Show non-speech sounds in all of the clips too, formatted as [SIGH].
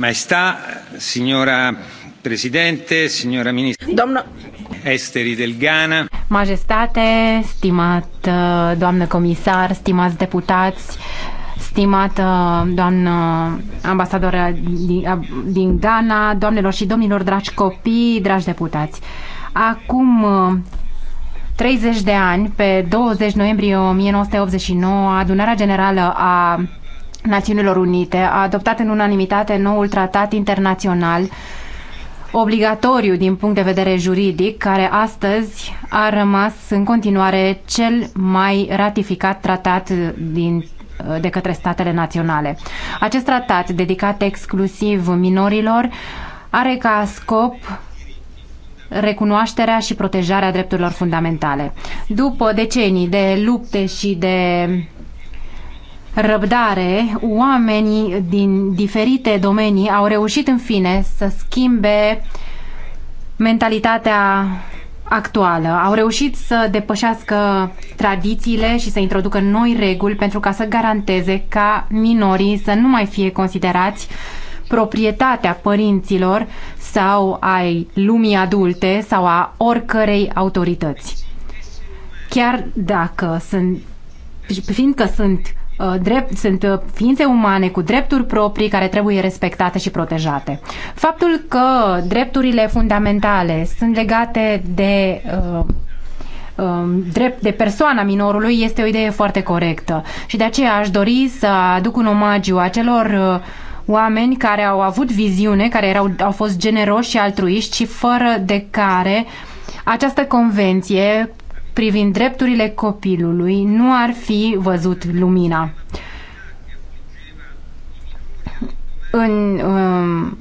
Maestà, signora Presidente, signora Ministra Doamna... Esteri del Ghana. Majestate, stimat uh, doamnă comisar, stimați deputați, stimată uh, doamnă ambasadoră din Ghana, doamnelor și domnilor, dragi copii, dragi deputați. Acum 30 uh, de ani, pe 20 noiembrie 1989, adunarea generală a Națiunilor Unite a adoptat în unanimitate noul tratat internațional obligatoriu din punct de vedere juridic, care astăzi a rămas în continuare cel mai ratificat tratat din de către statele naționale. Acest tratat, dedicat exclusiv minorilor, are ca scop recunoașterea și protejarea drepturilor fundamentale. După decenii de lupte și de răbdare, oamenii din diferite domenii au reușit în fine să schimbe mentalitatea actuală. Au reușit să depășească tradițiile și să introducă noi reguli pentru ca să garanteze ca minorii să nu mai fie considerați proprietatea părinților sau ai lumii adulte sau a oricărei autorități. Chiar dacă sunt, fiindcă sunt Uh, drept, sunt uh, ființe umane cu drepturi proprii care trebuie respectate și protejate. Faptul că drepturile fundamentale sunt legate de uh, um, drept de persoana minorului este o idee foarte corectă și de aceea aș dori să aduc un omagiu acelor oameni care au avut viziune, care erau, au fost generoși și altruiști și fără de care această convenție privind drepturile copilului nu ar fi văzut lumina. În um,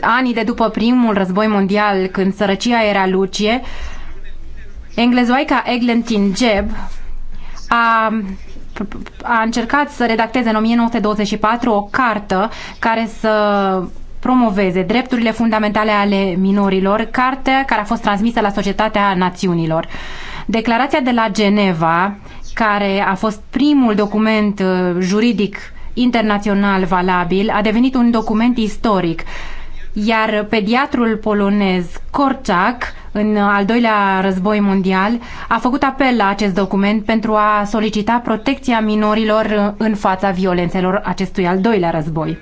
anii de după primul război mondial, când sărăcia era lucie, englezoica Eglantine Jeb a a încercat să redacteze în 1924 o cartă care să promoveze drepturile fundamentale ale minorilor, carte care a fost transmisă la Societatea Națiunilor. Declarația de la Geneva, care a fost primul document uh, juridic internațional valabil, a devenit un document istoric iar pediatrul polonez Korczak, în al doilea război mondial, a făcut apel la acest document pentru a solicita protecția minorilor uh, în fața violențelor acestui al doilea război.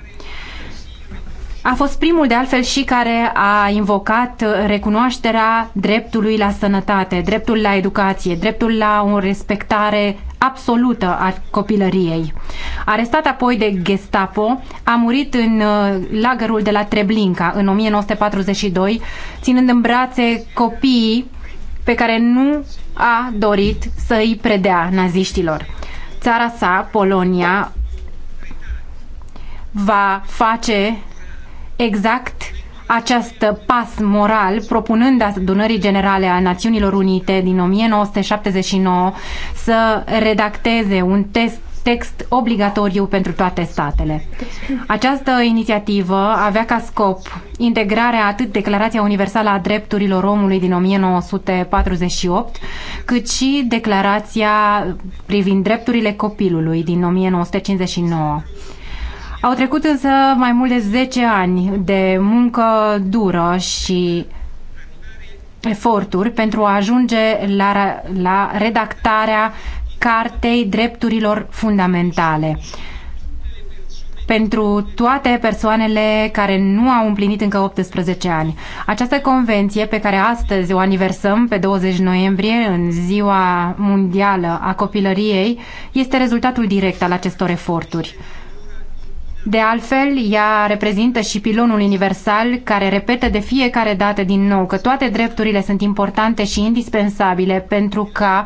A fost primul de altfel și care a invocat recunoașterea dreptului la sănătate, dreptul la educație, dreptul la o respectare absolută a copilăriei. Arestat apoi de Gestapo, a murit în uh, lagărul de la Treblinka în 1942, ținând în brațe copiii pe care nu a dorit să îi predea naziștilor. Țara sa, Polonia, va face exact acest pas moral, propunând adunării generale a Națiunilor Unite din 1979 să redacteze un test text obligatoriu pentru toate statele. Această inițiativă avea ca scop integrarea atât Declarația Universală a Drepturilor Omului din 1948, cât și Declarația privind drepturile copilului din 1959. Au trecut însă mai mult de 10 ani de muncă dură și eforturi pentru a ajunge la, la redactarea Cartei Drepturilor Fundamentale pentru toate persoanele care nu au împlinit încă 18 ani. Această convenție pe care astăzi o aniversăm pe 20 noiembrie în Ziua Mondială a Copilăriei este rezultatul direct al acestor eforturi. De altfel, ea reprezintă și pilonul universal care repetă de fiecare dată din nou că toate drepturile sunt importante și indispensabile pentru ca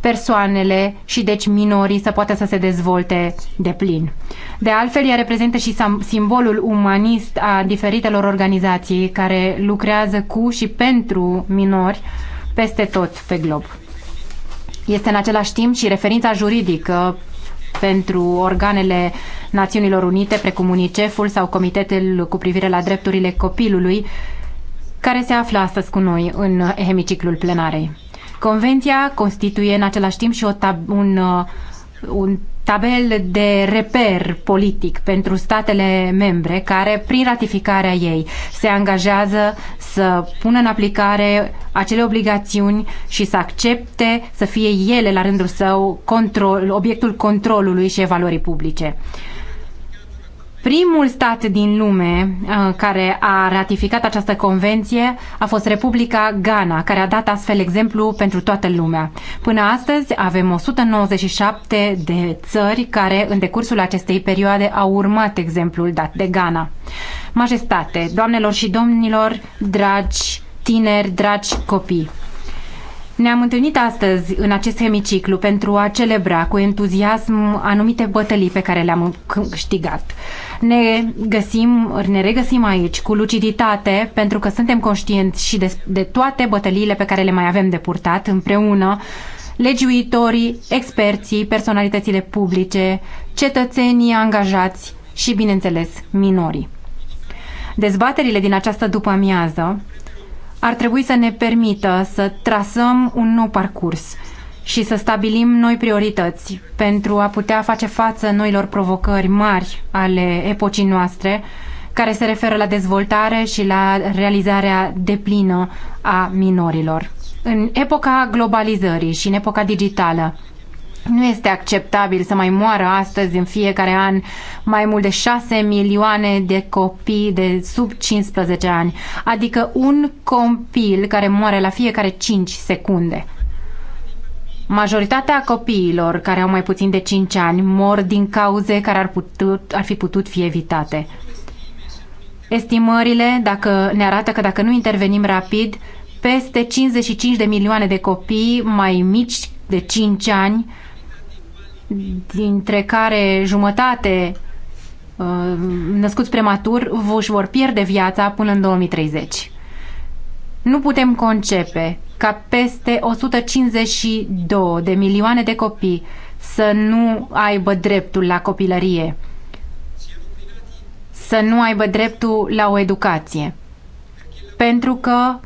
persoanele și deci minorii să poată să se dezvolte de plin. De altfel, ea reprezintă și simbolul umanist a diferitelor organizații care lucrează cu și pentru minori peste tot pe glob. Este în același timp și referința juridică pentru organele Națiunilor Unite, precum UNICEF-ul sau Comitetul cu privire la drepturile copilului, care se află astăzi cu noi în hemiciclul plenarei. Convenția constituie în același timp și o tab- un uh, un tabel de reper politic pentru statele membre care, prin ratificarea ei, se angajează să pună în aplicare acele obligațiuni și să accepte să fie ele, la rândul său, control, obiectul controlului și evaluării publice. Primul stat din lume uh, care a ratificat această convenție a fost Republica Ghana, care a dat astfel exemplu pentru toată lumea. Până astăzi avem 197 de țări care în decursul acestei perioade au urmat exemplul dat de Ghana. Majestate, doamnelor și domnilor, dragi tineri, dragi copii. Ne-am întâlnit astăzi în acest hemiciclu pentru a celebra cu entuziasm anumite bătălii pe care le-am câștigat. Ne găsim, ne regăsim aici cu luciditate pentru că suntem conștienți și de, de toate bătăliile pe care le mai avem de purtat împreună legiuitorii, experții, personalitățile publice, cetățenii angajați și, bineînțeles, minorii. Dezbaterile din această după-amiază ar trebui să ne permită să trasăm un nou parcurs și să stabilim noi priorități pentru a putea face față noilor provocări mari ale epocii noastre, care se referă la dezvoltare și la realizarea deplină a minorilor. În epoca globalizării și în epoca digitală, nu este acceptabil să mai moară astăzi în fiecare an mai mult de 6 milioane de copii de sub 15 ani, adică un copil care moare la fiecare 5 secunde. Majoritatea copiilor care au mai puțin de 5 ani mor din cauze care ar, putut, ar fi putut fi evitate. Estimările dacă ne arată că dacă nu intervenim rapid, peste 55 de milioane de copii mai mici de 5 ani dintre care jumătate uh, născuți prematur își vor pierde viața până în 2030. Nu putem concepe ca peste 152 de milioane de copii să nu aibă dreptul la copilărie, să nu aibă dreptul la o educație. Pentru că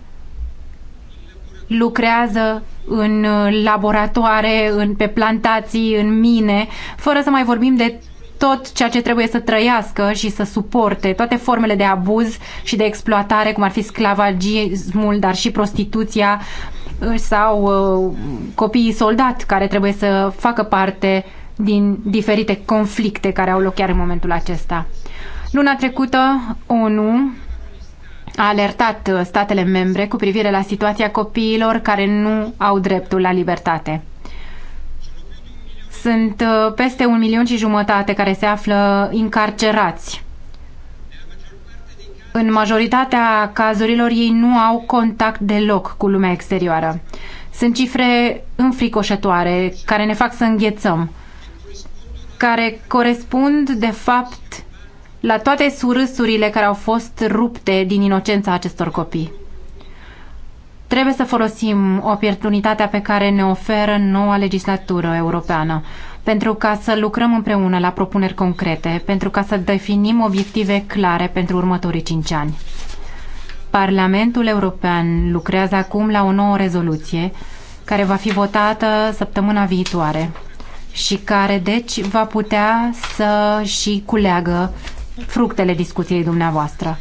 lucrează în uh, laboratoare, în, pe plantații, în mine, fără să mai vorbim de tot ceea ce trebuie să trăiască și să suporte, toate formele de abuz și de exploatare, cum ar fi sclavagismul, dar și prostituția uh, sau uh, copiii soldat care trebuie să facă parte din diferite conflicte care au loc chiar în momentul acesta. Luna trecută, ONU a alertat uh, statele membre cu privire la situația copiilor care nu au dreptul la libertate. Sunt uh, peste un milion și jumătate care se află încarcerați. În majoritatea cazurilor ei nu au contact deloc cu lumea exterioară. Sunt cifre înfricoșătoare care ne fac să înghețăm, care corespund de fapt la toate surâsurile care au fost rupte din inocența acestor copii. Trebuie să folosim oportunitatea pe care ne oferă noua legislatură europeană pentru ca să lucrăm împreună la propuneri concrete, pentru ca să definim obiective clare pentru următorii cinci ani. Parlamentul European lucrează acum la o nouă rezoluție care va fi votată săptămâna viitoare și care deci va putea să și culeagă fructele discuției dumneavoastră.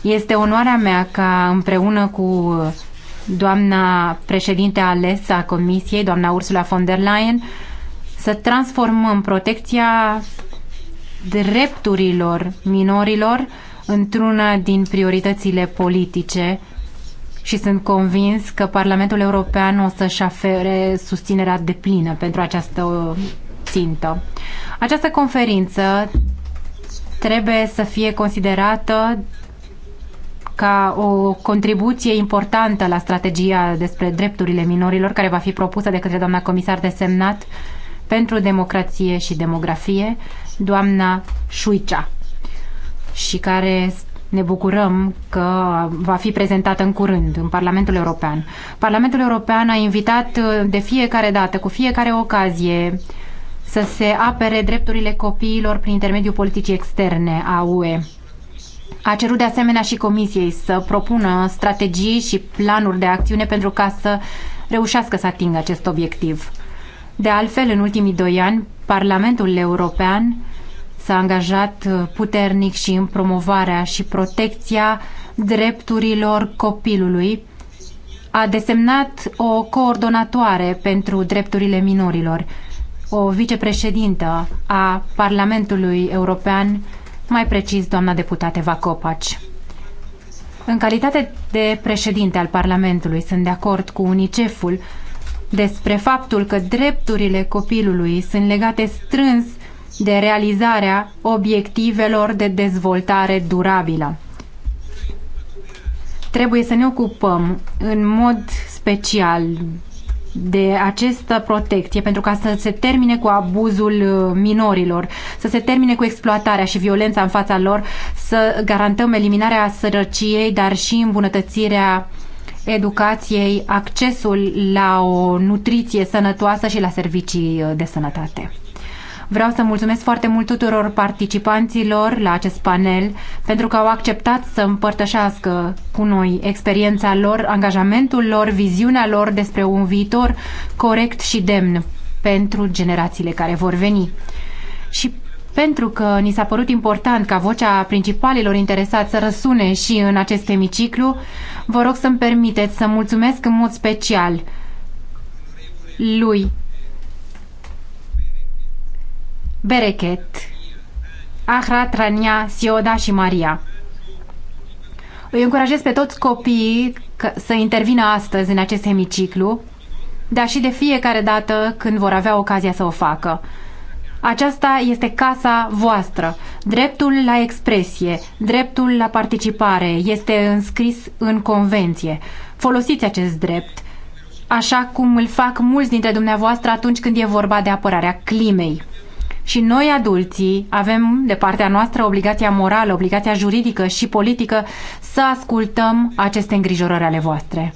Este onoarea mea ca împreună cu doamna președinte ales a Comisiei, doamna Ursula von der Leyen, să transformăm protecția drepturilor minorilor într-una din prioritățile politice și sunt convins că Parlamentul European o să-și afere susținerea deplină pentru această țintă. Această conferință trebuie să fie considerată ca o contribuție importantă la strategia despre drepturile minorilor care va fi propusă de către doamna comisar desemnat pentru democrație și demografie, doamna Șuicea, și care ne bucurăm că va fi prezentată în curând în Parlamentul European. Parlamentul European a invitat de fiecare dată, cu fiecare ocazie, să se apere drepturile copiilor prin intermediul politicii externe a UE. A cerut de asemenea și Comisiei să propună strategii și planuri de acțiune pentru ca să reușească să atingă acest obiectiv. De altfel, în ultimii doi ani, Parlamentul European s-a angajat puternic și în promovarea și protecția drepturilor copilului. A desemnat o coordonatoare pentru drepturile minorilor o vicepreședintă a Parlamentului European, mai precis doamna deputată Eva Copaci. În calitate de președinte al Parlamentului, sunt de acord cu UNICEF-ul despre faptul că drepturile copilului sunt legate strâns de realizarea obiectivelor de dezvoltare durabilă. Trebuie să ne ocupăm în mod special de această protecție pentru ca să se termine cu abuzul uh, minorilor, să se termine cu exploatarea și violența în fața lor, să garantăm eliminarea sărăciei, dar și îmbunătățirea educației, accesul la o nutriție sănătoasă și la servicii uh, de sănătate. Vreau să mulțumesc foarte mult tuturor participanților la acest panel pentru că au acceptat să împărtășească cu noi experiența lor, angajamentul lor, viziunea lor despre un viitor corect și demn pentru generațiile care vor veni. Și pentru că ni s-a părut important ca vocea principalilor interesați să răsune și în acest emiciclu, vă rog să-mi permiteți să mulțumesc în mod special lui Berechet, Ahra, Trania, Sioda și Maria. Îi încurajez pe toți copiii să intervină astăzi în acest hemiciclu, dar și de fiecare dată când vor avea ocazia să o facă. Aceasta este casa voastră. Dreptul la expresie, dreptul la participare este înscris în convenție. Folosiți acest drept, așa cum îl fac mulți dintre dumneavoastră atunci când e vorba de apărarea climei. Și noi, adulții, avem de partea noastră obligația morală, obligația juridică și politică să ascultăm aceste îngrijorări ale voastre.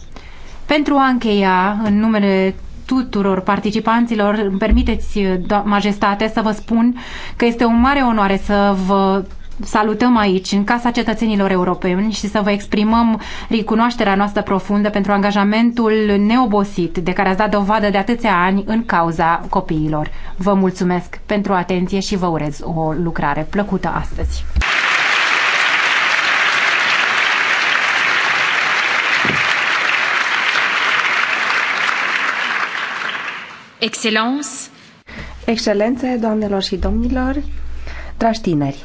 Pentru a încheia, în numele tuturor participanților, permiteți, majestate, să vă spun că este o mare onoare să vă salutăm aici, în Casa Cetățenilor Europeni și să vă exprimăm recunoașterea noastră profundă pentru angajamentul neobosit de care ați dat dovadă de atâția ani în cauza copiilor. Vă mulțumesc pentru atenție și vă urez o lucrare plăcută astăzi. Excelențe, doamnelor și domnilor, dragi tineri,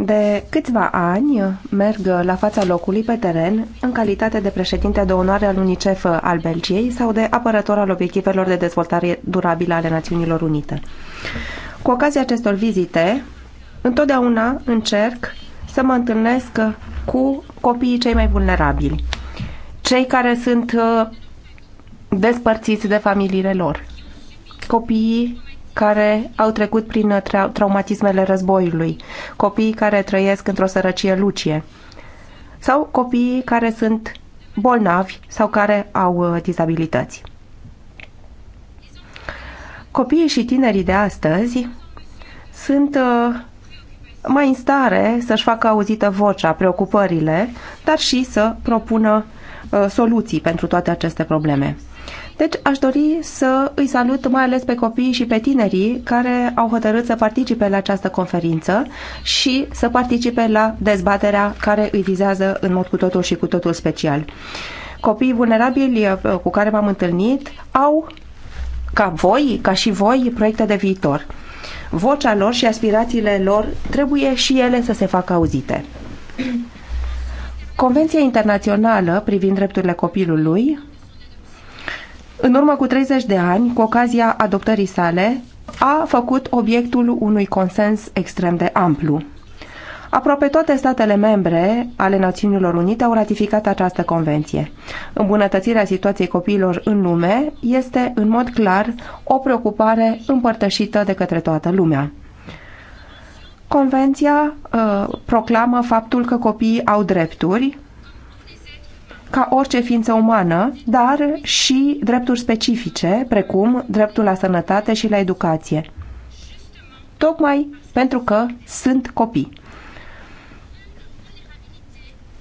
de câțiva ani merg la fața locului pe teren în calitate de președinte de onoare al UNICEF al Belgiei sau de apărător al obiectivelor de dezvoltare durabilă ale Națiunilor Unite. Cu ocazia acestor vizite, întotdeauna încerc să mă întâlnesc cu copiii cei mai vulnerabili, cei care sunt uh, despărțiți de familiile lor, copiii care au trecut prin tra- traumatismele războiului, copiii care trăiesc într-o sărăcie lucie sau copiii care sunt bolnavi sau care au uh, dizabilități. Copiii și tinerii de astăzi sunt uh, mai în stare să-și facă auzită vocea, preocupările, dar și să propună uh, soluții pentru toate aceste probleme. Deci aș dori să îi salut mai ales pe copiii și pe tinerii care au hotărât să participe la această conferință și să participe la dezbaterea care îi vizează în mod cu totul și cu totul special. Copiii vulnerabili uh, cu care m-am întâlnit au, ca voi, ca și voi, proiecte de viitor. Vocea lor și aspirațiile lor trebuie și ele să se facă auzite. [CLEARS THROAT] Convenția internațională privind drepturile copilului în urmă cu 30 de ani, cu ocazia adoptării sale, a făcut obiectul unui consens extrem de amplu. Aproape toate statele membre ale Națiunilor Unite au ratificat această convenție. Îmbunătățirea situației copiilor în lume este, în mod clar, o preocupare împărtășită de către toată lumea. Convenția uh, proclamă faptul că copiii au drepturi, ca orice ființă umană, dar și drepturi specifice, precum dreptul la sănătate și la educație. Tocmai pentru că sunt copii.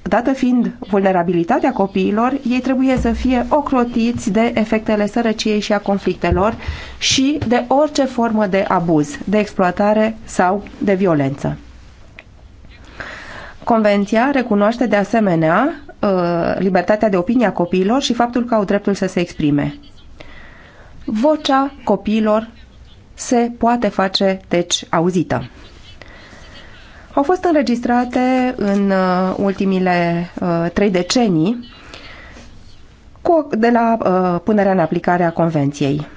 Dată fiind vulnerabilitatea copiilor, ei trebuie să fie ocrotiți de efectele sărăciei și a conflictelor și de orice formă de abuz, de exploatare sau de violență. Convenția recunoaște de asemenea Uh, libertatea de opinie a copiilor și faptul că au dreptul să se exprime. Vocea copiilor se poate face, deci, auzită. Au fost înregistrate în uh, ultimile uh, trei decenii de la punerea în aplicare a Convenției.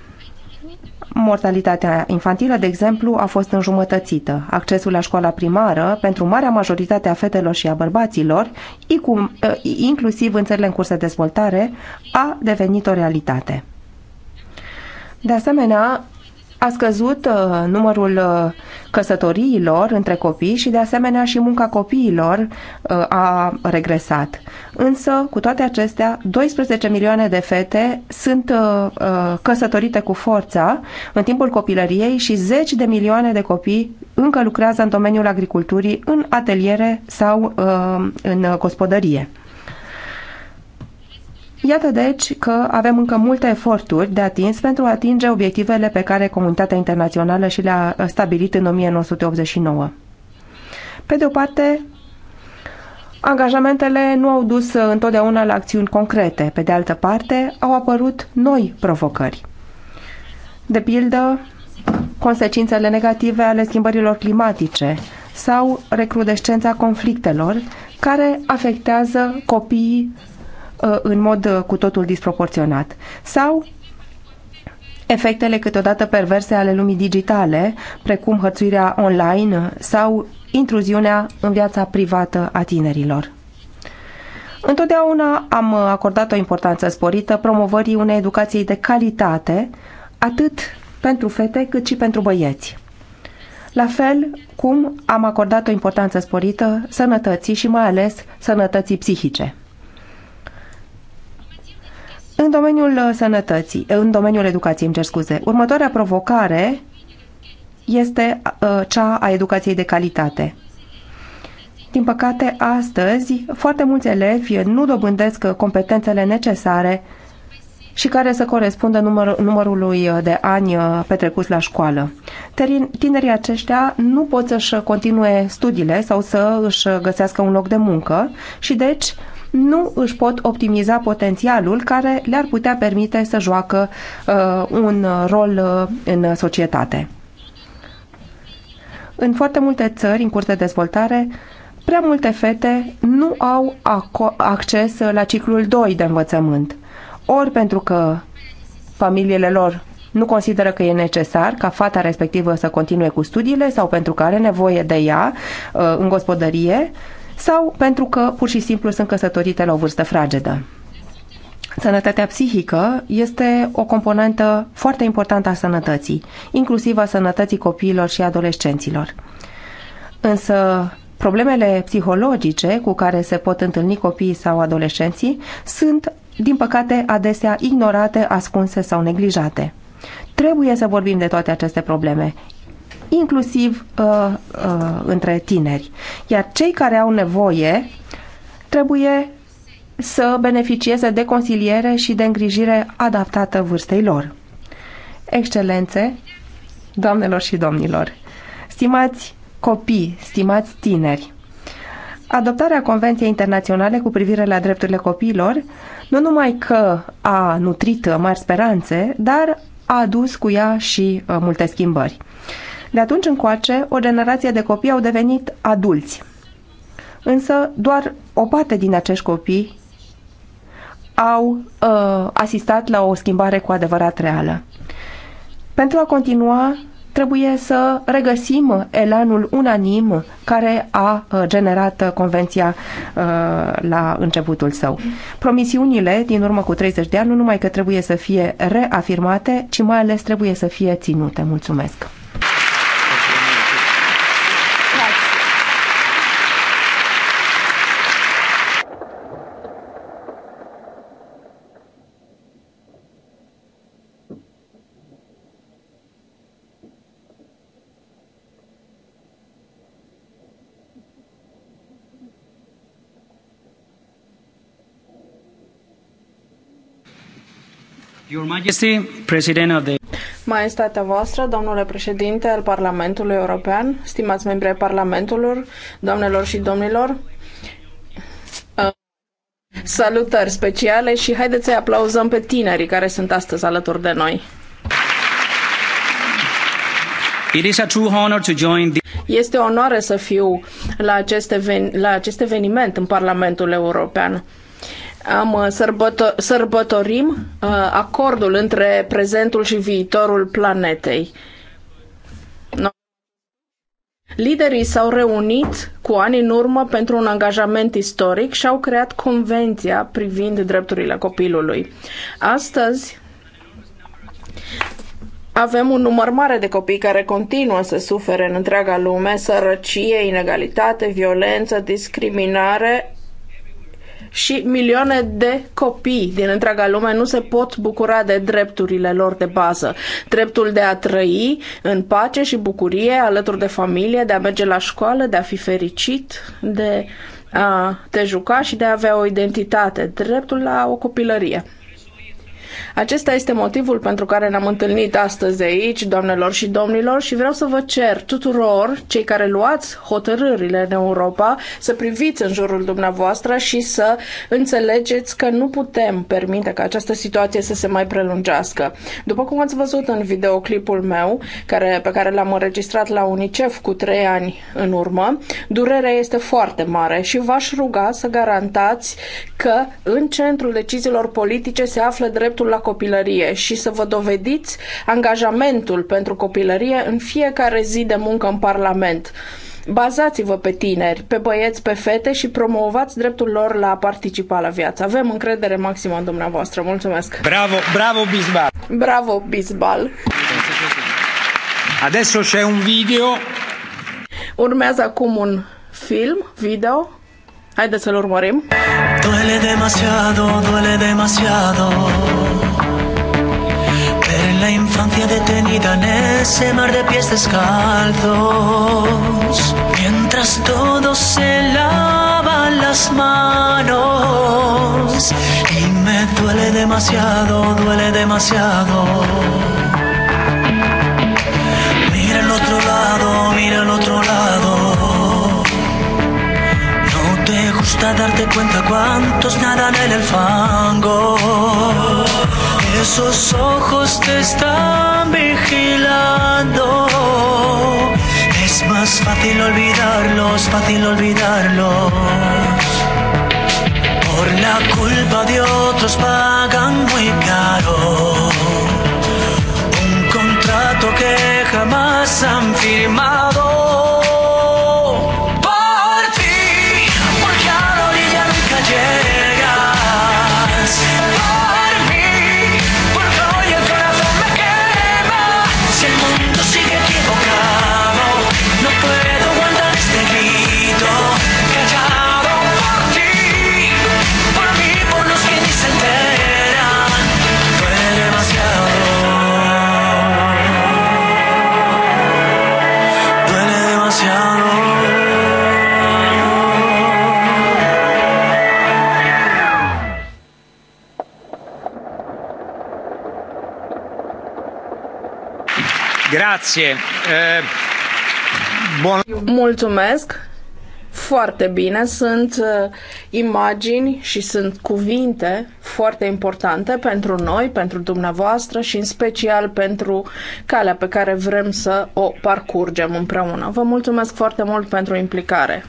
Mortalitatea infantilă, de exemplu, a fost înjumătățită. Accesul la școala primară pentru marea majoritate a fetelor și a bărbaților, eh, inclusiv în țările în curs de dezvoltare, a devenit o realitate. De asemenea, a scăzut eh, numărul eh, căsătoriilor între copii și de asemenea și munca copiilor uh, a regresat. Însă, cu toate acestea, 12 milioane de fete sunt uh, uh, căsătorite cu forța în timpul copilăriei și 10 de milioane de copii încă lucrează în domeniul agriculturii, în ateliere sau în gospodărie. Iată deci că avem încă multe eforturi de atins pentru a atinge obiectivele pe care comunitatea internațională și le-a uh, stabilit în 1989. Pe de o parte, angajamentele nu au dus uh, întotdeauna la acțiuni concrete. Pe de altă parte, au apărut noi provocări. De pildă, consecințele negative ale schimbărilor climatice sau recrudescența conflictelor care afectează copiii Uh, în mod uh, cu totul disproporționat. Sau efectele câteodată perverse ale lumii digitale, precum hărțuirea online sau intruziunea în viața privată a tinerilor. Întotdeauna am uh, acordat o importanță sporită promovării unei educații de calitate, atât pentru fete cât și pentru băieți. La fel cum am acordat o importanță sporită sănătății și mai ales sănătății psihice. În domeniul uh, sănătății, uh, în domeniul educației, îmi cer scuze, următoarea provocare este uh, cea a educației de calitate. Din păcate, astăzi, foarte mulți elevi nu dobândesc competențele necesare și care să corespundă număr, numărului de ani petrecuți la școală. Tinerii aceștia nu pot să-și continue studiile sau să își găsească un loc de muncă și deci nu își pot optimiza potențialul care le-ar putea permite să joacă uh, un rol uh, în societate. În foarte multe țări în curs de dezvoltare, prea multe fete nu au acces la ciclul 2 de învățământ, ori pentru că familiile lor nu consideră că e necesar ca fata respectivă să continue cu studiile sau pentru că are nevoie de ea uh, în gospodărie sau pentru că pur și simplu sunt căsătorite la o vârstă fragedă. Sănătatea psihică este o componentă foarte importantă a sănătății, inclusiv a sănătății copiilor și adolescenților. Însă, problemele psihologice cu care se pot întâlni copiii sau adolescenții sunt, din păcate, adesea ignorate, ascunse sau neglijate. Trebuie să vorbim de toate aceste probleme, inclusiv uh, uh, între tineri. Iar cei care au nevoie trebuie să beneficieze de consiliere și de îngrijire adaptată vârstei lor. Excelențe, doamnelor și domnilor, stimați copii, stimați tineri, adoptarea Convenției Internaționale cu privire la drepturile copiilor nu numai că a nutrit mari speranțe, dar a adus cu ea și uh, multe schimbări. De atunci încoace, o generație de copii au devenit adulți. Însă, doar o parte din acești copii au uh, asistat la o schimbare cu adevărat reală. Pentru a continua, trebuie să regăsim elanul unanim care a uh, generat convenția uh, la începutul său. Promisiunile din urmă cu 30 de ani nu numai că trebuie să fie reafirmate, ci mai ales trebuie să fie ținute. Mulțumesc! Your Majesty, President of the... Maestatea voastră, domnule președinte al Parlamentului European, stimați membri ai Parlamentului, doamnelor și domnilor, uh, salutări speciale și haideți să-i aplauzăm pe tinerii care sunt astăzi alături de noi. It is a true honor to join the... Este o onoare să fiu la acest, even... la acest eveniment în Parlamentul European am uh, sărbăto- sărbătorim uh, acordul între prezentul și viitorul planetei. Liderii s-au reunit cu ani în urmă pentru un angajament istoric și au creat convenția privind drepturile copilului. Astăzi avem un număr mare de copii care continuă să sufere în întreaga lume sărăcie, inegalitate, violență, discriminare, și milioane de copii din întreaga lume nu se pot bucura de drepturile lor de bază. Dreptul de a trăi în pace și bucurie alături de familie, de a merge la școală, de a fi fericit, de a te juca și de a avea o identitate. Dreptul la o copilărie. Acesta este motivul pentru care ne-am întâlnit astăzi aici, doamnelor și domnilor, și vreau să vă cer tuturor, cei care luați hotărârile în Europa, să priviți în jurul dumneavoastră și să înțelegeți că nu putem permite ca această situație să se mai prelungească. După cum ați văzut în videoclipul meu, care, pe care l-am înregistrat la UNICEF cu trei ani în urmă, durerea este foarte mare și v-aș ruga să garantați că în centrul deciziilor politice se află dreptul la copilărie și să vă dovediți angajamentul pentru copilărie în fiecare zi de muncă în Parlament. Bazați-vă pe tineri, pe băieți, pe fete și promovați dreptul lor la a participa la viață. Avem încredere maximă în dumneavoastră. Mulțumesc! Bravo, bravo Bisbal! Bravo Bisbal! Adesso c'è un video. Urmează acum un film, video. Haideți să-l urmărim. Duele demasiado, duele demasiado la infancia detenida en ese mar de pies descalzos, mientras todos se lavan las manos y me duele demasiado, duele demasiado. Mira al otro lado, mira al otro lado. No te gusta darte cuenta cuántos nadan en el fango esos ojos te están vigilando. Es más fácil olvidarlos, fácil olvidarlos. Por la culpa de otros pagan muy caro. Un contrato que jamás han firmado Eh, Bun... Mulțumesc. Foarte bine. Sunt eh, imagini și sunt cuvinte foarte importante pentru noi, pentru dumneavoastră și în special pentru calea pe care vrem să o parcurgem împreună. Vă mulțumesc foarte mult pentru implicare.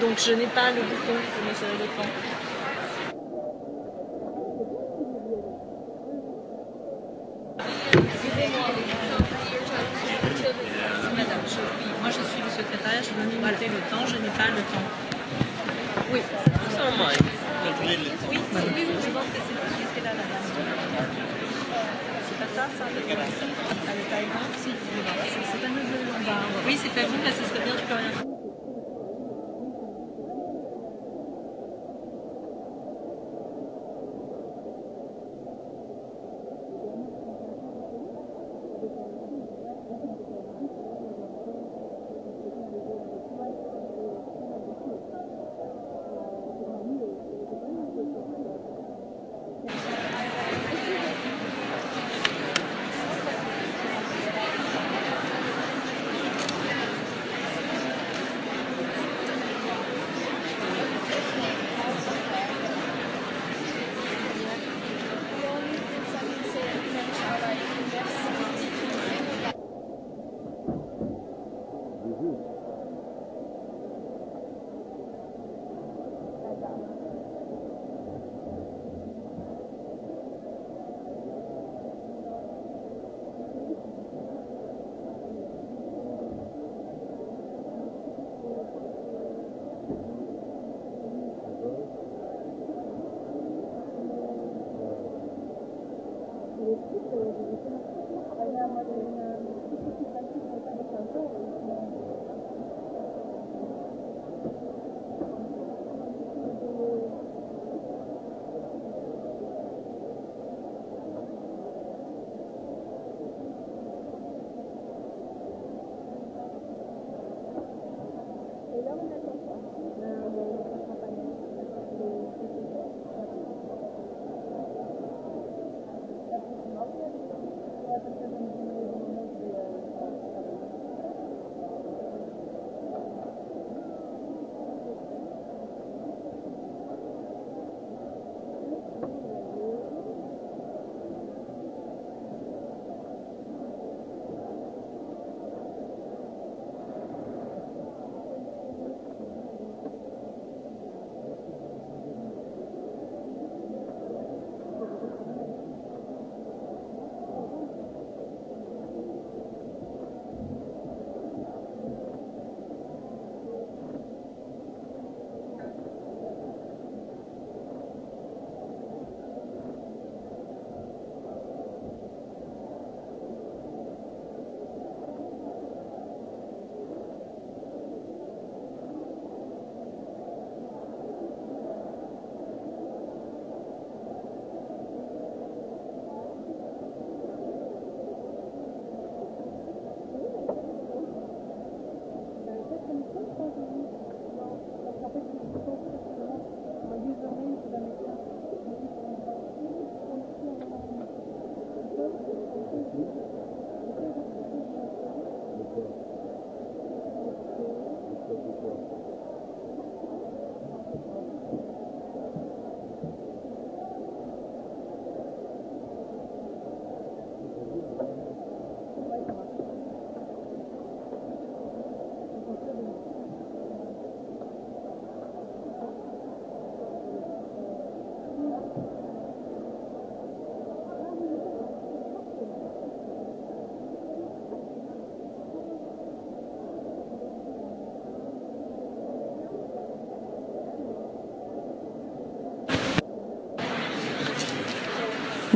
Donc je n'ai pas le bouton pour me le temps.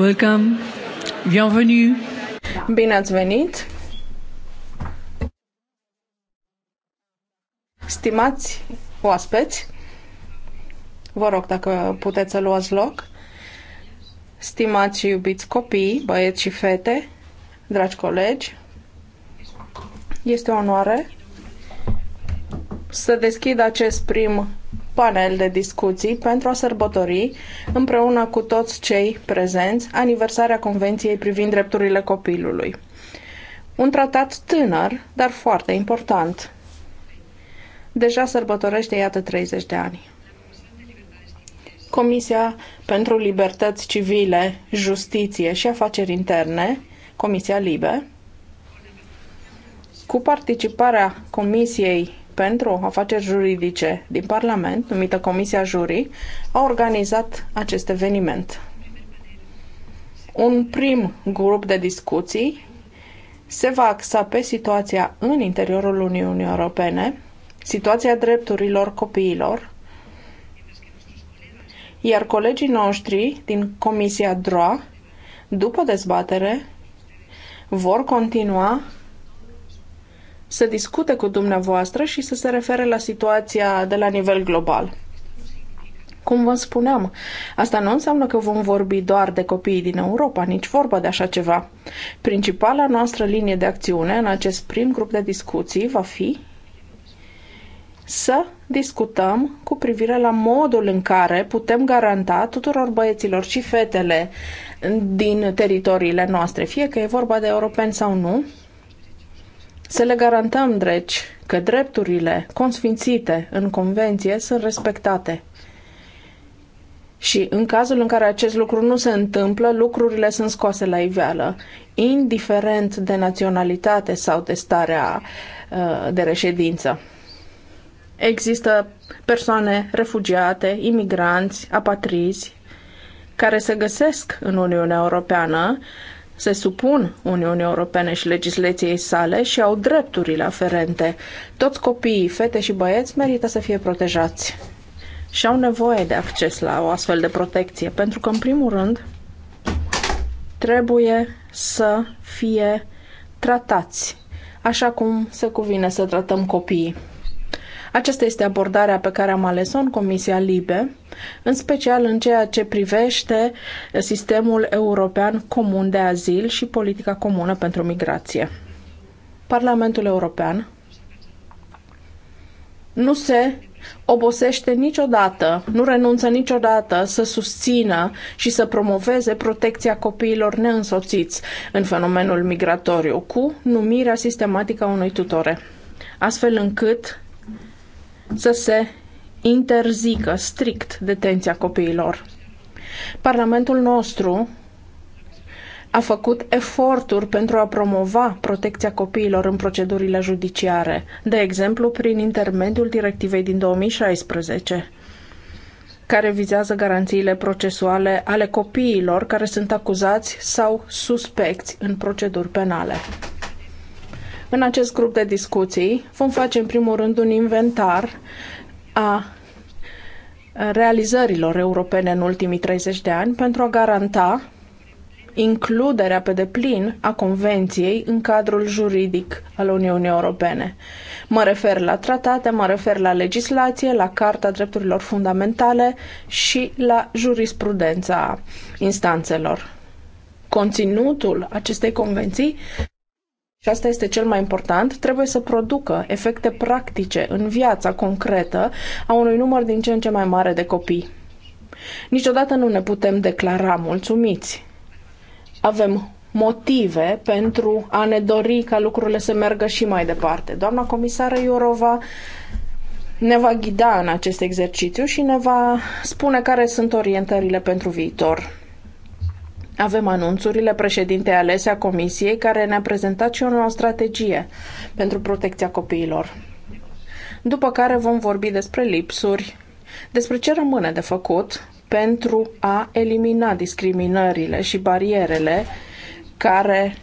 Welcome. Bienvenue. Bine ați venit. Stimați oaspeți, vă rog dacă puteți să luați loc. Stimați și iubiți copii, băieți și fete, dragi colegi, este o onoare să deschid acest prim panel de discuții pentru a sărbători, împreună cu toți cei prezenți, aniversarea Convenției privind drepturile copilului. Un tratat tânăr, dar foarte important. Deja sărbătorește, iată, 30 de ani. Comisia pentru Libertăți Civile, Justiție și Afaceri Interne, Comisia Libe, cu participarea Comisiei pentru Afaceri Juridice din Parlament, numită Comisia Jurii, a organizat acest eveniment. Un prim grup de discuții se va axa pe situația în interiorul Uniunii Europene, situația drepturilor copiilor, iar colegii noștri din Comisia DROA, după dezbatere, vor continua să discute cu dumneavoastră și să se refere la situația de la nivel global. Cum vă spuneam, asta nu înseamnă că vom vorbi doar de copiii din Europa, nici vorba de așa ceva. Principala noastră linie de acțiune în acest prim grup de discuții va fi să discutăm cu privire la modul în care putem garanta tuturor băieților și fetele din teritoriile noastre, fie că e vorba de europeni sau nu, să le garantăm, dreci, că drepturile consfințite în convenție sunt respectate. Și în cazul în care acest lucru nu se întâmplă, lucrurile sunt scoase la iveală, indiferent de naționalitate sau de starea uh, de reședință. Există persoane refugiate, imigranți, apatrizi, care se găsesc în Uniunea Europeană, se supun Uniunii Europene și legislației sale și au drepturile aferente. Toți copiii, fete și băieți, merită să fie protejați și au nevoie de acces la o astfel de protecție, pentru că, în primul rând, trebuie să fie tratați așa cum se cuvine să tratăm copiii. Aceasta este abordarea pe care am ales-o în Comisia Libe, în special în ceea ce privește sistemul european comun de azil și politica comună pentru migrație. Parlamentul European nu se obosește niciodată, nu renunță niciodată să susțină și să promoveze protecția copiilor neînsoțiți în fenomenul migratoriu cu numirea sistematică a unui tutore, astfel încât să se interzică strict detenția copiilor. Parlamentul nostru a făcut eforturi pentru a promova protecția copiilor în procedurile judiciare, de exemplu prin intermediul directivei din 2016 care vizează garanțiile procesuale ale copiilor care sunt acuzați sau suspecți în proceduri penale. În acest grup de discuții vom face în primul rând un inventar a realizărilor europene în ultimii 30 de ani pentru a garanta includerea pe deplin a Convenției în cadrul juridic al Uniunii Europene. Mă refer la tratate, mă refer la legislație, la Carta Drepturilor Fundamentale și la jurisprudența instanțelor. Conținutul acestei convenții și asta este cel mai important, trebuie să producă efecte practice în viața concretă a unui număr din ce în ce mai mare de copii. Niciodată nu ne putem declara mulțumiți. Avem motive pentru a ne dori ca lucrurile să meargă și mai departe. Doamna comisară Iorova ne va ghida în acest exercițiu și ne va spune care sunt orientările pentru viitor. Avem anunțurile președintei alese a Comisiei, care ne-a prezentat și o nouă strategie pentru protecția copiilor. După care vom vorbi despre lipsuri, despre ce rămâne de făcut pentru a elimina discriminările și barierele care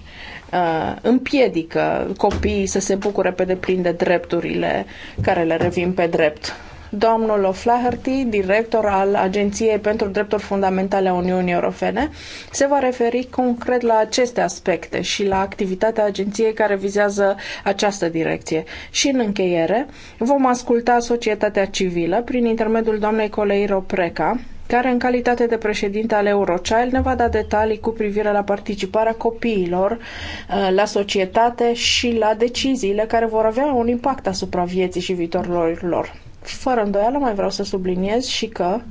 uh, împiedică copiii să se bucure pe deplin de drepturile care le revin pe drept domnul O'Flaherty, director al Agenției pentru Drepturi Fundamentale a Uniunii Europene, se va referi concret la aceste aspecte și la activitatea agenției care vizează această direcție. Și în încheiere, vom asculta societatea civilă prin intermediul doamnei Coleiro Preca, care în calitate de președinte al Eurochild ne va da detalii cu privire la participarea copiilor uh, la societate și la deciziile care vor avea un impact asupra vieții și viitorului lor. Fără îndoială mai vreau să subliniez și că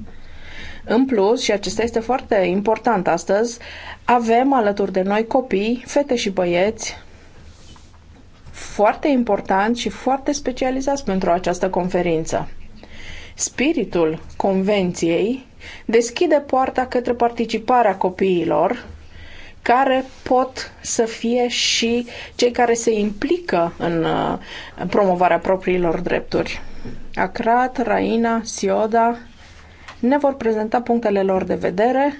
în plus, și acesta este foarte important astăzi, avem alături de noi copii, fete și băieți, foarte important și foarte specializați pentru această conferință. Spiritul convenției deschide poarta către participarea copiilor care pot să fie și cei care se implică în uh, promovarea propriilor drepturi. Acrat, Raina, Sioda ne vor prezenta punctele lor de vedere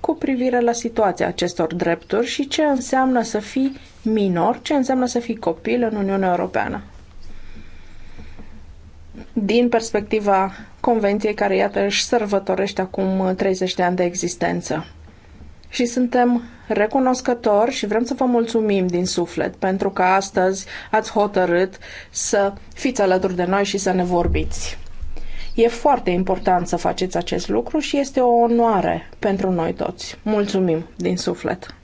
cu privire la situația acestor drepturi și ce înseamnă să fii minor, ce înseamnă să fii copil în Uniunea Europeană. Din perspectiva convenției care, iată, își sărbătorește acum 30 de ani de existență și suntem recunoscători și vrem să vă mulțumim din suflet pentru că astăzi ați hotărât să fiți alături de noi și să ne vorbiți. E foarte important să faceți acest lucru și este o onoare pentru noi toți. Mulțumim din suflet!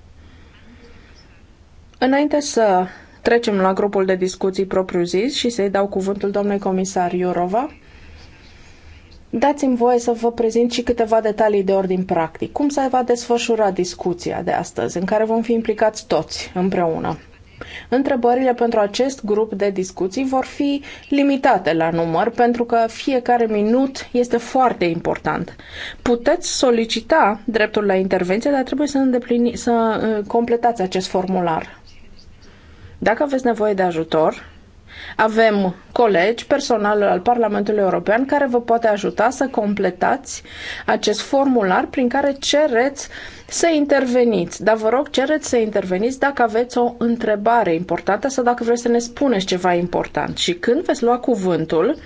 Înainte să trecem la grupul de discuții propriu-zis și să-i dau cuvântul domnului comisar Iurova, Dați-mi voie să vă prezint și câteva detalii de ordin practic. Cum se va desfășura discuția de astăzi, în care vom fi implicați toți împreună. Întrebările pentru acest grup de discuții vor fi limitate la număr pentru că fiecare minut este foarte important. Puteți solicita dreptul la intervenție, dar trebuie să, îndeplini, să uh, completați acest formular. Dacă aveți nevoie de ajutor, avem colegi, personal al Parlamentului European, care vă poate ajuta să completați acest formular prin care cereți să interveniți. Dar vă rog, cereți să interveniți dacă aveți o întrebare importantă sau dacă vreți să ne spuneți ceva important. Și când veți lua cuvântul,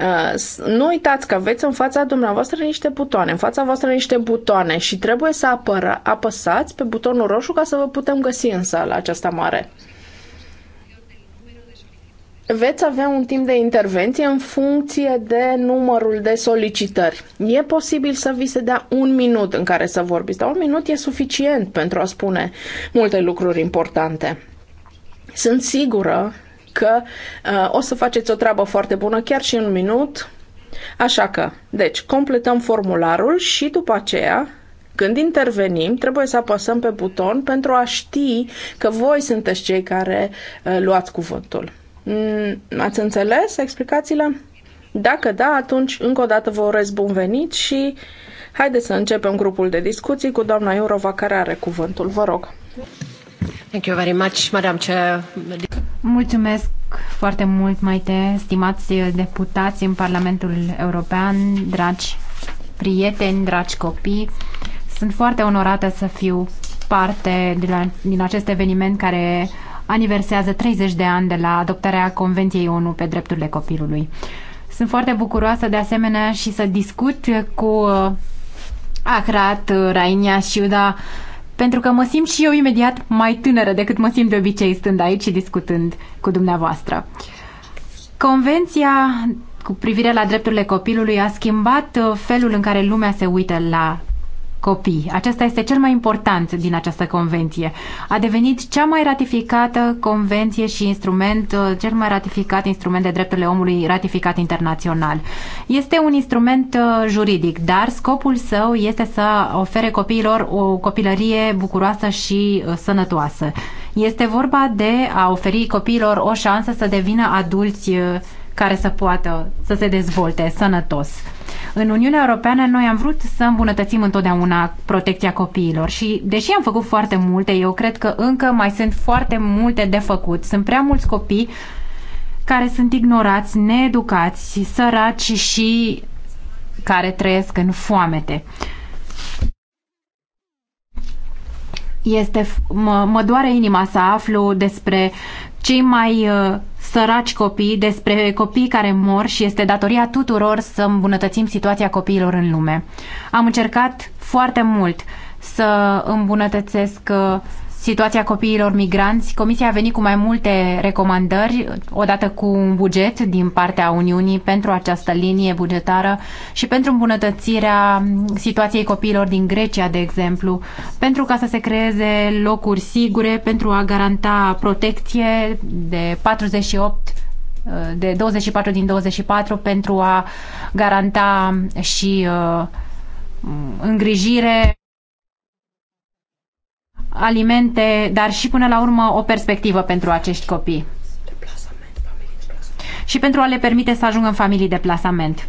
uh, nu uitați că aveți în fața dumneavoastră niște butoane, în fața voastră niște butoane și trebuie să apăra, apăsați pe butonul roșu ca să vă putem găsi în sala aceasta mare veți avea un timp de intervenție în funcție de numărul de solicitări. E posibil să vi se dea un minut în care să vorbiți, dar un minut e suficient pentru a spune multe lucruri importante. Sunt sigură că uh, o să faceți o treabă foarte bună chiar și în minut. Așa că, deci, completăm formularul și după aceea când intervenim, trebuie să apăsăm pe buton pentru a ști că voi sunteți cei care uh, luați cuvântul. Mm, ați înțeles explicațiile? Dacă da, atunci încă o dată vă urez bun venit și haideți să începem grupul de discuții cu doamna Iurova, care are cuvântul. Vă rog. Thank you very much, Madam Chair. Mulțumesc foarte mult, Maite, stimați deputați în Parlamentul European, dragi prieteni, dragi copii. Sunt foarte onorată să fiu parte la, din acest eveniment care aniversează 30 de ani de la adoptarea Convenției ONU pe drepturile copilului. Sunt foarte bucuroasă de asemenea și să discut cu uh, Acrat, uh, Rainia, și Uda, pentru că mă simt și eu imediat mai tânără decât mă simt de obicei stând aici și discutând cu dumneavoastră. Convenția cu privire la drepturile copilului a schimbat uh, felul în care lumea se uită la copii. Acesta este cel mai important din această convenție. A devenit cea mai ratificată convenție și instrument, uh, cel mai ratificat instrument de drepturile omului ratificat internațional. Este un instrument uh, juridic, dar scopul său este să ofere copiilor o copilărie bucuroasă și uh, sănătoasă. Este vorba de a oferi copiilor o șansă să devină adulți care să poată să se dezvolte sănătos. În Uniunea Europeană noi am vrut să îmbunătățim întotdeauna protecția copiilor și deși am făcut foarte multe, eu cred că încă mai sunt foarte multe de făcut. Sunt prea mulți copii care sunt ignorați, needucați, săraci și care trăiesc în foamete. Este, mă, mă doare inima să aflu despre cei mai uh, săraci copii, despre copii care mor și este datoria tuturor să îmbunătățim situația copiilor în lume. Am încercat foarte mult să îmbunătățesc uh, situația copiilor migranți, Comisia a venit cu mai multe recomandări, odată cu un buget din partea Uniunii pentru această linie bugetară și pentru îmbunătățirea situației copiilor din Grecia, de exemplu, pentru ca să se creeze locuri sigure, pentru a garanta protecție de 48 de 24 din 24 pentru a garanta și uh, îngrijire alimente, dar și până la urmă o perspectivă pentru acești copii. Și pentru a le permite să ajungă în familii de plasament.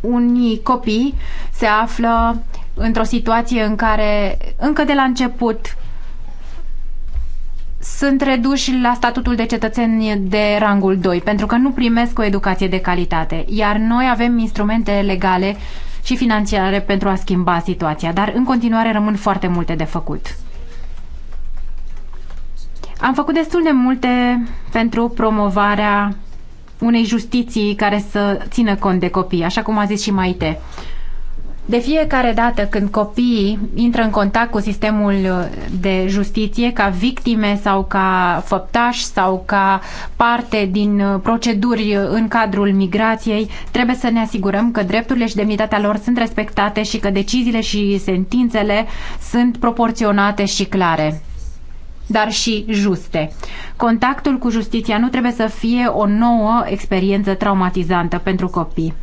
Unii copii se află într-o situație în care încă de la început sunt reduși la statutul de cetățeni de rangul 2 pentru că nu primesc o educație de calitate. Iar noi avem instrumente legale și financiare pentru a schimba situația, dar în continuare rămân foarte multe de făcut. Am făcut destul de multe pentru promovarea unei justiții care să țină cont de copii, așa cum a zis și Maite. Uh, de fiecare dată când copiii intră în contact cu sistemul de justiție ca victime sau ca făptași sau ca parte din proceduri în cadrul migrației, trebuie să ne asigurăm că drepturile și demnitatea lor sunt respectate și că deciziile și sentințele sunt proporționate și clare dar și juste. Contactul cu justiția nu trebuie să fie o nouă experiență traumatizantă pentru copii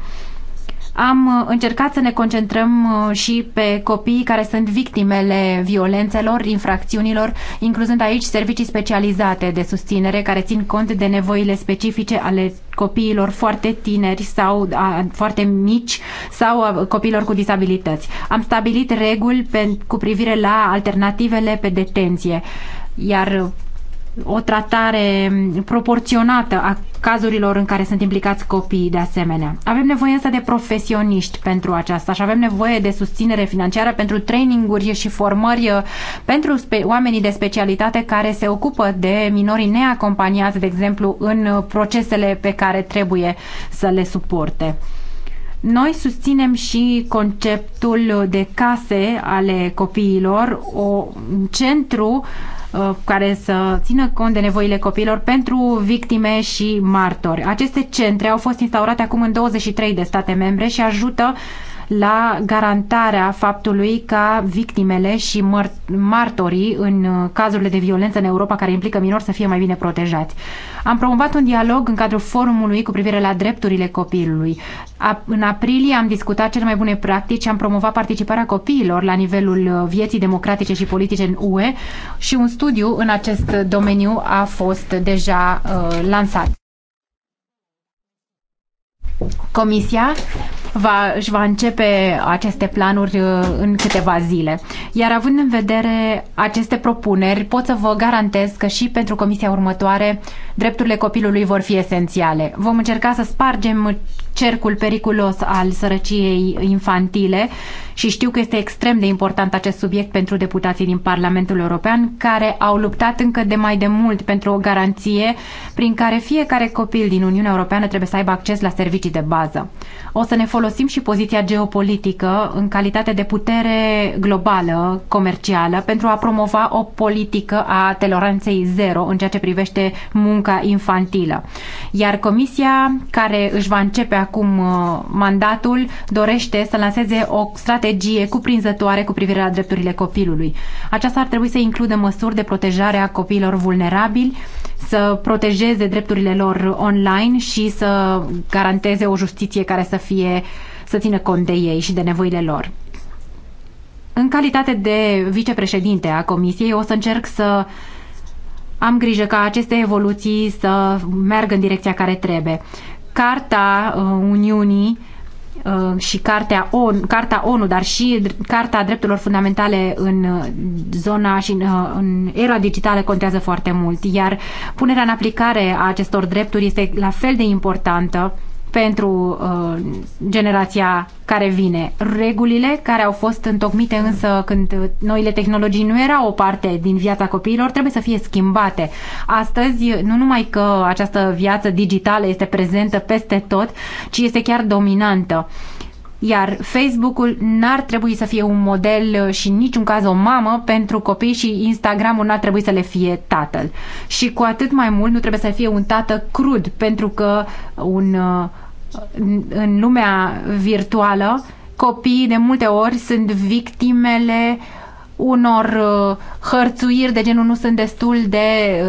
am uh, încercat să ne concentrăm uh, și pe copiii care sunt victimele violențelor, infracțiunilor, incluzând aici servicii specializate de susținere care țin cont de nevoile specifice ale copiilor foarte tineri sau a, foarte mici sau a copiilor cu disabilități. Am stabilit reguli pe, cu privire la alternativele pe detenție iar o tratare proporționată a cazurilor în care sunt implicați copiii de asemenea. Avem nevoie însă de profesioniști pentru aceasta și avem nevoie de susținere financiară pentru traininguri și formări uh, pentru oamenii de specialitate care se ocupă de minorii neacompaniați, de exemplu, în uh, procesele pe care trebuie să le suporte. Noi susținem și conceptul de case ale copiilor, o, un centru uh, Uh, care să țină cont de nevoile copiilor pentru victime și martori. Aceste centre au fost instaurate acum în 23 de state membre și ajută uh, la garantarea faptului ca victimele și martorii în uh, cazurile de violență în Europa care implică minori să fie mai bine protejați. Am promovat un dialog în cadrul forumului cu privire la drepturile copilului. În aprilie am discutat cele mai bune practici, am promovat participarea copiilor la nivelul uh, vieții democratice și politice în UE și un studiu în acest domeniu a fost deja uh, lansat. Comisia va, își va începe aceste planuri uh, în câteva zile. Iar având în vedere aceste propuneri, pot să vă garantez că și pentru comisia următoare drepturile copilului vor fi esențiale. Vom încerca să spargem cercul periculos al sărăciei infantile și știu că este extrem de important acest subiect pentru deputații din Parlamentul European care au luptat încă de mai de mult pentru o garanție prin care fiecare copil din Uniunea Europeană trebuie să aibă acces la servicii de bază. O să ne folosim și poziția geopolitică în calitate de putere globală, comercială, pentru a promova o politică a toleranței zero în ceea ce privește munca munca infantilă. Iar comisia care își va începe acum uh, mandatul dorește să lanseze o strategie cuprinzătoare cu privire la drepturile copilului. Aceasta ar trebui să includă măsuri de protejare a copiilor vulnerabili, să protejeze drepturile lor online și să garanteze o justiție care să fie să țină cont de ei și de nevoile lor. În calitate de vicepreședinte a Comisiei, o să încerc să am grijă ca aceste evoluții să meargă în direcția care trebuie. Carta uh, Uniunii uh, și Cartea ONU, Carta ONU, dar și Carta Drepturilor Fundamentale în uh, zona și în, în era digitală contează foarte mult, iar punerea în aplicare a acestor drepturi este la fel de importantă pentru uh, generația care vine. Regulile care au fost întocmite însă când noile tehnologii nu erau o parte din viața copiilor trebuie să fie schimbate. Astăzi nu numai că această viață digitală este prezentă peste tot, ci este chiar dominantă. Uh, iar Facebook-ul n-ar trebui să fie un model uh, și în niciun caz o mamă pentru copii și Instagram-ul n-ar trebui să le fie tatăl. Și cu atât mai mult nu trebuie să fie un tată crud, pentru că un, uh, în lumea virtuală copiii de multe ori sunt victimele unor uh, hărțuiri de genul nu sunt destul de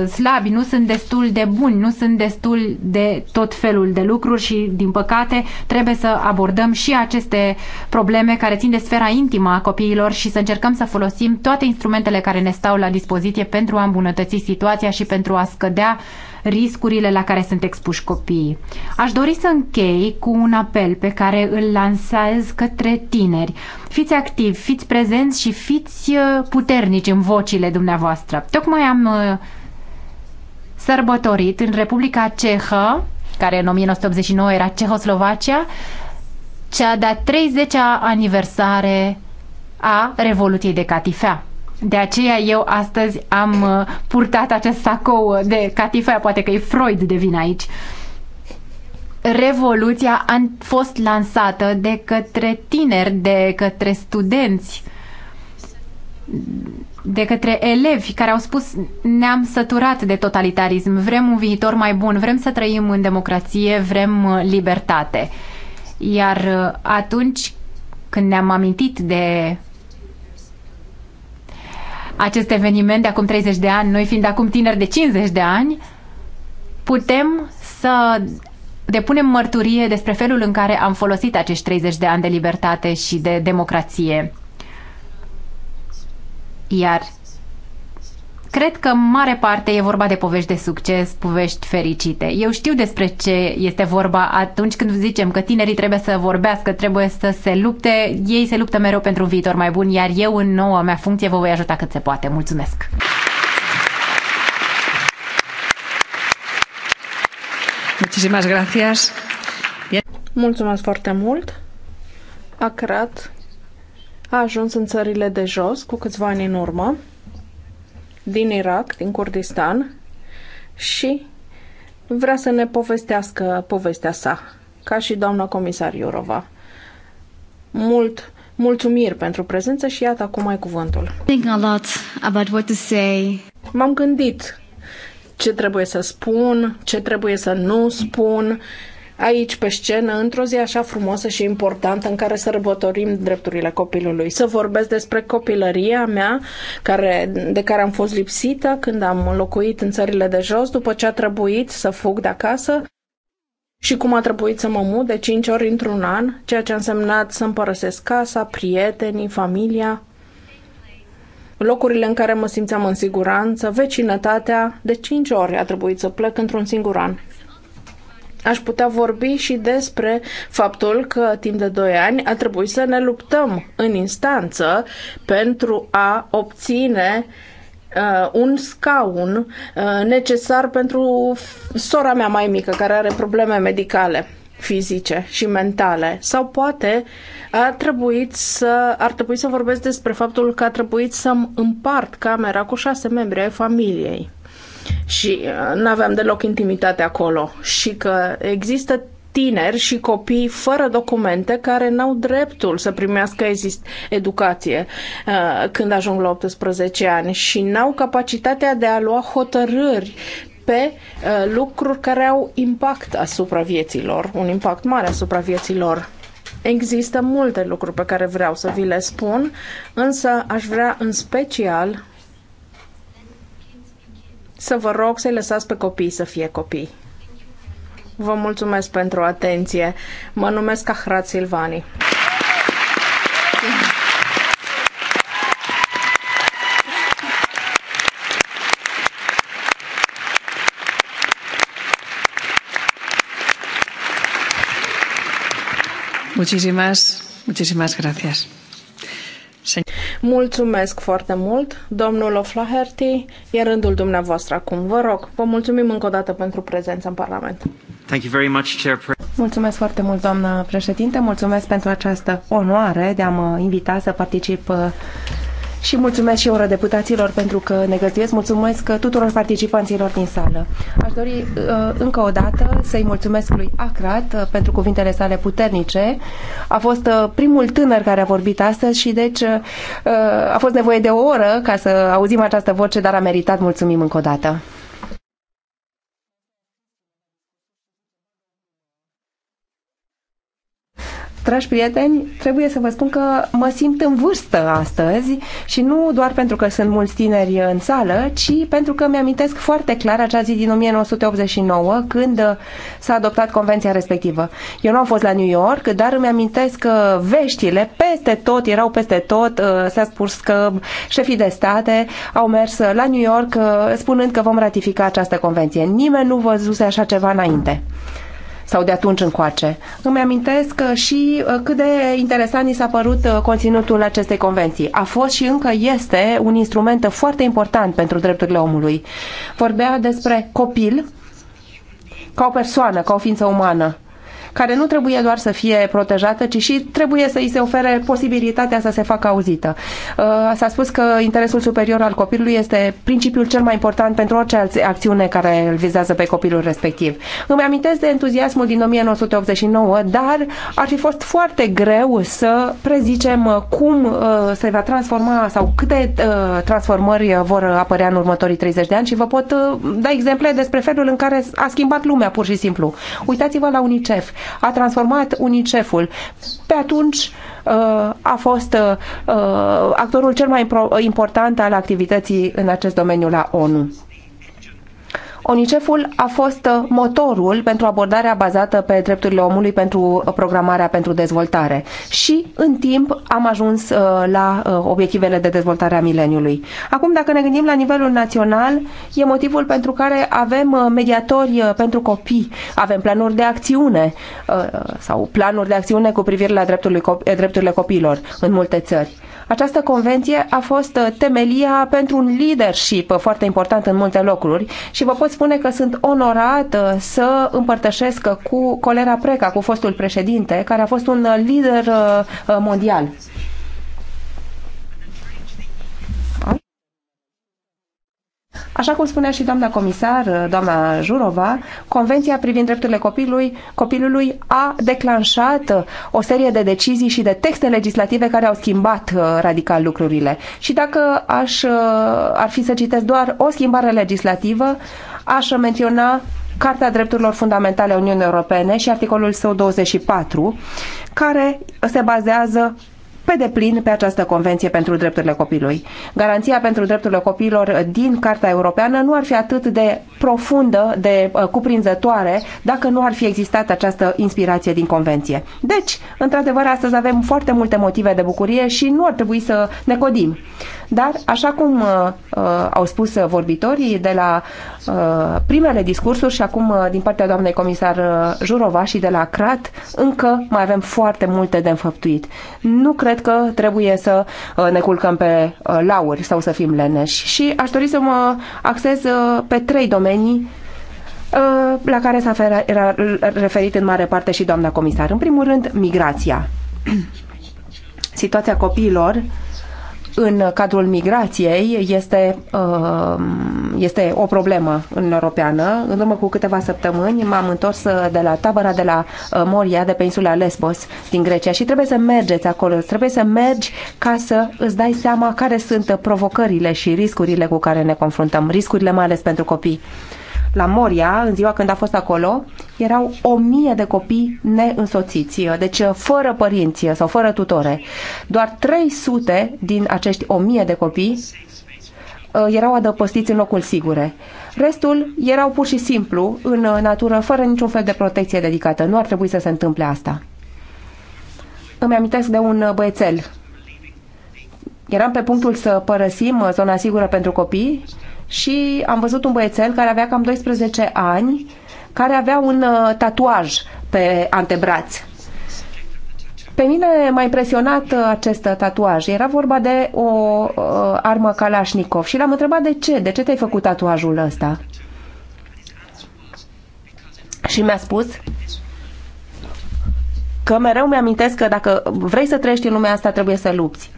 uh, slabi, nu sunt destul de buni, nu sunt destul de tot felul de lucruri și, din păcate, trebuie să abordăm și aceste probleme care țin de sfera intimă a copiilor și să încercăm să folosim toate instrumentele care ne stau la dispoziție pentru a îmbunătăți situația și pentru a scădea uh, riscurile la care sunt expuși copiii. Aș dori să închei cu un apel pe care îl lansez către tineri. Fiți activi, fiți prezenți și fiți uh, puternici în vocile dumneavoastră. Tocmai am uh, sărbătorit în Republica Cehă, care în 1989 era Cehoslovacia, cea de-a 30-a aniversare a Revoluției de Catifea. De aceea eu astăzi am uh, purtat acest sacou de catifea, poate că e Freud de vin aici. Revoluția a fost lansată de către tineri, de către studenți, de către elevi care au spus ne-am săturat de totalitarism, vrem un viitor mai bun, vrem să trăim în democrație, vrem uh, libertate. Iar uh, atunci când ne-am amintit de acest eveniment de acum 30 de ani, noi fiind acum tineri de 50 de ani, putem să depunem mărturie despre felul în care am folosit acești 30 de ani de libertate și de democrație. Iar Cred că în mare parte e vorba de povești de succes, povești fericite. Eu știu despre ce este vorba atunci când zicem că tinerii trebuie să vorbească, trebuie să se lupte. Ei se luptă mereu pentru un viitor mai bun, iar eu în noua mea funcție vă voi ajuta cât se poate. Mulțumesc! Muchísimas gracias. Mulțumesc foarte mult. creat, a ajuns în țările de jos cu câțiva ani în urmă din Irak, din Kurdistan și vrea să ne povestească povestea sa, ca și doamna comisar Iurova. Mult mulțumiri pentru prezență și iată acum ai cuvântul. M-am gândit ce trebuie să spun, ce trebuie să nu spun aici pe scenă într-o zi așa frumoasă și importantă în care sărbătorim drepturile copilului. Să vorbesc despre copilăria mea care, de care am fost lipsită când am locuit în țările de jos după ce a trebuit să fug de acasă și cum a trebuit să mă mut de 5 ori într-un an, ceea ce a însemnat să-mi părăsesc casa, prietenii, familia, locurile în care mă simțeam în siguranță, vecinătatea, de 5 ori a trebuit să plec într-un singur an aș putea vorbi și despre faptul că timp de 2 ani a trebuit să ne luptăm în instanță pentru a obține uh, un scaun uh, necesar pentru sora mea mai mică care are probleme medicale fizice și mentale. Sau poate a trebuit să, ar trebui să vorbesc despre faptul că a trebuit să împart camera cu șase membri ai familiei și uh, nu aveam deloc intimitate acolo și că există tineri și copii fără documente care n-au dreptul să primească educație uh, când ajung la 18 ani și n-au capacitatea de a lua hotărâri pe uh, lucruri care au impact asupra vieților, un impact mare asupra vieților. Există multe lucruri pe care vreau să vi le spun, însă aș vrea în special să vă rog să-i lăsați pe copii să fie copii. Vă mulțumesc pentru atenție. Mă numesc Ahrat Silvani. Muchísimas, muchísimas gracias. Mulțumesc foarte mult, domnul O'Flaherty. E rândul dumneavoastră acum. Vă rog, vă mulțumim încă o dată pentru prezența în Parlament. Thank you very much, Chair. Mulțumesc foarte mult, doamnă președinte. Mulțumesc pentru această onoare de a mă invita să particip uh, și mulțumesc și eurodeputaților pentru că ne găzduiesc. Mulțumesc tuturor participanților din sală. Aș dori uh, încă o dată să-i mulțumesc lui Acrat uh, pentru cuvintele sale puternice. A fost uh, primul tânăr care a vorbit astăzi și deci a fost nevoie de o oră ca să auzim această voce, dar a meritat. Mulțumim încă o dată. Dragi prieteni, trebuie să vă spun că mă simt în vârstă astăzi și nu doar pentru că sunt mulți tineri în sală, ci pentru că mi-amintesc foarte clar acea zi din 1989 când s-a adoptat convenția respectivă. Eu nu am fost la New York, dar îmi amintesc că veștile peste tot, erau peste tot, uh, s-a spus că șefii de state au mers la New York uh, spunând că vom ratifica această convenție. Nimeni nu văzuse așa ceva înainte sau de atunci încoace. Îmi amintesc uh, și uh, cât de interesant i s-a părut uh, conținutul acestei convenții. A fost și încă este un instrument foarte important pentru drepturile omului. Vorbea despre copil ca o persoană, ca o ființă umană care nu trebuie doar să fie protejată, ci și trebuie să îi se ofere posibilitatea să se facă auzită. Uh, s-a spus că interesul superior al copilului este principiul cel mai important pentru orice acțiune care îl vizează pe copilul respectiv. Îmi amintesc de entuziasmul din 1989, dar ar fi fost foarte greu să prezicem uh, cum uh, se va transforma sau câte transformări vor apărea în următorii 30 de ani și vă pot da exemple despre felul în care a schimbat lumea pur și simplu. Uitați-vă la UNICEF a transformat UNICEF-ul. Pe atunci uh, a fost uh, uh, actorul cel mai important al activității în acest domeniu la ONU. Oniceful ul a fost uh, motorul pentru abordarea bazată pe drepturile omului pentru uh, programarea pentru dezvoltare și în timp am ajuns uh, la obiectivele de dezvoltare a mileniului. Acum, dacă ne gândim la nivelul național, e motivul pentru care avem mediatori pentru copii, avem planuri de acțiune sau planuri de acțiune cu privire la drepturile copiilor în multe țări. Această convenție a fost uh, temelia pentru un leadership uh, foarte important în multe locuri și vă pot spune că sunt onorată uh, să împărtășesc cu Colera Preca, cu fostul președinte, care a fost un lider mondial. Așa cum spunea și doamna comisar, doamna Jurova, Convenția privind drepturile copilului, copilului a declanșat o serie de decizii și de texte legislative care au schimbat uh, radical lucrurile. Și dacă aș, uh, ar fi să citesc doar o schimbare legislativă, aș menționa Carta Drepturilor Fundamentale a Uniunii Europene și articolul său 24, care se bazează pe deplin pe această Convenție pentru Drepturile Copilului. Garanția pentru drepturile copilor din Carta Europeană nu ar fi atât de profundă, de uh, cuprinzătoare, dacă nu ar fi existat această inspirație din Convenție. Deci, într-adevăr, astăzi avem foarte multe motive de bucurie și nu ar trebui să ne codim. Dar, așa cum uh, uh au spus vorbitorii de la Uh, primele discursuri și acum uh, din partea doamnei comisar uh, Jurova și de la CRAT încă mai avem foarte multe de înfăptuit. Nu cred că trebuie să ne culcăm pe lauri sau să fim leneși și aș dori să mă axez pe trei domenii la care s-a referit în mare parte și doamna comisar. În primul rând, migrația. [CLEARS THROAT] Situația copiilor în cadrul migrației este, uh, este o problemă în europeană. În urmă cu câteva săptămâni m-am întors uh, de la tabăra de la uh, Moria, de pe insula Lesbos, din Grecia și trebuie să mergeți acolo, trebuie să mergi ca să îți dai seama care sunt provocările și riscurile cu care ne confruntăm, riscurile mai ales pentru copii. La Moria, în ziua când a fost acolo, erau o mie de copii neînsoțiți, deci uh, fără părinți sau fără tutore. Doar 300 din acești o mie de copii uh, erau adăpostiți în locul sigure. Restul erau pur și simplu în uh, natură, fără niciun fel de protecție dedicată. Nu ar trebui să se întâmple asta. Îmi amintesc de un băiețel. Eram pe punctul să părăsim zona sigură pentru copii și am văzut un băiețel care avea cam 12 ani care avea un uh, tatuaj pe antebraț. Pe mine m-a impresionat uh, acest uh, tatuaj. Era vorba de o armă Kalashnikov și l-am întrebat de ce, de ce te-ai făcut tatuajul ăsta? Și mi-a spus că mereu mi-amintesc că dacă vrei să trăiești în lumea asta, trebuie să lupți.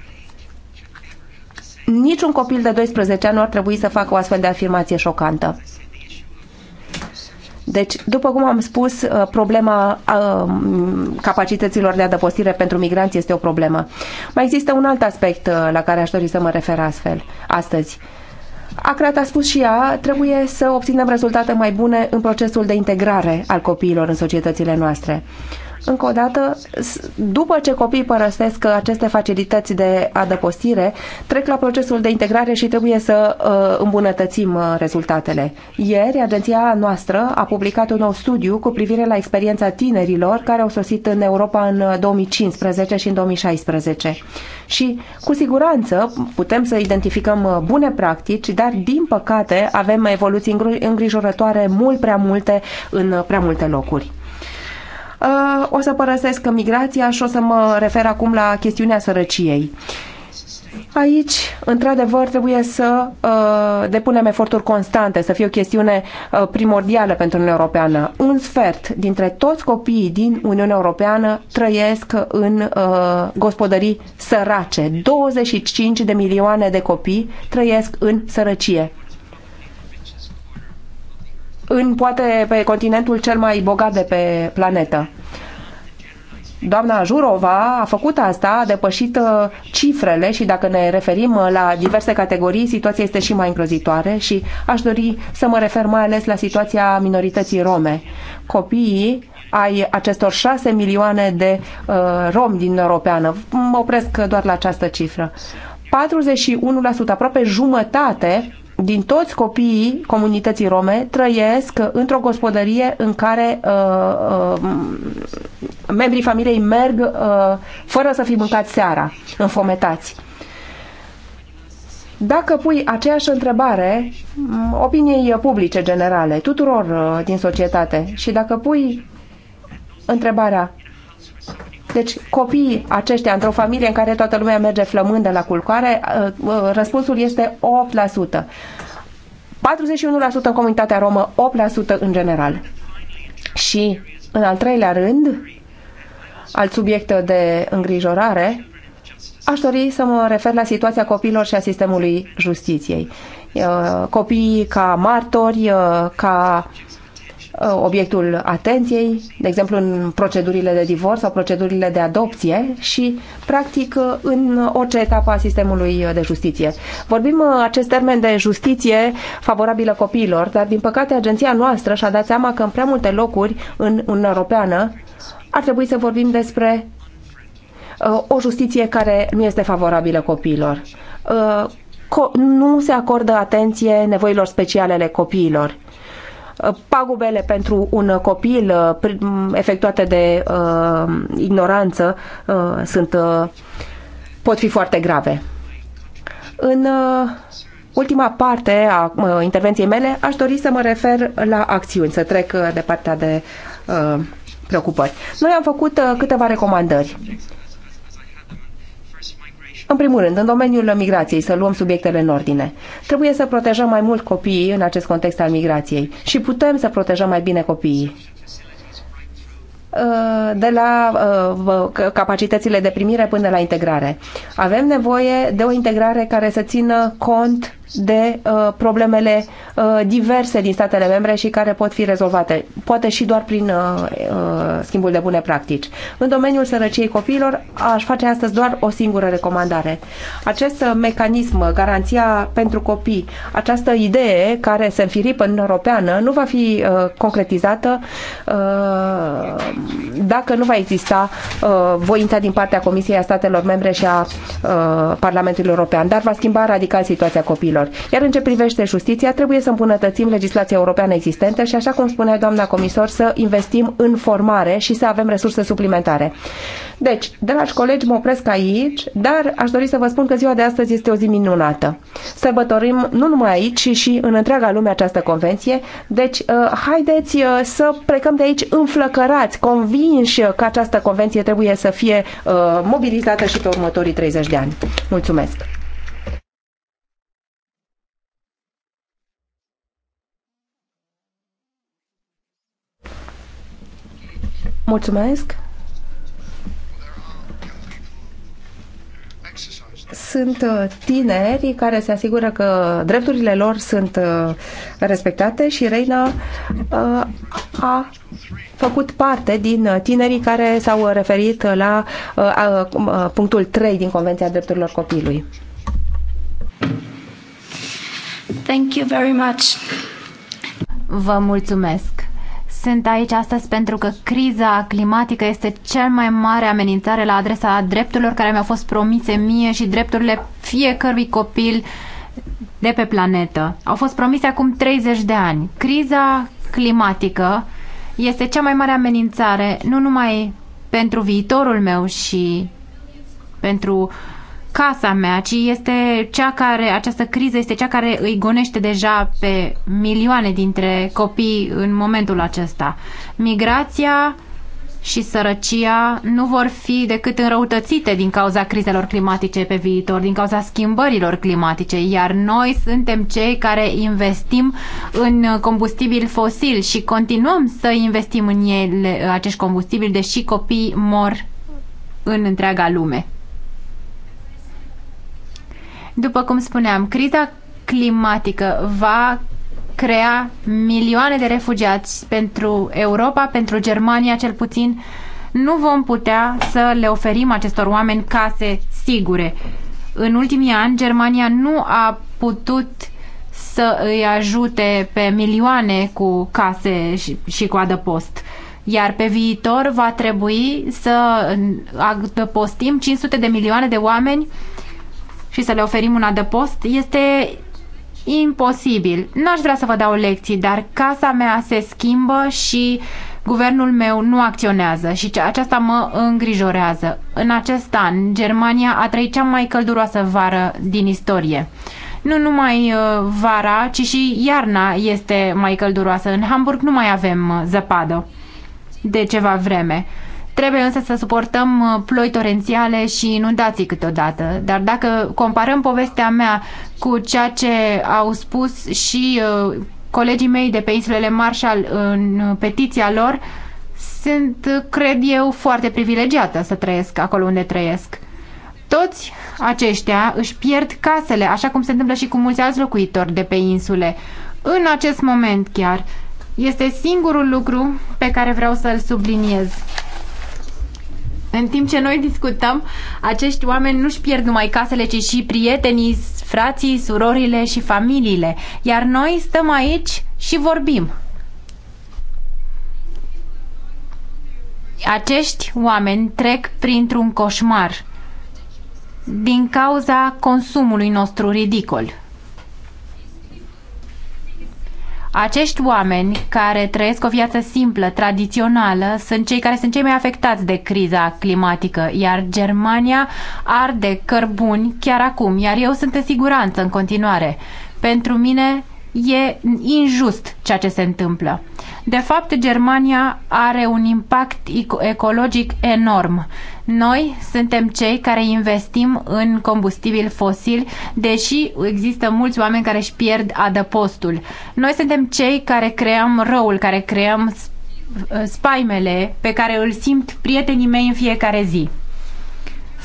Niciun copil de 12 ani nu ar trebui să facă o astfel de afirmație șocantă. Deci, după cum am spus, uh, problema uh, capacităților de adăpostire pentru migranți este o problemă. Mai există un alt aspect uh, la care aș dori să mă refer astfel, astăzi. Acrat a spus și ea, trebuie să obținem rezultate mai bune în procesul de integrare al copiilor în societățile noastre. Încă o dată, după ce copiii părăsesc aceste facilități de adăpostire, trec la procesul de integrare și trebuie să uh, îmbunătățim uh, rezultatele. Ieri, agenția noastră a publicat un nou studiu cu privire la experiența tinerilor care au sosit în Europa în 2015 uh, și în 2016. Și, cu siguranță, putem să identificăm bune practici, dar, din păcate, avem evoluții îngrijorătoare mult prea multe în prea multe locuri. Uh, o să părăsesc migrația și o să mă refer acum la chestiunea sărăciei. Aici, într-adevăr, trebuie să uh, depunem eforturi constante, să fie o chestiune uh, primordială pentru Uniunea Europeană. Un sfert dintre toți copiii din Uniunea Europeană trăiesc în uh, gospodării sărace. 25 de milioane de copii trăiesc în sărăcie în poate pe continentul cel mai bogat de pe planetă. Doamna Jurova a făcut asta, a depășit uh, cifrele și dacă ne referim uh, la diverse categorii, situația este și mai îngrozitoare și aș dori să mă refer mai ales la situația minorității rome. Copiii ai acestor șase milioane de uh, romi din Europeană. Mă opresc doar la această cifră. 41%, aproape jumătate, din toți copiii comunității rome trăiesc într-o gospodărie în care uh, uh, membrii familiei merg uh, fără să fi mâncat seara, înfometați. Dacă pui aceeași întrebare opiniei publice generale, tuturor uh, din societate, și dacă pui întrebarea deci copiii aceștia într-o familie în care toată lumea merge flămândă la culcare, uh, uh, răspunsul este 8%. 41% în comunitatea romă, 8% în general. Și în al treilea rând, alt subiect de îngrijorare, aș dori să mă refer la situația copiilor și a sistemului justiției. Uh, copiii ca martori, ca uh, Uh, obiectul atenției, de exemplu în procedurile de divorț sau procedurile de adopție și, practic, uh, în orice etapă a sistemului uh, de justiție. Vorbim acest termen de justiție favorabilă copiilor, dar, din păcate, agenția noastră și-a dat seama că în prea multe locuri în Uniunea Europeană ar trebui să vorbim despre o justiție care nu este favorabilă copiilor. Nu se acordă atenție nevoilor speciale ale copiilor Uh, pagubele pentru un copil uh, efectuate de uh, ignoranță sunt, pot fi foarte grave. În ultima parte a intervenției mele aș dori să mă refer la acțiuni, să trec de partea de preocupări. Noi am făcut câteva recomandări în primul rând, în domeniul migrației, să luăm subiectele în ordine. Trebuie să protejăm mai mult copiii în acest context al migrației și putem să protejăm mai bine copiii ă, de la ă, capacitățile de primire până la integrare. Avem nevoie de o integrare care să țină cont de uh, problemele uh, diverse din statele membre și care pot fi rezolvate, poate și doar prin uh, uh, schimbul de bune practici. În domeniul sărăciei copiilor aș face astăzi doar o singură recomandare. Acest uh, mecanism, uh, garanția pentru copii, această idee care se înfiripă în europeană nu va fi uh, concretizată uh, dacă nu va exista uh, voința din partea Comisiei a statelor membre și a uh, Parlamentului European, dar va schimba radical situația copiilor cetățenilor. Iar în ce privește justiția, trebuie să îmbunătățim legislația europeană existentă și, așa cum spunea doamna comisor, să investim în formare și să avem resurse suplimentare. Deci, dragi colegi, mă opresc aici, dar aș dori să vă spun că ziua de astăzi este o zi minunată. Sărbătorim nu numai aici, ci și în întreaga lume această convenție. Deci, uh, haideți uh, să plecăm de aici înflăcărați, convinși că această convenție trebuie să fie uh, mobilizată și pe următorii 30 de ani. Mulțumesc! Mulțumesc! Sunt uh, tineri care se asigură că drepturile lor sunt uh, respectate și Reina uh, a făcut parte din tinerii care s-au referit la punctul 3 din Convenția Drepturilor Copilului. Thank you very much. Vă mulțumesc. Sunt aici astăzi pentru că criza climatică este cel mai mare amenințare la adresa drepturilor care mi-au fost promise mie și drepturile fiecărui copil de pe planetă. Au fost promise acum 30 de ani. Criza climatică este cea mai mare amenințare, nu numai pentru viitorul meu și pentru uh, casa mea, ci este cea care, această criză este cea care îi gonește deja pe milioane dintre copii în momentul acesta. Migrația și sărăcia nu vor fi decât înrăutățite din cauza crizelor climatice pe viitor, din cauza schimbărilor climatice, iar noi suntem cei care investim în combustibil fosil și continuăm să investim în ele, acești combustibili, deși copiii mor în întreaga lume. După cum spuneam, criza climatică va crea milioane de refugiați pentru Europa, pentru Germania cel puțin. Nu vom putea să le oferim acestor oameni case sigure. În ultimii ani, Germania nu a putut să îi ajute pe milioane cu case și, și cu adăpost iar pe viitor va trebui să adăpostim 500 de milioane de oameni și să le oferim un adăpost este imposibil. N-aș vrea să vă dau lecții, dar casa mea se schimbă și guvernul meu nu acționează și aceasta mă îngrijorează. În acest an, Germania a trăit cea mai călduroasă vară din istorie nu numai uh, vara, ci și iarna este mai călduroasă. În Hamburg nu mai avem uh, zăpadă de ceva vreme. Trebuie însă să suportăm uh, ploi torențiale și inundații câteodată. Dar dacă comparăm povestea mea cu ceea ce au spus și uh, colegii mei de pe insulele Marshall în uh, petiția lor, sunt, cred eu, foarte privilegiată să trăiesc acolo unde trăiesc. Toți aceștia își pierd casele, așa cum se întâmplă și cu mulți alți locuitori de pe insule. În acest moment chiar, este singurul lucru pe care vreau să-l subliniez. În timp ce noi discutăm, acești oameni nu-și pierd numai casele, ci și prietenii, frații, surorile și familiile. Iar noi stăm aici și vorbim. Acești oameni trec printr-un coșmar din cauza consumului nostru ridicol. Acești oameni care trăiesc o viață simplă, tradițională, sunt cei care sunt cei mai afectați de criza climatică, iar Germania arde cărbuni chiar acum, iar eu sunt în siguranță în continuare. Pentru mine, e injust ceea ce se întâmplă. De fapt, Germania are un impact ecologic enorm. Noi suntem cei care investim în combustibil fosil, deși există mulți oameni care își pierd adăpostul. Noi suntem cei care creăm răul, care creăm spaimele pe care îl simt prietenii mei în fiecare zi.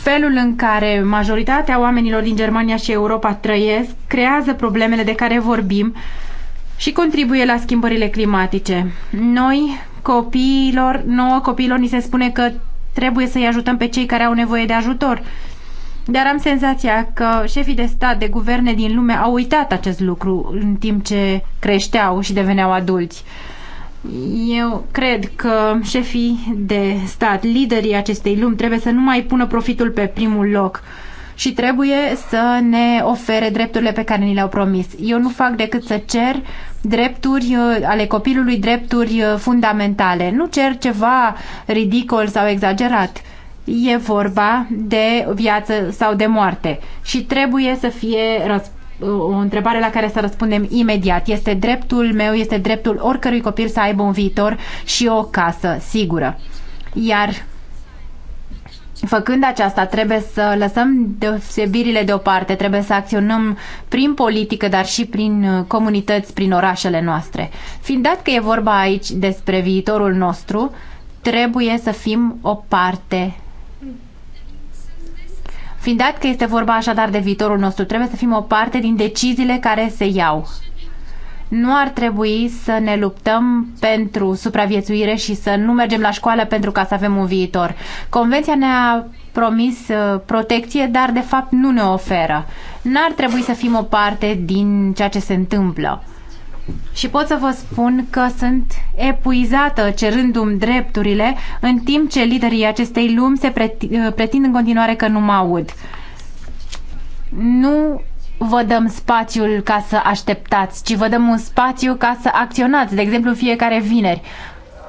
Felul în care majoritatea oamenilor din Germania și Europa trăiesc creează problemele de care vorbim și contribuie la schimbările climatice. Noi, copiilor, nouă copiilor, ni se spune că trebuie să-i ajutăm pe cei care au nevoie de ajutor. Dar am senzația că șefii de stat, de guverne din lume au uitat acest lucru în timp ce creșteau și deveneau adulți. Eu cred că șefii de stat, liderii acestei lumi, trebuie să nu mai pună profitul pe primul loc și trebuie să ne ofere drepturile pe care ni le-au promis. Eu nu fac decât să cer drepturi uh, ale copilului, drepturi uh, fundamentale. Nu cer ceva ridicol sau exagerat. E vorba de viață sau de moarte și trebuie să fie răspuns o întrebare la care să răspundem imediat. Este dreptul meu, este dreptul oricărui copil să aibă un viitor și o casă sigură. Iar Făcând aceasta, trebuie să lăsăm deosebirile deoparte, trebuie să acționăm prin politică, dar și prin uh, comunități, prin orașele noastre. Fiind dat că e vorba aici despre viitorul nostru, trebuie să fim o parte Fiind dat că este vorba așadar de viitorul nostru, trebuie să fim o parte din deciziile care se iau. Nu ar trebui să ne luptăm pentru supraviețuire și să nu mergem la școală pentru ca să avem un viitor. Convenția ne-a promis uh, protecție, dar de fapt nu ne oferă. N-ar trebui să fim o parte din ceea ce se întâmplă și pot să vă spun că sunt epuizată cerându-mi drepturile, în timp ce liderii acestei lumi se uh, pretind în continuare că nu mă aud. Nu vă dăm spațiul ca să așteptați, ci vă dăm un spațiu ca să acționați, de exemplu fiecare vineri.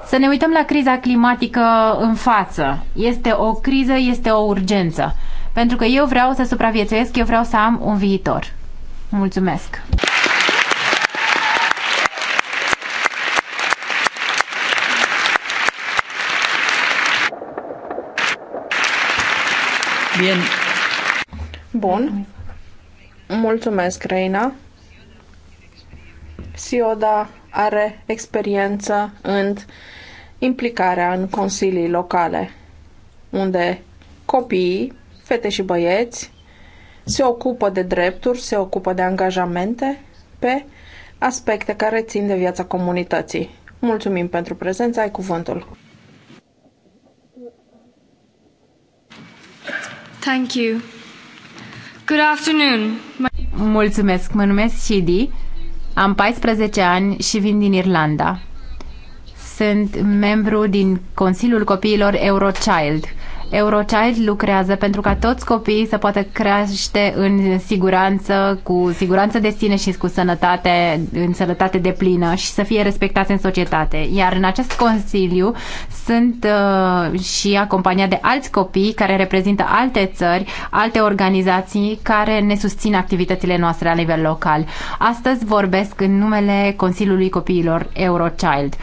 Să ne uităm la criza climatică în față. Este o criză, este o urgență. Pentru că eu vreau să supraviețuiesc, eu vreau să am un viitor. Mulțumesc! Bien. Bun. Mulțumesc, Reina. Sioda are experiență în implicarea în consilii locale, unde copiii, fete și băieți, se ocupă de drepturi, se ocupă de angajamente pe aspecte care țin de viața comunității. Mulțumim pentru prezența, ai cuvântul. Thank you. Good afternoon. Mulțumesc, mă numesc Shidi, am 14 ani și vin din Irlanda. Sunt membru din Consiliul Copiilor Eurochild Eurochild lucrează pentru ca toți copiii să poată crește în siguranță, cu siguranță de sine și cu sănătate, în sănătate de plină și să fie respectați în societate. Iar în acest consiliu sunt uh, și acompaniat de alți copii care reprezintă alte țări, alte organizații care ne susțin activitățile noastre la nivel local. Astăzi vorbesc în numele Consiliului Copiilor Eurochild.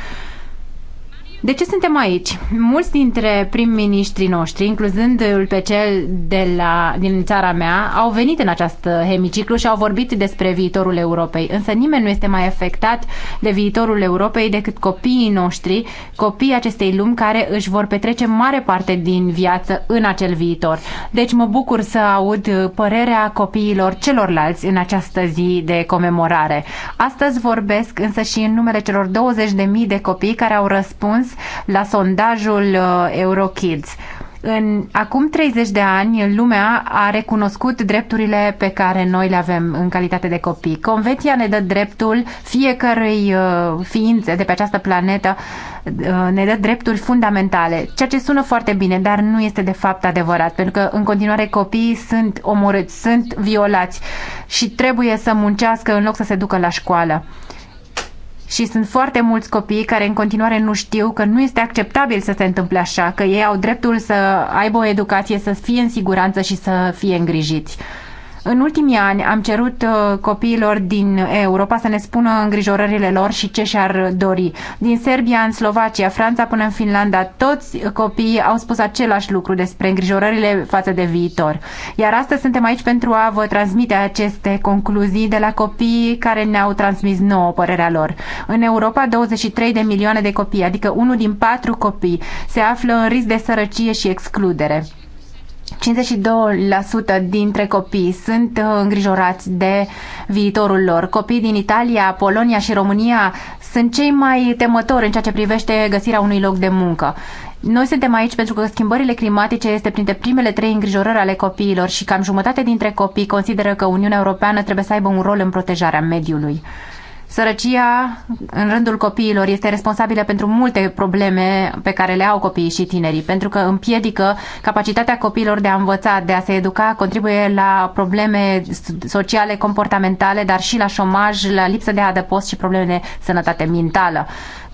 De ce suntem aici? Mulți dintre prim-ministrii noștri, incluzându-l pe cel de la, din țara mea, au venit în acest hemiciclu și au vorbit despre viitorul Europei. Însă nimeni nu este mai afectat de viitorul Europei decât copiii noștri, copiii acestei lumi care își vor petrece mare parte din viață în acel viitor. Deci mă bucur să aud părerea copiilor celorlalți în această zi de comemorare. Astăzi vorbesc însă și în numele celor 20.000 de copii care au răspuns la sondajul uh, Eurokids. În, acum 30 de ani, lumea a recunoscut drepturile pe care noi le avem în calitate de copii. Convenția ne dă dreptul fiecărei uh, ființe de pe această planetă, uh, ne dă drepturi fundamentale, ceea ce sună foarte bine, dar nu este de fapt adevărat, pentru că în continuare copiii sunt omorâți, sunt violați și trebuie să muncească în loc să se ducă la școală. Și sunt foarte mulți copii care în continuare nu știu că nu este acceptabil să se întâmple așa, că ei au dreptul să aibă o educație, să fie în siguranță și să fie îngrijiți. În ultimii ani am cerut uh, copiilor din Europa să ne spună îngrijorările lor și ce și-ar dori. Din Serbia în Slovacia, Franța până în Finlanda, toți copiii au spus același lucru despre îngrijorările față de viitor. Iar astăzi suntem aici pentru a vă transmite aceste concluzii de la copiii care ne-au transmis nouă părerea lor. În Europa, 23 de milioane de copii, adică unul din patru copii, se află în risc de sărăcie și excludere. 52% dintre copii sunt uh, îngrijorați de viitorul lor. Copii din Italia, Polonia și România sunt cei mai temători în ceea ce privește găsirea unui loc de muncă. Noi suntem aici pentru că schimbările climatice este printre primele trei îngrijorări ale copiilor și cam jumătate dintre copii consideră că Uniunea Europeană trebuie să aibă un rol în protejarea mediului. Sărăcia în rândul copiilor este responsabilă pentru multe probleme pe care le au copiii și tinerii, pentru că împiedică capacitatea copiilor de a învăța, de a se educa, contribuie la probleme sociale, comportamentale, dar și la șomaj, la lipsă de adăpost și probleme de sănătate mentală.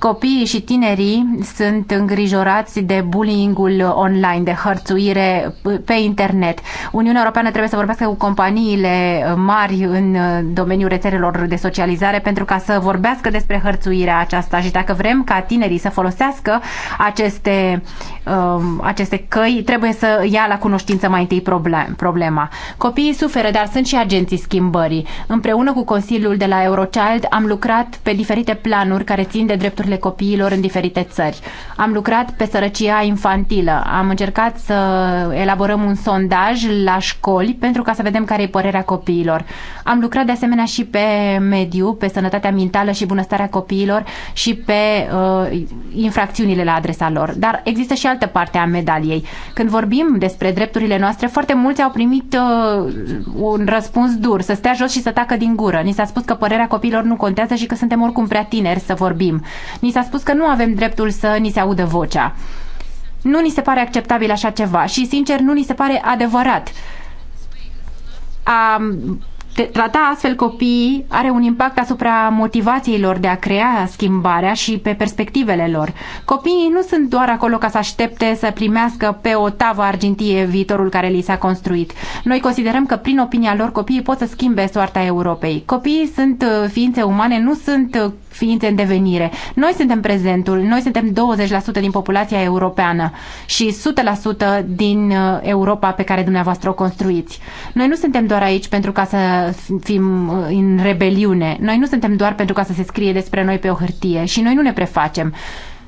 Copiii și tinerii sunt îngrijorați de bullying-ul online, de hărțuire pe internet. Uniunea Europeană trebuie să vorbească cu companiile mari în domeniul rețelelor de socializare pentru ca să vorbească despre hărțuirea aceasta și dacă vrem ca tinerii să folosească aceste, um, aceste căi, trebuie să ia la cunoștință mai întâi problema. Copiii suferă, dar sunt și agenții schimbării. Împreună cu Consiliul de la Eurochild am lucrat pe diferite planuri care țin de drepturile drepturile copiilor în diferite țări. Am lucrat pe sărăcia infantilă. Am încercat să elaborăm un sondaj la școli pentru ca să vedem care e părerea copiilor. Am lucrat de asemenea și pe mediu, pe sănătatea mentală și bunăstarea copiilor și pe uh, infracțiunile la adresa lor. Dar există și altă parte a medaliei. Când vorbim despre drepturile noastre, foarte mulți au primit uh, un răspuns dur, să stea jos și să tacă din gură. Ni s-a spus că părerea copiilor nu contează și că suntem oricum prea tineri să vorbim. Ni s-a spus că nu avem dreptul să ni se audă vocea. Nu ni se pare acceptabil așa ceva și, sincer, nu ni se pare adevărat. A trata astfel copiii are un impact asupra motivațiilor de a crea schimbarea și pe perspectivele lor. Copiii nu sunt doar acolo ca să aștepte să primească pe o tavă argintie viitorul care li s-a construit. Noi considerăm că prin opinia lor copiii pot să schimbe soarta Europei. Copiii sunt uh, ființe umane, nu sunt uh, ființe în devenire. Noi suntem prezentul, noi suntem 20% din populația europeană și 100% din uh, Europa pe care dumneavoastră o construiți. Noi nu suntem doar aici pentru ca să fim uh, în rebeliune. Noi nu suntem doar pentru ca să se scrie despre noi pe o hârtie și noi nu ne prefacem.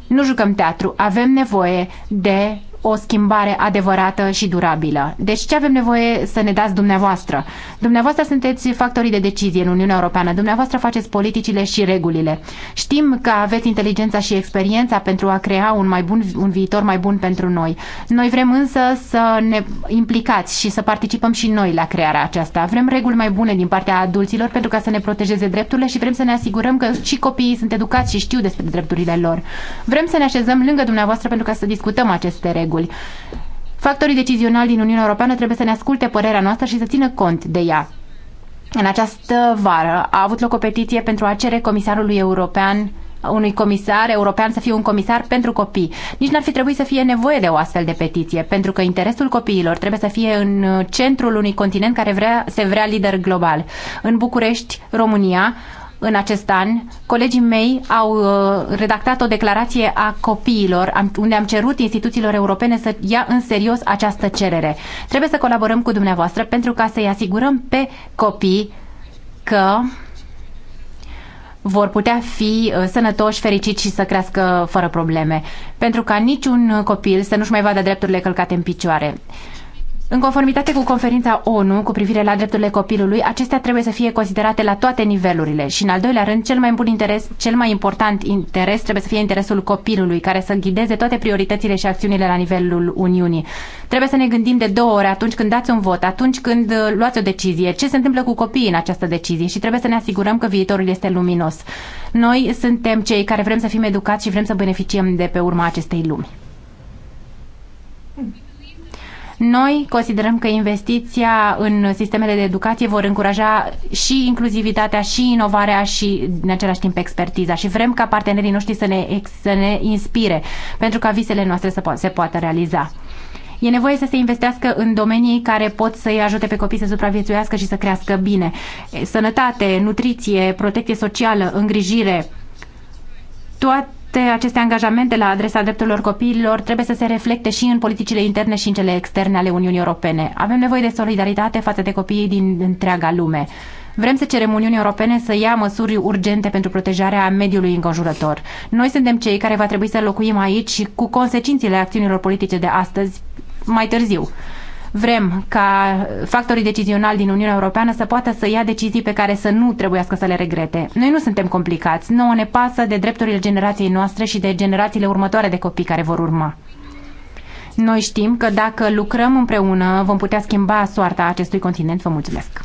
Nu jucăm teatru. Avem nevoie de o schimbare adevărată și durabilă. Deci ce avem nevoie să ne dați dumneavoastră? Dumneavoastră sunteți factorii de decizie în Uniunea Europeană, dumneavoastră faceți politicile și regulile. Știm că aveți inteligența și experiența pentru a crea un, mai bun, un viitor mai bun pentru noi. Noi vrem însă să ne implicați și să participăm și noi la crearea aceasta. Vrem reguli mai bune din partea adulților pentru ca să ne protejeze drepturile și vrem să ne asigurăm că și copiii sunt educați și știu despre drepturile lor. Vrem să ne așezăm lângă dumneavoastră pentru ca să discutăm aceste reguli reguli. Factorii decizionali din Uniunea Europeană trebuie să ne asculte părerea noastră și să țină cont de ea. În această vară a avut loc o petiție pentru a cere comisarului european unui comisar european să fie un comisar pentru copii. Nici n-ar fi trebuit să fie nevoie de o astfel de petiție, pentru că interesul copiilor trebuie să fie în centrul unui continent care vrea, se vrea lider global. În București, România, în acest an, colegii mei au uh, redactat o declarație a copiilor, unde am cerut instituțiilor europene să ia în serios această cerere. Trebuie să colaborăm cu dumneavoastră pentru ca să-i asigurăm pe copii că vor putea fi uh, sănătoși, fericiți și să crească fără probleme. Pentru ca niciun copil să nu-și mai vadă drepturile călcate în picioare. În conformitate cu conferința ONU cu privire la drepturile copilului, acestea trebuie să fie considerate la toate nivelurile și, în al doilea rând, cel mai bun interes, cel mai important interes trebuie să fie interesul copilului, care să ghideze toate prioritățile și acțiunile la nivelul Uniunii. Trebuie să ne gândim de două ori atunci când dați un vot, atunci când uh, luați o decizie, ce se întâmplă cu copiii în această decizie și trebuie să ne asigurăm că viitorul este luminos. Noi suntem cei care vrem să fim educați și vrem să beneficiem de pe urma acestei lumi. Noi considerăm că investiția în sistemele de educație vor încuraja și inclusivitatea, și inovarea, și în același timp expertiza. Și vrem ca partenerii noștri să ne, să ne inspire pentru ca visele noastre să po- se poată realiza. E nevoie să se investească în domenii care pot să-i ajute pe copii să supraviețuiască și să crească bine. Sănătate, nutriție, protecție socială, îngrijire, toate aceste, aceste angajamente la adresa drepturilor copiilor trebuie să se reflecte și în politicile interne și în cele externe ale Uniunii Europene. Avem nevoie de solidaritate față de copiii din întreaga lume. Vrem să cerem Uniunii Europene să ia măsuri urgente pentru protejarea mediului înconjurător. Noi suntem cei care va trebui să locuim aici cu consecințele acțiunilor politice de astăzi mai târziu. Vrem ca factorii decizionali din Uniunea Europeană să poată să ia decizii pe care să nu trebuiască să le regrete. Noi nu suntem complicați, nouă ne pasă de drepturile generației noastre și de generațiile următoare de copii care vor urma. Noi știm că dacă lucrăm împreună vom putea schimba soarta acestui continent. Vă mulțumesc!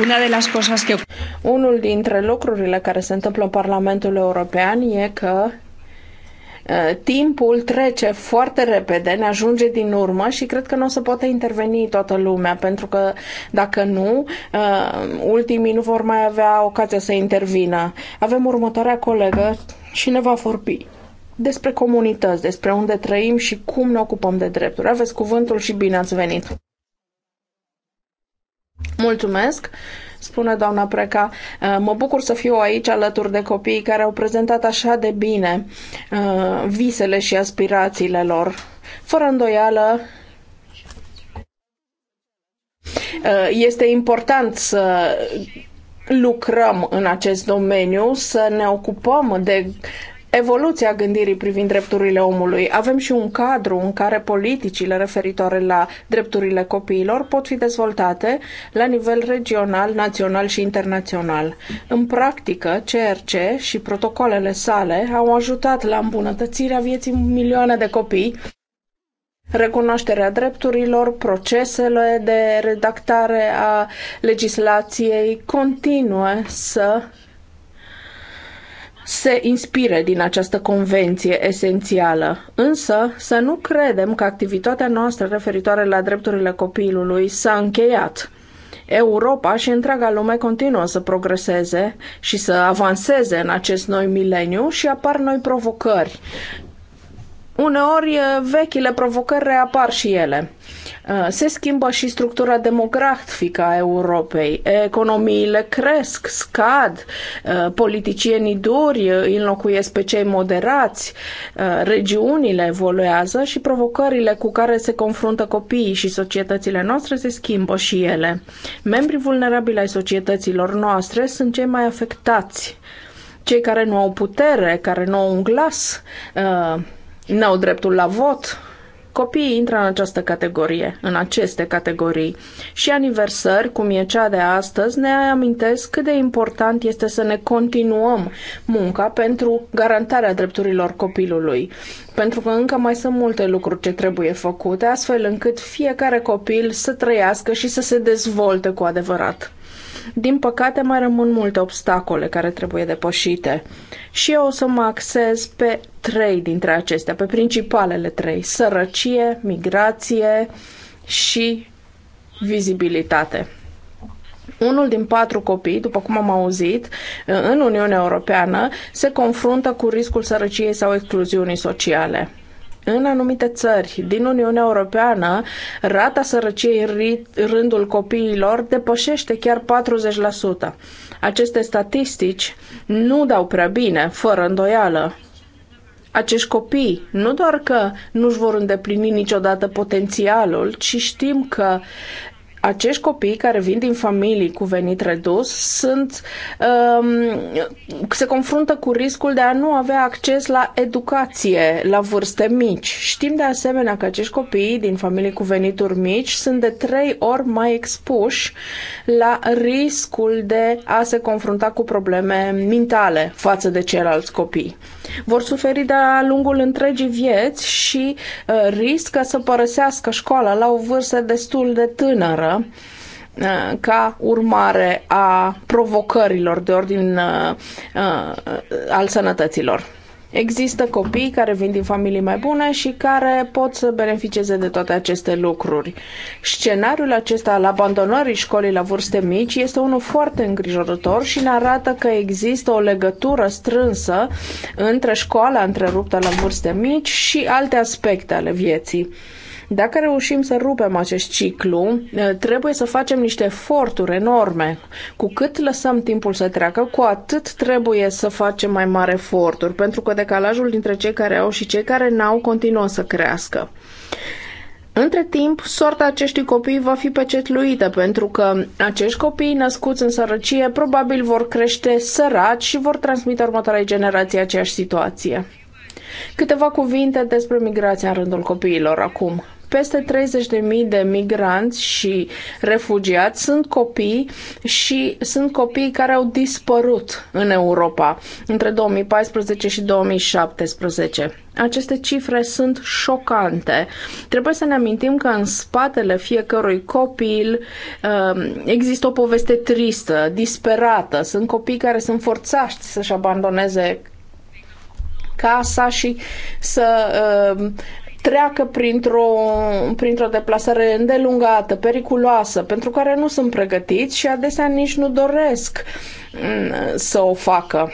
una de las cosas que... Unul dintre lucrurile care se întâmplă în Parlamentul European e că uh, timpul trece foarte repede, ne ajunge din urmă și cred că nu o să poată interveni toată lumea, pentru că dacă nu, uh, ultimii nu vor mai avea ocazia să intervină. Avem următoarea colegă și ne va vorbi despre comunități, despre unde trăim și cum ne ocupăm de drepturi. Aveți cuvântul și bine ați venit! Mulțumesc, spune doamna Preca. Eh, mă bucur să fiu aici alături de copiii care au prezentat așa de bine eh, visele și aspirațiile lor. Fără îndoială, eh, este important să lucrăm în acest domeniu, să ne ocupăm de evoluția gândirii privind drepturile omului. Avem și un cadru în care politicile referitoare la drepturile copiilor pot fi dezvoltate la nivel regional, național și internațional. În practică, CRC și protocolele sale au ajutat la îmbunătățirea vieții milioane de copii recunoașterea drepturilor, procesele de redactare a legislației continuă să se inspire din această convenție esențială. Însă să nu credem că activitatea noastră referitoare la drepturile copilului s-a încheiat. Europa și întreaga lume continuă să progreseze și să avanseze în acest noi mileniu și apar noi provocări uneori eh, vechile provocări reapar și ele. Eh, se schimbă și structura demografică a Europei. Economiile cresc, scad, eh, politicienii duri îi înlocuiesc pe cei moderați, regiunile evoluează și provocările cu care se confruntă copiii și societățile noastre se schimbă și ele. Membrii vulnerabili ai societăților noastre sunt cei mai afectați. Cei care nu au putere, care nu au un glas, n-au dreptul la vot. Copiii intră în această categorie, în aceste categorii. Și aniversări, cum e cea de astăzi, ne amintesc cât de important este să ne continuăm munca pentru garantarea drepturilor copilului. Pentru că încă mai sunt multe lucruri ce trebuie făcute, astfel încât fiecare copil să trăiască și să se dezvolte cu adevărat. Din păcate, mai rămân multe obstacole care trebuie depășite. Și eu o să mă axez pe trei dintre acestea, pe principalele trei: sărăcie, migrație și vizibilitate unul din patru copii, după cum am auzit, în Uniunea Europeană se confruntă cu riscul sărăciei sau excluziunii sociale. În anumite țări din Uniunea Europeană, rata sărăciei în rândul copiilor depășește chiar 40%. Aceste statistici nu dau prea bine, fără îndoială. Acești copii nu doar că nu-și vor îndeplini niciodată potențialul, ci știm că acești copii care vin din familii cu venit redus sunt, um, se confruntă cu riscul de a nu avea acces la educație la vârste mici. Știm de asemenea că acești copii din familii cu venituri mici sunt de trei ori mai expuși la riscul de a se confrunta cu probleme mentale față de ceilalți copii. Vor suferi de-a lungul întregii vieți și uh, riscă să părăsească școala la o vârstă destul de tânără Uh, ca urmare a provocărilor de ordin uh, uh, al sănătăților. Există copii care vin din familii mai bune și care pot să beneficieze de toate aceste lucruri. Scenariul acesta al abandonării școlii la vârste mici este unul foarte îngrijorător și ne arată că există o legătură strânsă între școala întreruptă la vârste mici și alte aspecte ale vieții. Dacă reușim să rupem acest ciclu, eh, trebuie să facem niște eforturi enorme. Cu cât lăsăm timpul să treacă, cu atât trebuie să facem mai mari eforturi, pentru că decalajul dintre cei care au și cei care n-au continuă să crească. Între timp, sorta acestui copii va fi pecetluită, pentru că acești copii născuți în sărăcie probabil vor crește săraci și vor transmite următoarei generații aceeași situație. Câteva cuvinte despre migrația în rândul copiilor acum. Peste 30.000 de migranți și refugiați sunt copii și sunt copii care au dispărut în Europa între 2014 și 2017. Aceste cifre sunt șocante. Trebuie să ne amintim că în spatele fiecărui copil um, există o poveste tristă, disperată. Sunt copii care sunt forțați să-și abandoneze casa și să uh, treacă printr-o, printr-o deplasare îndelungată, periculoasă, pentru care nu sunt pregătiți și adesea nici nu doresc mm, să o facă.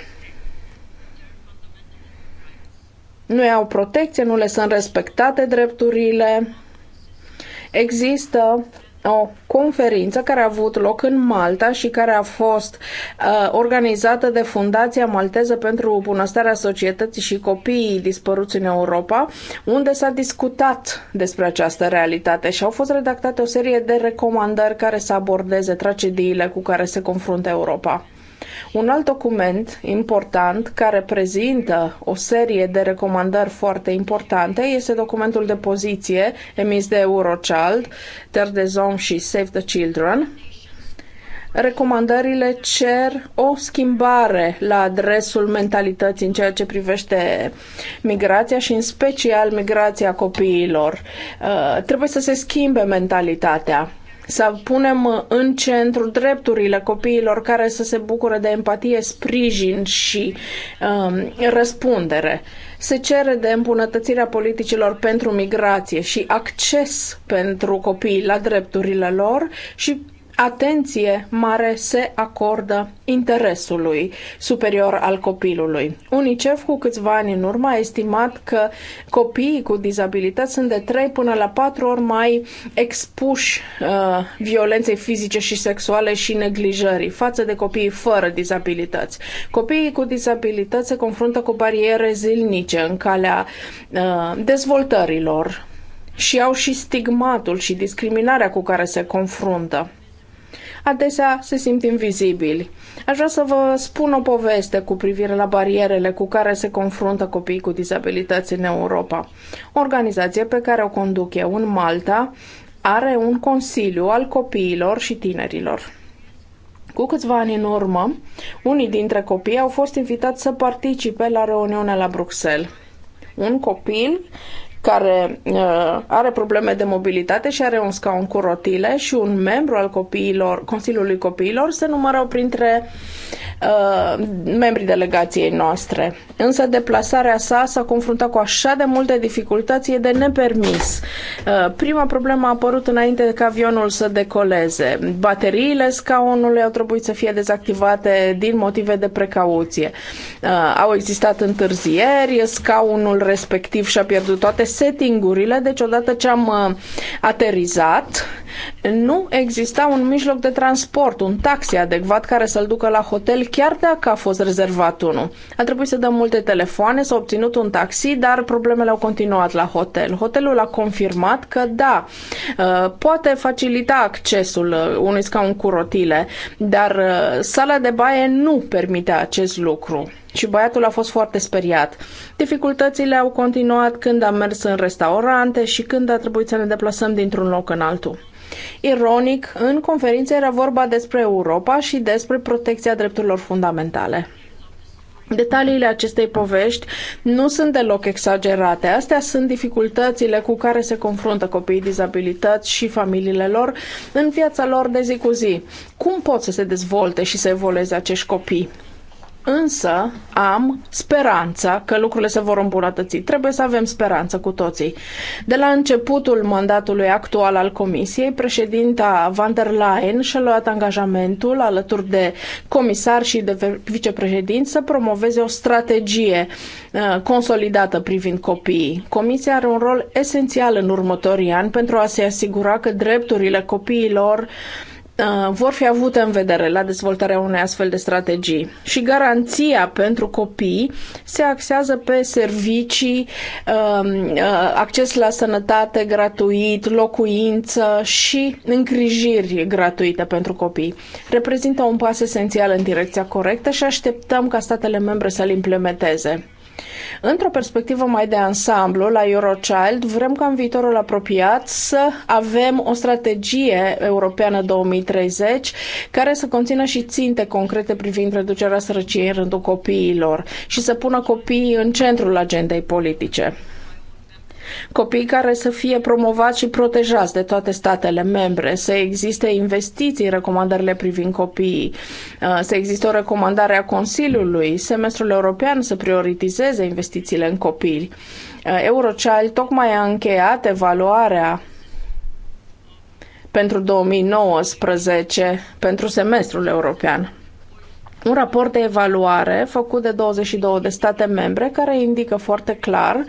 Nu au protecție, nu le sunt respectate drepturile. Există o conferință care a avut loc în Malta și care a fost uh, organizată de Fundația Malteză pentru Bunăstarea Societății și Copiii Dispăruți în Europa, unde s-a discutat despre această realitate și au fost redactate o serie de recomandări care să abordeze tragediile cu care se confruntă Europa. Un alt document important care prezintă o serie de recomandări foarte importante este documentul de poziție emis de Eurochild, ter de zon și Save the Children. Recomandările cer o schimbare la adresul mentalității în ceea ce privește migrația și în special migrația copiilor. Uh, trebuie să se schimbe mentalitatea să punem în centru drepturile copiilor care să se bucure de empatie, sprijin și um, răspundere. Se cere de îmbunătățirea politicilor pentru migrație și acces pentru copii la drepturile lor și atenție mare se acordă interesului superior al copilului. UNICEF cu câțiva ani în urmă a estimat că copiii cu dizabilități sunt de 3 până la 4 ori mai expuși uh, violenței fizice și sexuale și neglijării față de copiii fără dizabilități. Copiii cu dizabilități se confruntă cu bariere zilnice în calea uh, dezvoltărilor și au și stigmatul și discriminarea cu care se confruntă adesea se simt invizibili. Aș vrea să vă spun o poveste cu privire la barierele cu care se confruntă copiii cu dizabilități în Europa. O organizație pe care o conduc eu în Malta are un consiliu al copiilor și tinerilor. Cu câțiva ani în urmă, unii dintre copii au fost invitați să participe la reuniunea la Bruxelles. Un copil care uh, are probleme de mobilitate și are un scaun cu rotile și un membru al copiilor, Consiliului Copiilor se numără printre uh, Uh, membrii delegației noastre. Însă deplasarea sa s-a confruntat cu așa de multe dificultăți, e de nepermis. Uh, prima problemă a apărut înainte ca avionul să decoleze. Bateriile scaunului au trebuit să fie dezactivate din motive de precauție. Uh, au existat întârzieri, scaunul respectiv și-a pierdut toate settingurile, deci odată ce am aterizat, nu exista un mijloc de transport, un taxi adecvat care să-l ducă la hotel, chiar dacă a fost rezervat unul. A trebuit să dăm multe telefoane, s-a obținut un taxi, dar problemele au continuat la hotel. Hotelul a confirmat că da, uh, poate facilita accesul uh, unui scaun cu rotile, dar uh, sala de baie nu permite acest lucru și băiatul a fost foarte speriat. Dificultățile au continuat când am mers în restaurante și când a trebuit să ne deplasăm dintr-un loc în altul. Ironic, în conferință era vorba despre Europa și despre protecția drepturilor fundamentale. Detaliile acestei povești nu sunt deloc exagerate. Astea sunt dificultățile cu care se confruntă copiii dizabilități și familiile lor în viața lor de zi cu zi. Cum pot să se dezvolte și să evolueze acești copii? Însă am speranța că lucrurile se vor îmbunătăți. Trebuie să avem speranță cu toții. De la începutul mandatului actual al Comisiei, președinta van der Leyen și-a luat angajamentul alături de comisar și de vicepreședinți să promoveze o strategie uh, consolidată privind copiii. Comisia are un rol esențial în următorii ani pentru a se asigura că drepturile copiilor uh, Uh, vor fi avute în vedere la dezvoltarea unei astfel de strategii. Și garanția pentru copii se axează pe servicii, um, uh, acces la sănătate gratuit, locuință și îngrijiri gratuite pentru copii. Reprezintă un pas esențial în direcția corectă și așteptăm ca statele membre să-l implementeze. Într-o perspectivă mai de ansamblu, la Eurochild, vrem ca în viitorul apropiat să avem o strategie europeană 2030 care să conțină și ținte concrete privind reducerea sărăciei în rândul copiilor și să pună copiii în centrul agendei politice copii care să fie promovați și protejați de toate statele membre, să existe investiții recomandările privind copiii, uh, să existe o recomandare a Consiliului, semestrul european să prioritizeze investițiile în copii. Uh, Eurochild tocmai a încheiat evaluarea pentru 2019 pentru semestrul european un raport de evaluare făcut de 22 de state membre care indică foarte clar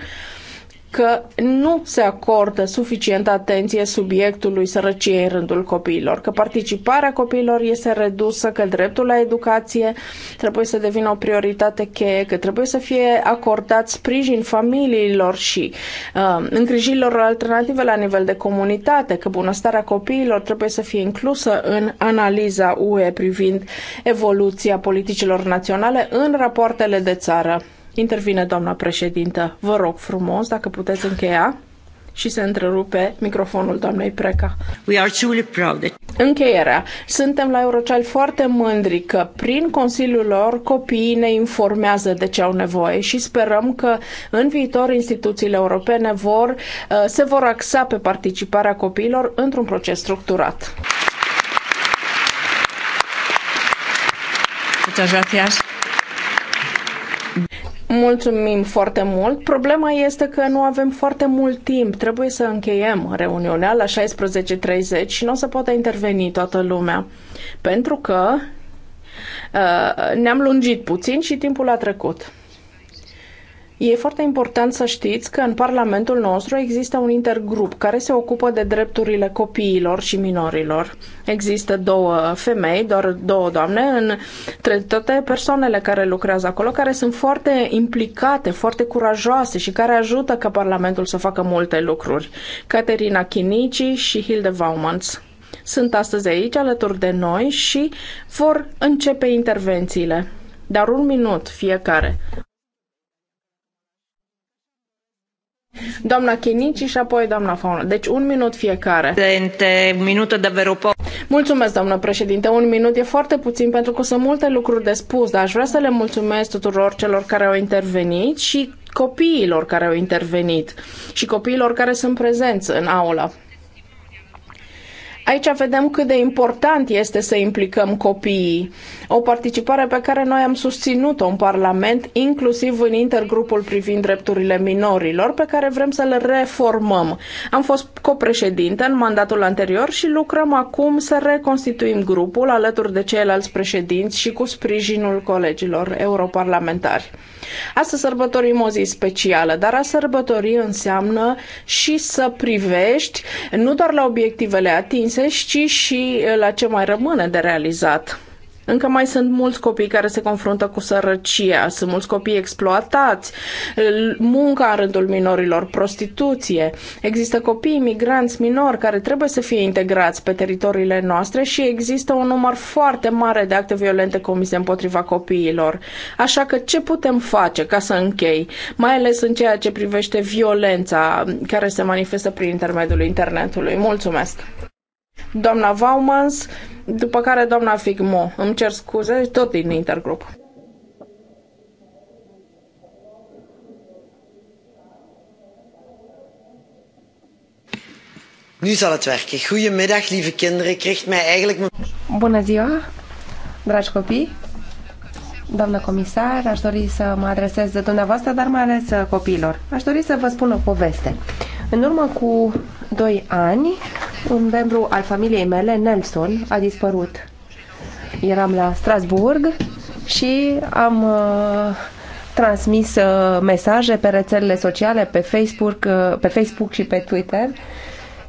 că nu se acordă suficientă atenție subiectului sărăciei în rândul copiilor, că participarea copiilor este redusă, că dreptul la educație trebuie să devină o prioritate cheie, că trebuie să fie acordat sprijin familiilor și uh, îngrijirilor alternative la nivel de comunitate, că bunăstarea copiilor trebuie să fie inclusă în analiza UE privind evoluția politicilor naționale în rapoartele de țară. Intervine doamna președintă. Vă rog frumos, dacă puteți încheia și se întrerupe microfonul doamnei Preca. We are truly proud. Încheierea. Suntem la Eurocel foarte mândri că prin consiliul lor copiii ne informează de ce au nevoie și sperăm că în viitor instituțiile europene vor, uh, se vor axa pe participarea copiilor într-un proces structurat. Muchas gracias. Mulțumim foarte mult. Problema este că nu avem foarte mult timp. Trebuie să încheiem reuniunea la 16.30 și nu o să poată interveni toată lumea. Pentru că uh, ne-am lungit puțin și timpul a trecut. E foarte important să știți că în Parlamentul nostru există un intergrup care se ocupă de drepturile copiilor și minorilor. Există două femei, doar două doamne, între toate persoanele care lucrează acolo, care sunt foarte implicate, foarte curajoase și care ajută ca Parlamentul să facă multe lucruri. Caterina Chinici și Hilde Vaumans sunt astăzi aici alături de noi și vor începe intervențiile. Dar un minut fiecare. Doamna Chinici și apoi doamna Fauna. Deci un minut fiecare. Președinte, un minut de veropo. Mulțumesc, doamnă președinte. Un minut e foarte puțin pentru că sunt multe lucruri de spus, dar aș vrea să le mulțumesc tuturor celor care au intervenit și copiilor care au intervenit și copiilor care sunt prezenți în aula. Aici vedem cât de important este să implicăm copiii. O participare pe care noi am susținut-o în Parlament, inclusiv în intergrupul privind drepturile minorilor, pe care vrem să le reformăm. Am fost copreședinte în mandatul anterior și lucrăm acum să reconstituim grupul alături de ceilalți președinți și cu sprijinul colegilor europarlamentari. Astăzi sărbătorim o zi specială, dar a sărbători înseamnă și să privești nu doar la obiectivele atinse, pămărisești, ci și uh, la ce mai rămâne de realizat. Încă mai sunt mulți copii care se confruntă cu sărăcia, sunt mulți copii exploatați, uh, munca în rândul minorilor, prostituție. Există copii migranți minori care trebuie să fie integrați pe teritoriile noastre și există un număr foarte mare de acte violente comise împotriva copiilor. Așa că ce putem face ca să închei, mai ales în ceea ce privește violența care se manifestă prin intermediul internetului? Mulțumesc! doamna Vaumans, după care doamna Figmo. Îmi cer scuze, tot din intergrup. Nu zal het werken. Goedemiddag, lieve kinderen. Ik richt mij eigenlijk... Bună ziua, dragi copii. Doamnă comisar, aș dori să mă adresez de dumneavoastră, dar mai ales uh, copiilor. Aș dori să vă spun o poveste. În urmă cu doi ani, un membru al familiei mele, Nelson, a dispărut. Eram la Strasburg și am uh, transmis uh, mesaje pe rețelele sociale, pe Facebook, uh, pe Facebook și pe Twitter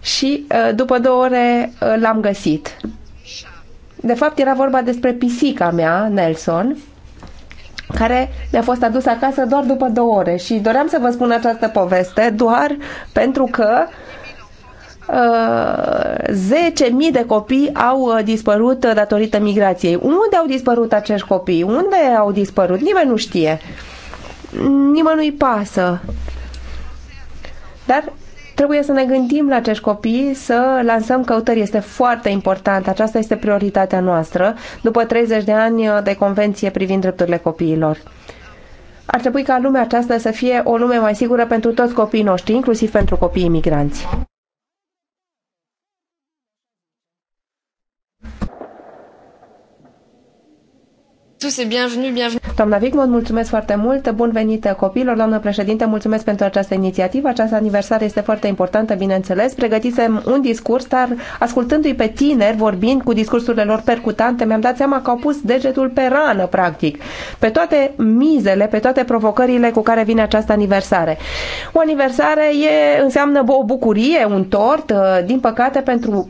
și uh, după două ore uh, l-am găsit. De fapt, era vorba despre pisica mea, Nelson, care mi-a fost adus acasă doar după două ore și doream să vă spun această poveste doar pentru că 10.000 de copii au uh, dispărut uh, datorită migrației. Unde au dispărut acești copii? Unde au dispărut? Nimeni nu știe. Nimănui pasă. Dar trebuie să ne gândim la acești copii, să lansăm căutări. Este foarte important. Aceasta este prioritatea noastră după 30 de ani uh, de convenție privind drepturile copiilor. Ar trebui ca lumea aceasta să fie o lume mai sigură pentru toți copiii noștri, inclusiv pentru copiii migranți. Tous et bienvenue, bienvenue. Doamna Vigmont, mulțumesc foarte mult. Bun venit copiilor. Doamnă președinte, mulțumesc pentru această inițiativă. Această aniversare este foarte importantă, bineînțeles. Pregătisem un discurs, dar ascultându-i pe tineri, vorbind cu discursurile lor percutante, mi-am dat seama că au pus degetul pe rană, practic, pe toate mizele, pe toate provocările cu care vine această aniversare. O aniversare e, înseamnă o bucurie, un tort. Din păcate, pentru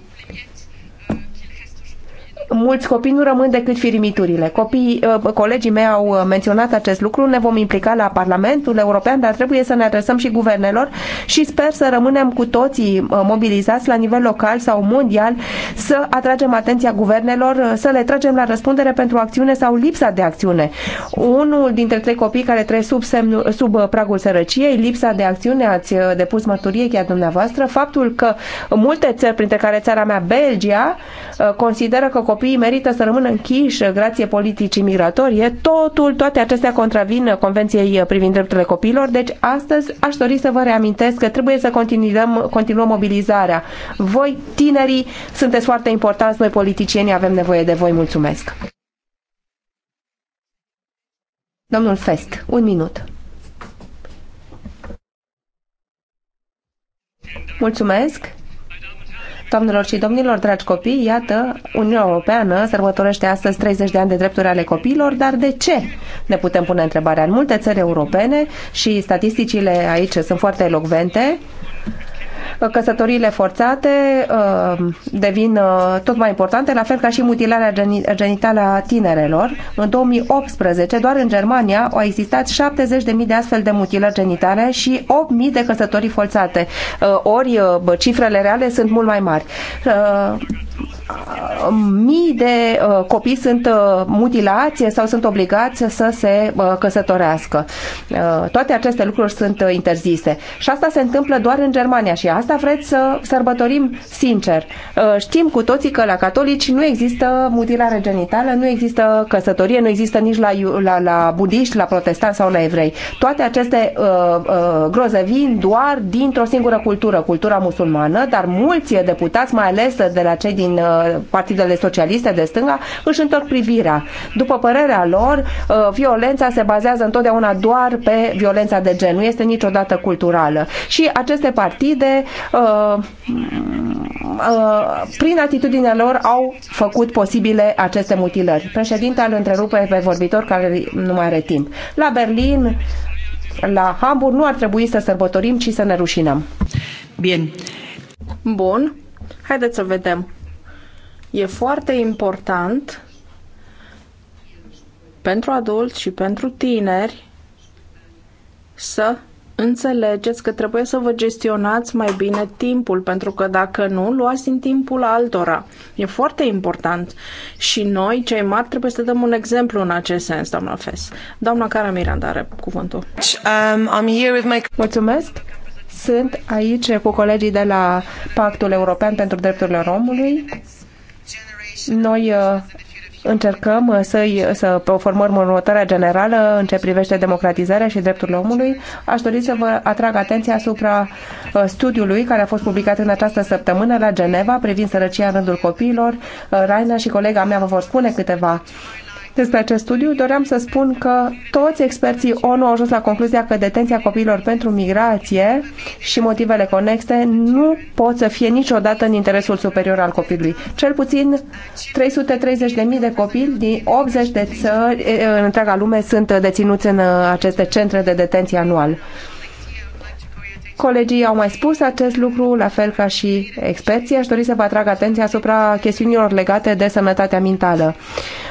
mulți copii nu rămân decât firimiturile. copii uh, colegii mei au uh, menționat acest lucru, ne vom implica la Parlamentul European, dar trebuie să ne adresăm și guvernelor și sper să rămânem cu toții uh, mobilizați la nivel local sau mondial să atragem atenția guvernelor, să le tragem la răspundere pentru acțiune sau lipsa de acțiune. Unul dintre trei copii care trăiesc sub, semnul, sub pragul sărăciei, lipsa de acțiune, ați depus mărturie chiar dumneavoastră, faptul că multe țări, printre care țara mea, Belgia, consideră că copiii copiii merită să rămână închiși grație politicii migratorie, totul, toate acestea contravin Convenției privind drepturile copiilor, deci astăzi aș dori să vă reamintesc că trebuie să continuăm, continuăm mobilizarea. Voi, tinerii, sunteți foarte importanți, noi politicienii avem nevoie de voi, mulțumesc! Domnul Fest, un minut. Mulțumesc! Doamnelor și domnilor, dragi copii, iată, Uniunea Europeană sărbătorește astăzi 30 de ani de drepturi ale copiilor, dar de ce? Ne putem pune întrebarea. În multe țări europene și statisticile aici sunt foarte elocvente, căsătoriile forțate uh, devin uh, tot mai importante, la fel ca și mutilarea genitală a tinerelor. În 2018, doar în Germania, au existat 70.000 de astfel de mutilări genitale și 8.000 de căsătorii forțate. Uh, ori cifrele reale sunt mult mai mari mii de copii sunt mutilați sau sunt obligați să se căsătorească. Toate aceste lucruri sunt interzise. Și asta se întâmplă doar în Germania și asta asta vreți să sărbătorim sincer. Uh, știm cu toții că la catolici nu există mutilare genitală, nu există căsătorie, nu există nici la, la, la budiști, la protestanți sau la evrei. Toate aceste uh, uh, groze vin doar dintr-o singură cultură, cultura musulmană, dar mulți deputați, mai ales de la cei din uh, partidele socialiste de stânga, își întorc privirea. După părerea lor, uh, violența se bazează întotdeauna doar pe violența de gen, nu este niciodată culturală. Și aceste partide Uh, uh, prin atitudinea lor au făcut posibile aceste mutilări. Președinte îl întrerupe pe vorbitor care nu mai are timp. La Berlin, la Hamburg nu ar trebui să sărbătorim, ci să ne rușinăm. Bine. Bun. Haideți să vedem. E foarte important pentru adulți și pentru tineri să înțelegeți că trebuie să vă gestionați mai bine timpul, pentru că dacă nu, luați din timpul altora. E foarte important. Și noi, cei mari, trebuie să dăm un exemplu în acest sens, doamna Fes. Doamna Cara Miranda are cuvântul. Um, I'm here with my... Mulțumesc! Sunt aici cu colegii de la Pactul European pentru Drepturile romului. Noi uh, încercăm uh, să să formăm următoarea generală în ce privește democratizarea și drepturile omului, aș dori să vă atrag atenția asupra uh, studiului care a fost publicat în această săptămână la Geneva privind sărăcia în rândul copiilor. Uh, Raina și colega mea vă vor spune câteva despre acest studiu, doream să spun că toți experții ONU au ajuns la concluzia că detenția copiilor pentru migrație și motivele conexe nu pot să fie niciodată în interesul superior al copilului. Cel puțin 330.000 de copii din 80 de țări în întreaga lume sunt deținuți în uh, aceste centre de detenție anual. Colegii au mai spus acest lucru, la fel ca și experții. Aș dori să vă atrag atenția asupra chestiunilor legate de sănătatea mentală.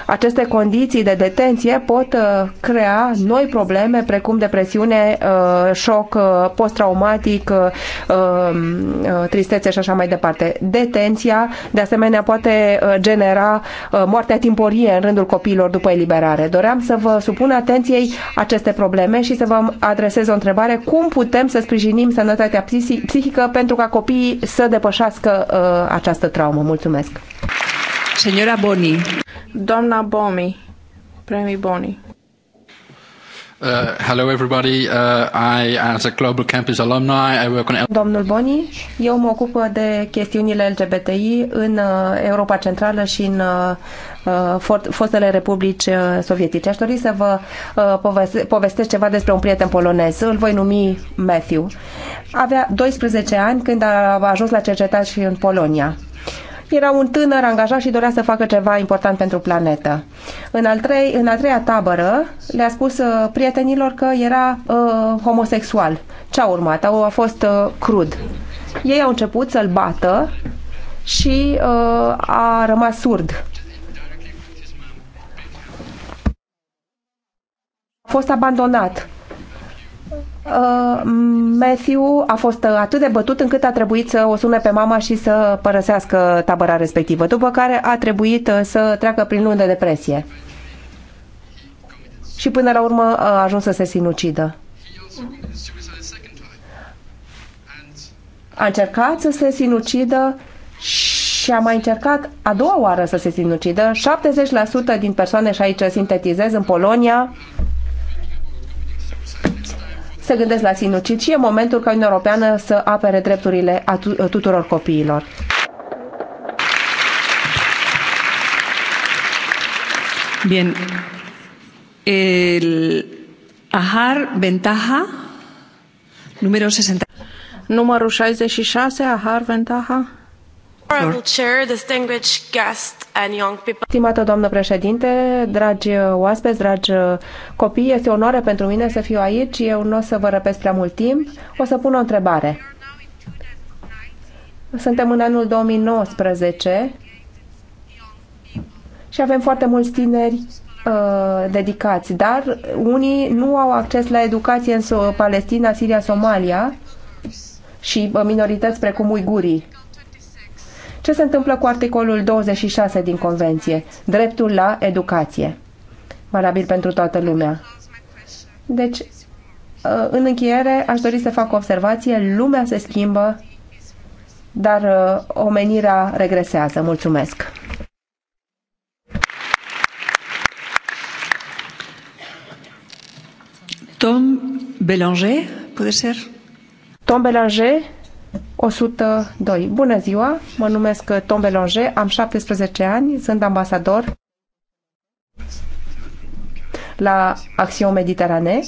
Aceste condiții de detenție pot uh, crea noi probleme precum depresiune, uh, șoc uh, post-traumatic, um, tristețe și așa mai departe. Detenția, de asemenea, poate genera moartea timporie în rândul copiilor după eliberare. Doream să vă supun atenției aceste probleme și să vă adresez o întrebare. Cum putem să sprijinim sănătatea psihică pentru ca copiii să depășească uh, această traumă. Mulțumesc! Senora Boni. Doamna Bomi. Premii Boni. Uh, hello everybody. Uh, I, as a Global Campus alumni, I work on... Domnul Boni, eu mă ocup de chestiunile LGBTI în uh, Europa Centrală și în uh, uh fostele republici sovietice. Aș dori să vă povestesc ceva despre un prieten polonez. Îl voi numi Matthew. Avea 12 ani când a ajuns la cercetat și în Polonia era un tânăr angajat și dorea să facă ceva important pentru planetă. În, al trei, în a treia tabără le-a spus uh, prietenilor că era uh, homosexual. Ce a urmat? A, a fost uh, crud. Ei au început să-l bată și uh, a rămas surd. A fost abandonat Uh, Matthew a fost atât de bătut încât a trebuit să o sune pe mama și să părăsească tabăra respectivă, după care a trebuit uh, să treacă prin luni de depresie. Și până la urmă uh, a ajuns să se sinucidă. A încercat să se sinucidă și a mai încercat a doua oară să se sinucidă. 70% din persoane, și aici sintetizez, în Polonia se gândesc la sinucid și e momentul ca Uniunea Europeană să apere drepturile a tuturor copiilor. Bien. El Ahar Ventaja, numărul 60. Numărul 66, Ahar Ventaja. Stimată doamnă președinte, dragi uh, oaspeți, dragi uh, copii, este o onoare pentru mine să fiu aici. Eu nu o să vă răpesc prea mult timp. O să pun o întrebare. Suntem în anul 2019 și avem foarte mulți tineri uh, dedicați, dar unii nu au acces la educație în Palestina, Siria, Somalia și uh, minorități precum uigurii ce se întâmplă cu articolul 26 din Convenție? Dreptul la educație. Valabil pentru toată lumea. Deci, uh, în încheiere, aș dori să fac o observație. Lumea se schimbă, dar uh, omenirea regresează. Mulțumesc! Tom Belanger, poate ser? Tom Belanger, 102. Bună ziua, mă numesc Tom Belanger, am 17 ani, sunt ambasador la Acțiune Mediterane.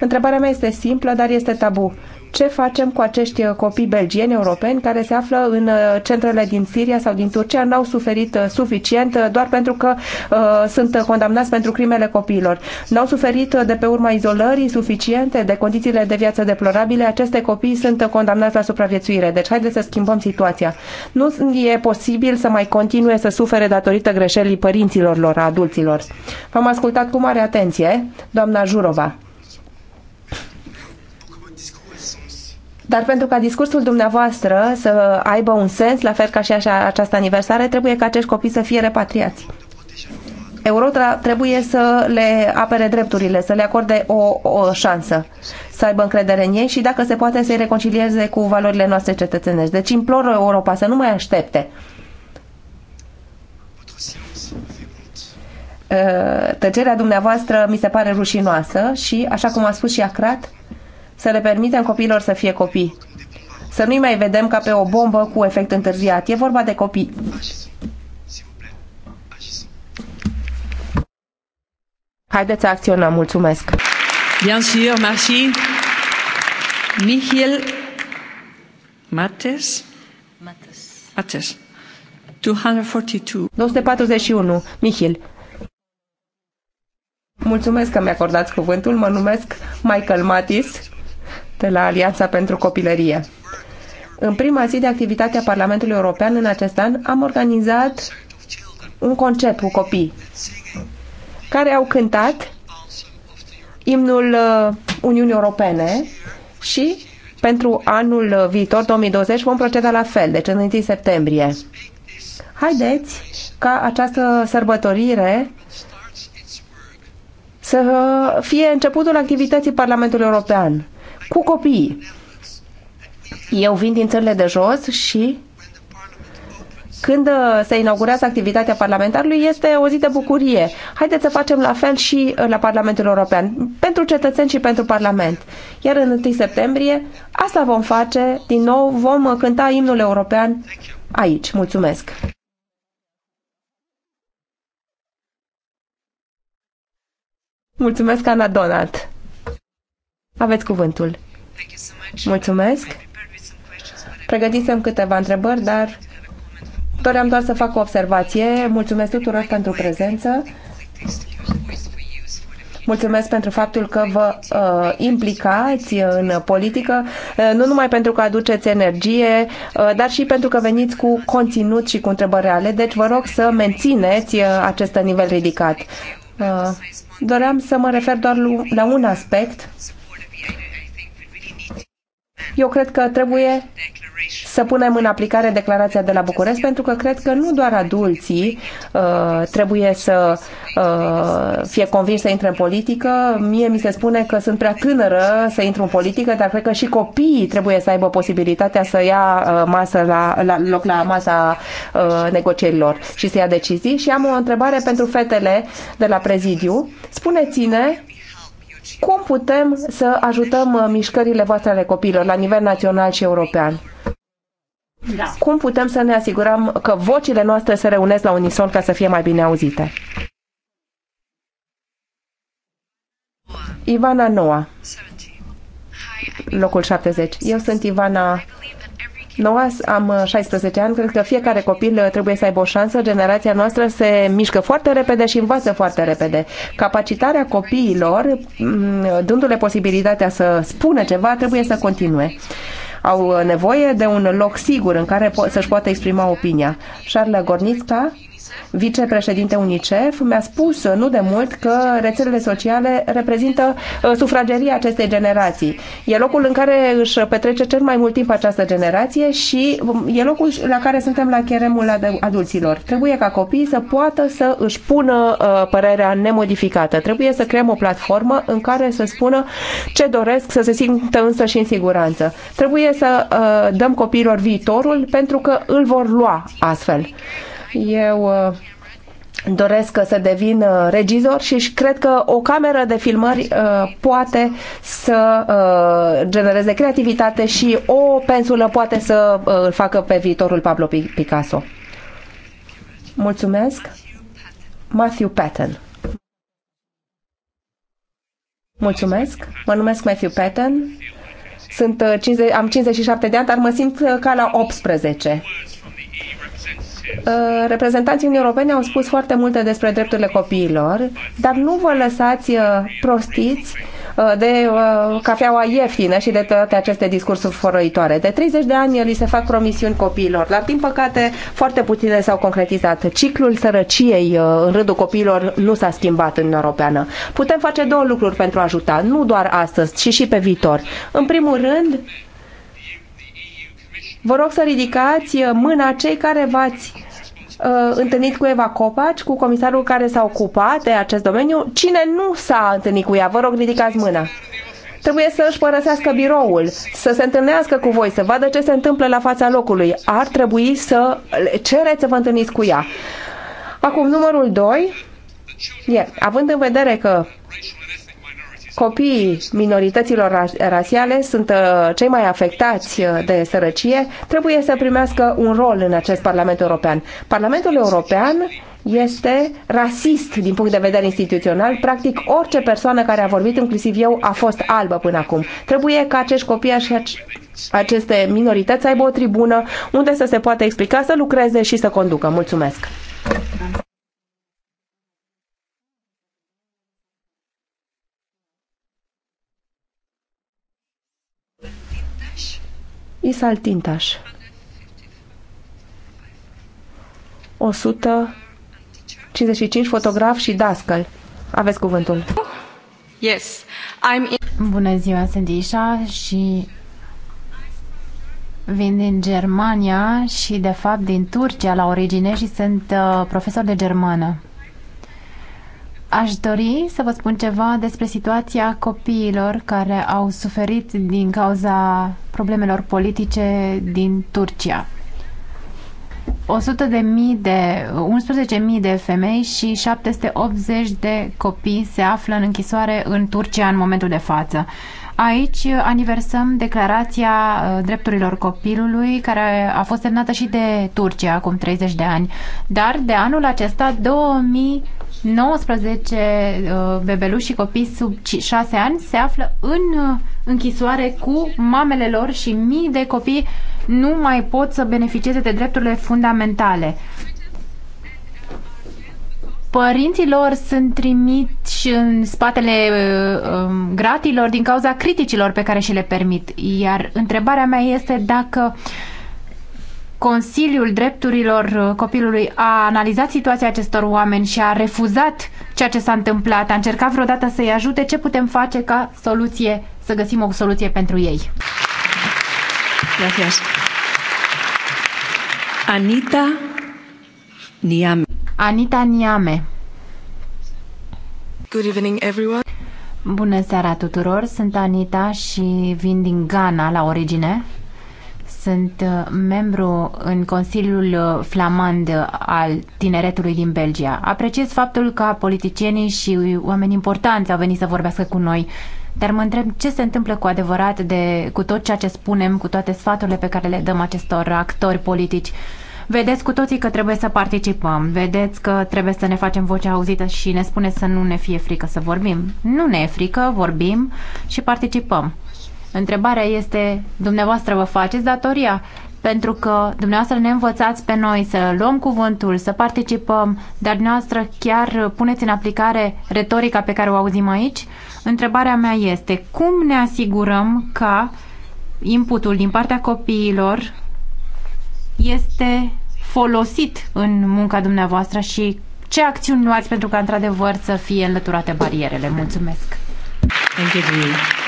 Întrebarea mea este simplă, dar este tabu ce facem cu acești uh, copii belgieni europeni care se află în uh, centrele din Siria sau din Turcia, n-au suferit uh, suficient doar pentru că uh, sunt condamnați pentru crimele copiilor. N-au suferit de pe urma izolării suficiente, de condițiile de viață deplorabile. Aceste copii sunt condamnați la supraviețuire. Deci haideți să schimbăm situația. Nu e posibil să mai continue să sufere datorită greșelii părinților lor, a adulților. V-am ascultat cu mare atenție, doamna Jurova. Dar pentru ca discursul dumneavoastră să aibă un sens, la fel ca și așa, această aniversare, trebuie ca acești copii să fie repatriați. Europa trebuie să le apere drepturile, să le acorde o, o șansă, să aibă încredere în ei și dacă se poate să-i reconcilieze cu valorile noastre cetățenești. Deci implor Europa să nu mai aștepte. Ă, tăcerea dumneavoastră mi se pare rușinoasă și, așa cum a spus și Acrat, să le permitem copiilor să fie copii. Să nu-i mai vedem ca pe o bombă cu efect întârziat. E vorba de copii. Haideți să acționăm. Mulțumesc. Bien sûr, merci. Michiel Mates. Mates. Mates. 241. Michiel. Mulțumesc că mi acordat cuvântul. Mă numesc Michael Matis de la Alianța pentru Copilărie. În prima zi de activitate a Parlamentului European în acest an am organizat un concert cu copii care au cântat imnul uh, Uniunii Europene și pentru anul viitor, 2020, vom proceda la fel, deci în 1 septembrie. Haideți ca această sărbătorire să fie începutul activității Parlamentului European cu copiii. Eu vin din țările de jos și când se inaugurează activitatea parlamentarului este o zi de bucurie. Haideți să facem la fel și la Parlamentul European, pentru cetățeni și pentru Parlament. Iar în 1 septembrie asta vom face, din nou vom cânta imnul european aici. Mulțumesc! Mulțumesc, Ana Donat! Aveți cuvântul. Mulțumesc. Pregătisem câteva întrebări, dar doream doar să fac o observație. Mulțumesc tuturor pentru prezență. Mulțumesc pentru faptul că vă uh, implicați în politică, uh, nu numai pentru că aduceți energie, uh, dar și pentru că veniți cu conținut și cu întrebări reale. Deci vă rog să mențineți uh, acest nivel ridicat. Uh, doream să mă refer doar la un aspect eu cred că trebuie să punem în aplicare declarația de la București, pentru că cred că nu doar adulții uh, trebuie să uh, fie convinși să intre în politică. Mie mi se spune că sunt prea tânără să intru în politică, dar cred că și copiii trebuie să aibă posibilitatea să ia uh, masă la, la, loc la masa uh, negocierilor și să ia decizii. Și am o întrebare pentru fetele de la prezidiu. Spuneți-ne cum putem să ajutăm uh, mișcările voastre ale copiilor la nivel național și european? Da. Cum putem să ne asigurăm că vocile noastre se reunesc la unison ca să fie mai bine auzite? Ivana Noa, locul 70. Eu sunt Ivana Noua am 16 uh, ani, cred că fiecare copil uh, trebuie să aibă o șansă. Generația noastră se mișcă foarte repede și învață foarte repede. Capacitarea copiilor, mm, dându-le posibilitatea să spună ceva, trebuie să continue au uh, nevoie de un loc sigur în care po- să-și poată exprima opinia. Charles Gornitska, vicepreședinte UNICEF, mi-a spus nu de mult că rețelele sociale reprezintă uh, sufrageria acestei generații. E locul în care își petrece cel mai mult timp această generație și um, e locul la care suntem la cheremul adulților. Trebuie ca copiii să poată să își pună uh, părerea nemodificată. Trebuie să creăm o platformă în care să spună ce doresc să se simtă însă și în siguranță. Trebuie să uh, dăm copiilor viitorul pentru că îl vor lua astfel. Eu uh, doresc să devin uh, regizor și cred că o cameră de filmări uh, poate să genereze creativitate și o pensulă poate să îl facă pe viitorul Pablo Picasso. Mulțumesc. Matthew Patton. Mulțumesc. Mă numesc Matthew Patton. Sunt 50, am 57 de ani, dar mă simt ca la 18 Uh, reprezentanții Uniunii Europene au spus foarte multe despre drepturile copiilor, dar nu vă lăsați uh, prostiți uh, de cafeaua ieftină și de toate aceste discursuri fărăitoare. De 30 de ani li se fac promisiuni copiilor, dar din păcate foarte puține s-au concretizat. Ciclul sărăciei în rândul copiilor nu s-a schimbat în Europeană. Putem face două lucruri pentru a ajuta, nu doar astăzi, ci și pe viitor. În primul rând, Vă rog să ridicați uh, mâna cei care v-ați uh, întâlnit cu Eva Copaci, cu comisarul care s-a ocupat de acest domeniu. Cine nu s-a întâlnit cu ea, vă rog, ridicați mâna. Trebuie să își părăsească biroul, să se întâlnească cu voi, să vadă ce se întâmplă la fața locului. Ar trebui să cereți să vă întâlniți cu ea. Acum, numărul 2. E, având în vedere că copiii minorităților rasiale sunt uh, cei mai afectați uh, de sărăcie, trebuie să primească un rol în acest Parlament European. Parlamentul European este rasist din punct de vedere instituțional. Practic, orice persoană care a vorbit, inclusiv eu, a fost albă până acum. Trebuie ca acești copii și aceste minorități să aibă o tribună unde să se poată explica, să lucreze și să conducă. Mulțumesc! i saltintaș. 155 fotograf și dascăl. Aveți cuvântul. Yes, I'm in... Bună ziua, sunt Isha și vin din Germania și de fapt din Turcia la origine și sunt uh, profesor de germană. Aș dori să vă spun ceva despre situația copiilor care au suferit din cauza problemelor politice din Turcia. 100 de mii de, 11 mii de femei și 780 de copii se află în închisoare în Turcia în momentul de față. Aici aniversăm declarația uh, drepturilor copilului care a fost semnată și de Turcia acum 30 de ani. Dar de anul acesta 2000 19 uh, bebeluși și copii sub 6 ani se află în uh, închisoare cu mamele lor și mii de copii nu mai pot să beneficieze de drepturile fundamentale. Părinții lor sunt trimiți în spatele uh, um, gratilor din cauza criticilor pe care și le permit. Iar întrebarea mea este dacă uh, Consiliul Drepturilor uh, Copilului a analizat situația acestor oameni și a refuzat ceea ce s-a întâmplat, a încercat vreodată să-i ajute, ce putem face ca soluție, să găsim o soluție pentru ei? Gracias. Anita Niame. Anita Niame. Good evening, everyone. Bună seara tuturor, sunt Anita și vin din Ghana la origine. Sunt uh, membru în Consiliul uh, Flamand uh, al Tineretului din Belgia. Apreciez faptul că politicienii și oameni importanți au venit să vorbească cu noi dar mă întreb ce se întâmplă cu adevărat de, cu tot ceea ce spunem, cu toate sfaturile pe care le dăm acestor actori politici. Vedeți cu toții că trebuie să participăm, vedeți că trebuie să ne facem vocea auzită și ne spune să nu ne fie frică să vorbim. Nu ne e frică, vorbim și participăm. Întrebarea este, dumneavoastră vă faceți datoria? Pentru că dumneavoastră ne învățați pe noi să luăm cuvântul, să participăm, dar dumneavoastră chiar puneți în aplicare retorica pe care o auzim aici? Întrebarea mea este, cum ne asigurăm ca inputul din partea copiilor este folosit în munca dumneavoastră și ce acțiuni luați pentru ca într-adevăr să fie înlăturate barierele? Mulțumesc! Thank you.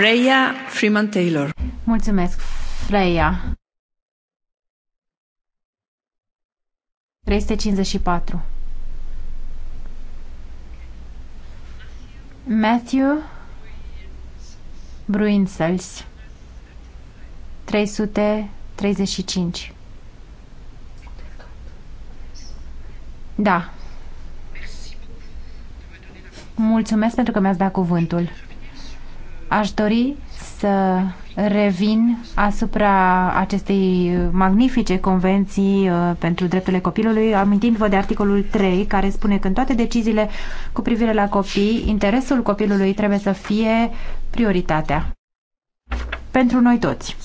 Freya Freeman Taylor. Mulțumesc, Freya. 354. Matthew Bruinsels 335 Da. Mulțumesc pentru că mi-ați dat cuvântul. Aș dori să revin asupra acestei magnifice convenții uh, pentru drepturile copilului, amintind-vă de articolul 3, care spune că în toate deciziile cu privire la copii, interesul copilului trebuie să fie prioritatea. Pentru noi toți.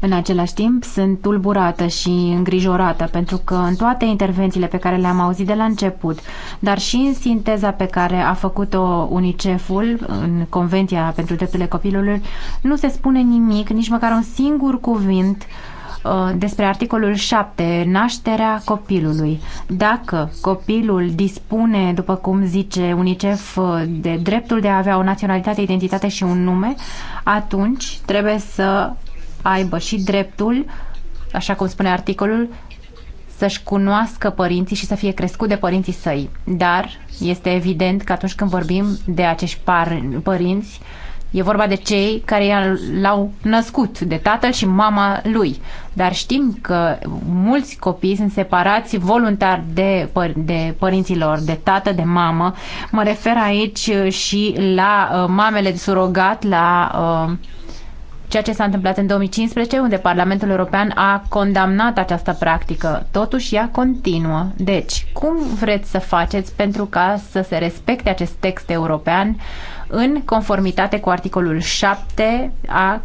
În același timp, sunt tulburată și îngrijorată pentru că în toate intervențiile pe care le-am auzit de la început, dar și în sinteza pe care a făcut-o UNICEF-ul în Convenția pentru Drepturile Copilului, nu se spune nimic, nici măcar un singur cuvânt uh, despre articolul 7, nașterea copilului. Dacă copilul dispune, după cum zice UNICEF, uh, de dreptul de a avea o naționalitate, identitate și un nume, atunci trebuie să aibă și dreptul, așa cum spune articolul, să-și cunoască părinții și să fie crescut de părinții săi. Dar este evident că atunci când vorbim de acești părinți, E vorba de cei care l-au născut, de tatăl și mama lui. Dar știm că mulți copii sunt separați voluntar de, păr- de părinților, de tată, de mamă. Mă refer aici și la uh, mamele de surogat, la uh, ceea ce s-a întâmplat în 2015, unde Parlamentul European a condamnat această practică. Totuși, ea continuă. Deci, cum vreți să faceți pentru ca să se respecte acest text european în conformitate cu articolul 7 a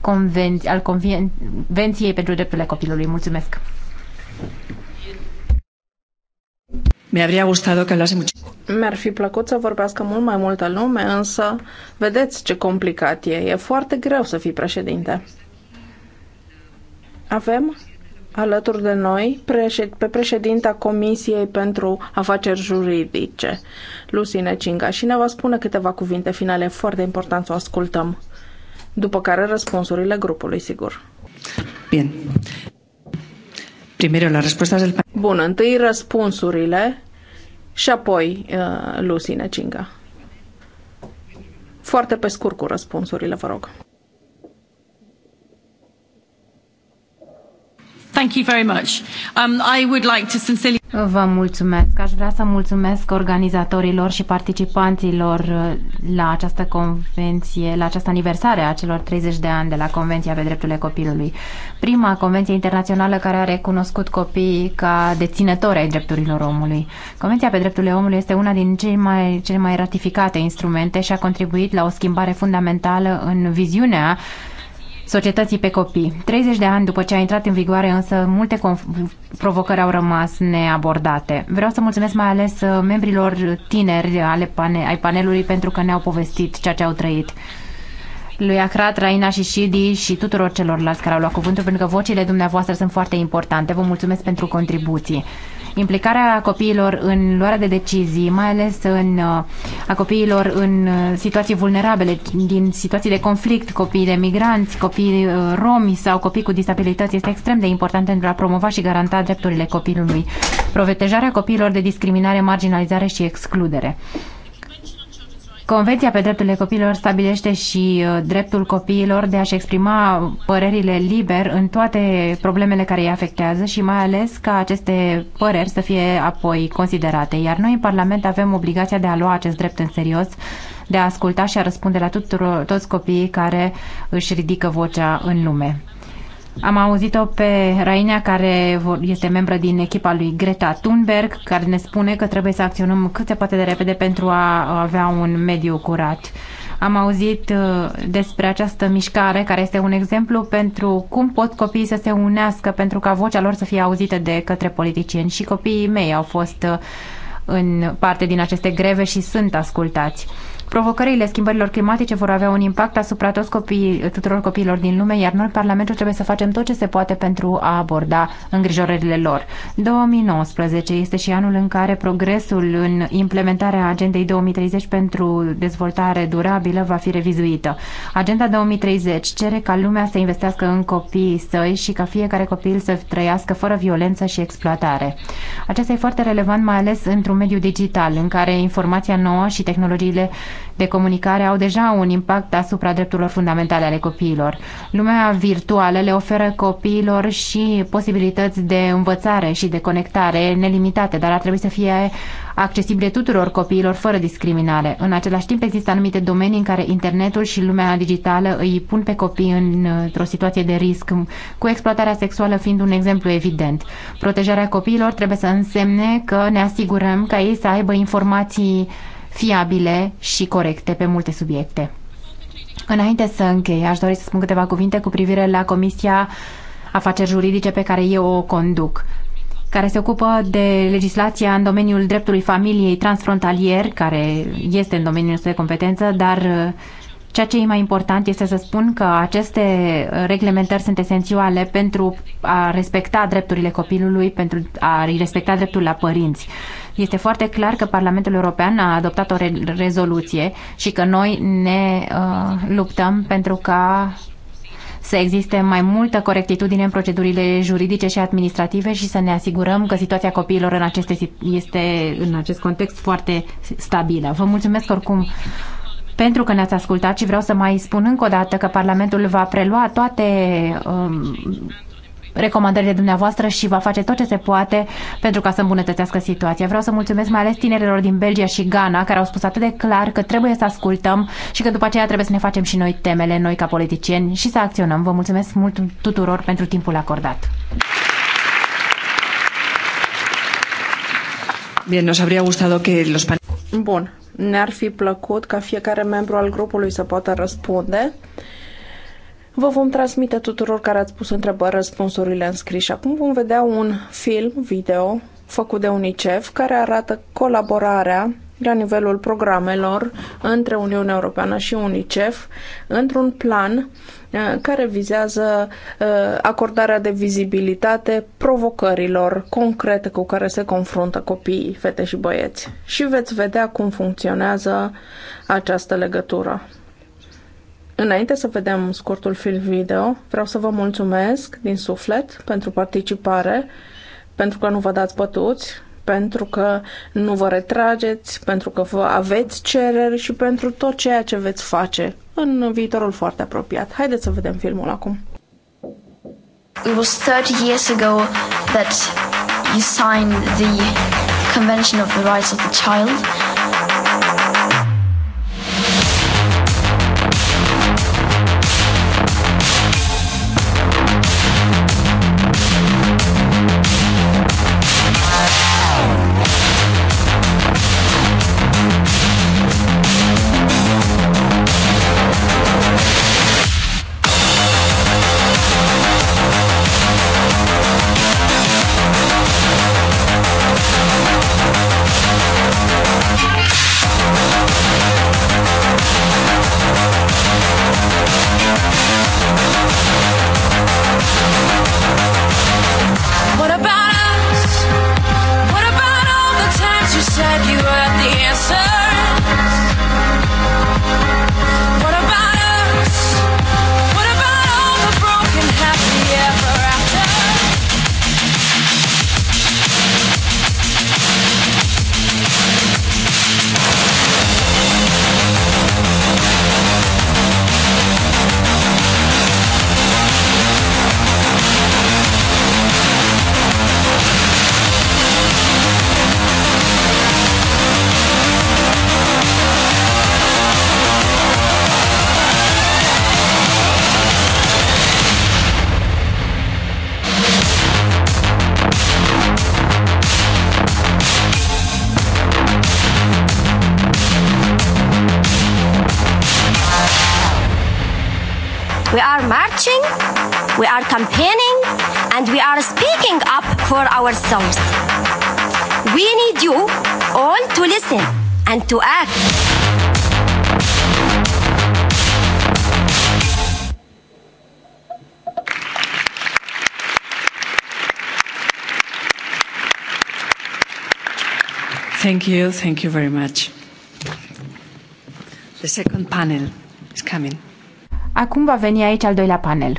al Convenției pentru Drepturile Copilului? Mulțumesc! Mi-ar gustado că lase mucho. Mi-ar fi plăcut să vorbească mult mai multă lume, însă vedeți ce complicat e. E foarte greu să fii președinte. Avem alături de noi pe președinta Comisiei pentru Afaceri Juridice, Lucine Cinga, și ne va spune câteva cuvinte finale foarte important să o ascultăm. După care răspunsurile grupului, sigur. Bine. Primero las respuestas del... panel. Bun, întâi răspunsurile și apoi uh, Lucy Necinga. Foarte pe scurt cu răspunsurile, vă rog. Thank you very much. Um, I would like to sincerely... Vă mulțumesc. Aș vrea să mulțumesc organizatorilor și participanților uh, la această convenție, la această aniversare a celor 30 de ani de la Convenția pe drepturile copilului. Prima convenție internațională care a recunoscut copiii ca deținători ai drepturilor omului. Convenția pe drepturile omului este una din cele mai, cele mai ratificate instrumente și a contribuit la o schimbare fundamentală în viziunea societății pe copii. 30 de ani după ce a intrat în vigoare, însă multe provocări au rămas neabordate. Vreau să mulțumesc mai ales uh, membrilor tineri ale pane- ai panelului pentru că ne-au povestit ceea ce au trăit lui Acrat, Raina și Shidi și tuturor celorlalți care au luat cuvântul, pentru că vocile dumneavoastră sunt foarte importante. Vă mulțumesc pentru contribuții. Implicarea copiilor în luarea de decizii, mai ales în, uh, a copiilor în uh, situații vulnerabile, din situații de conflict, copii de migranți, copii uh, romi sau copii cu disabilități, este extrem de important pentru a promova și garanta drepturile copilului. Protejarea copiilor de discriminare, marginalizare și excludere. Convenția pe drepturile copiilor stabilește și uh, dreptul copiilor de a-și exprima părerile liber în toate problemele care îi afectează și mai ales ca aceste păreri să fie apoi considerate. Iar noi în Parlament avem obligația de a lua acest drept în serios, de a asculta și a răspunde la tuturor, toți copiii care își ridică vocea în lume. Am auzit-o pe Rainea, care este membră din echipa lui Greta Thunberg, care ne spune că trebuie să acționăm cât se poate de repede pentru a avea un mediu curat. Am auzit uh, despre această mișcare, care este un exemplu pentru cum pot copiii să se unească pentru ca vocea lor să fie auzită de către politicieni. Și copiii mei au fost uh, în parte din aceste greve și sunt ascultați. Provocările schimbărilor climatice vor avea un impact asupra toți copii, tuturor copiilor din lume, iar noi, Parlamentul, trebuie să facem tot ce se poate pentru a aborda îngrijorările lor. 2019 este și anul în care progresul în implementarea agendei 2030 pentru dezvoltare durabilă va fi revizuită. Agenda 2030 cere ca lumea să investească în copiii săi și ca fiecare copil să trăiască fără violență și exploatare. Acesta e foarte relevant, mai ales într-un mediu digital, în care informația nouă și tehnologiile de comunicare au deja un impact asupra drepturilor fundamentale ale copiilor. Lumea virtuală le oferă copiilor și posibilități de învățare și de conectare nelimitate, dar ar trebui să fie accesibile tuturor copiilor fără discriminare. În același timp există anumite domenii în care internetul și lumea digitală îi pun pe copii într-o situație de risc, cu exploatarea sexuală fiind un exemplu evident. Protejarea copiilor trebuie să însemne că ne asigurăm ca ei să aibă informații fiabile și corecte pe multe subiecte. Înainte să închei, aș dori să spun câteva cuvinte cu privire la Comisia Afaceri Juridice pe care eu o conduc care se ocupă de legislația în domeniul dreptului familiei transfrontalier, care este în domeniul de competență, dar uh, Ceea ce e mai important este să spun că aceste reglementări sunt esențiale pentru a respecta drepturile copilului, pentru a respecta dreptul la părinți. Este foarte clar că Parlamentul European a adoptat o re- rezoluție și că noi ne uh, luptăm pentru ca să existe mai multă corectitudine în procedurile juridice și administrative și să ne asigurăm că situația copiilor în aceste, este în acest context foarte stabilă. Vă mulțumesc oricum pentru că ne-ați ascultat și vreau să mai spun încă o dată că Parlamentul va prelua toate um, recomandările dumneavoastră și va face tot ce se poate pentru ca să îmbunătățească situația. Vreau să mulțumesc mai ales tinerilor din Belgia și Ghana care au spus atât de clar că trebuie să ascultăm și că după aceea trebuie să ne facem și noi temele, noi ca politicieni și să acționăm. Vă mulțumesc mult tuturor pentru timpul acordat. Bien, nos habría gustado que los Bun, ne-ar fi plăcut ca fiecare membru al grupului să poată răspunde. Vă vom transmite tuturor care ați pus întrebări răspunsurile în scris acum vom vedea un film video făcut de UNICEF care arată colaborarea la nivelul programelor între Uniunea Europeană și UNICEF într-un plan uh, care vizează uh, acordarea de vizibilitate provocărilor concrete cu care se confruntă copiii, fete și băieți. Și veți vedea cum funcționează această legătură. Înainte să vedem scurtul film video, vreau să vă mulțumesc din suflet pentru participare, pentru că nu vă dați bătuți, pentru că nu vă retrageți, pentru că vă aveți cereri și pentru tot ceea ce veți face în viitorul foarte apropiat. Haideți să vedem filmul acum. It was 30 years ago that you signed the Convention of the Rights of the Child Thank you. Thank you very much. The second panel is coming. Acum va veni aici al doilea panel.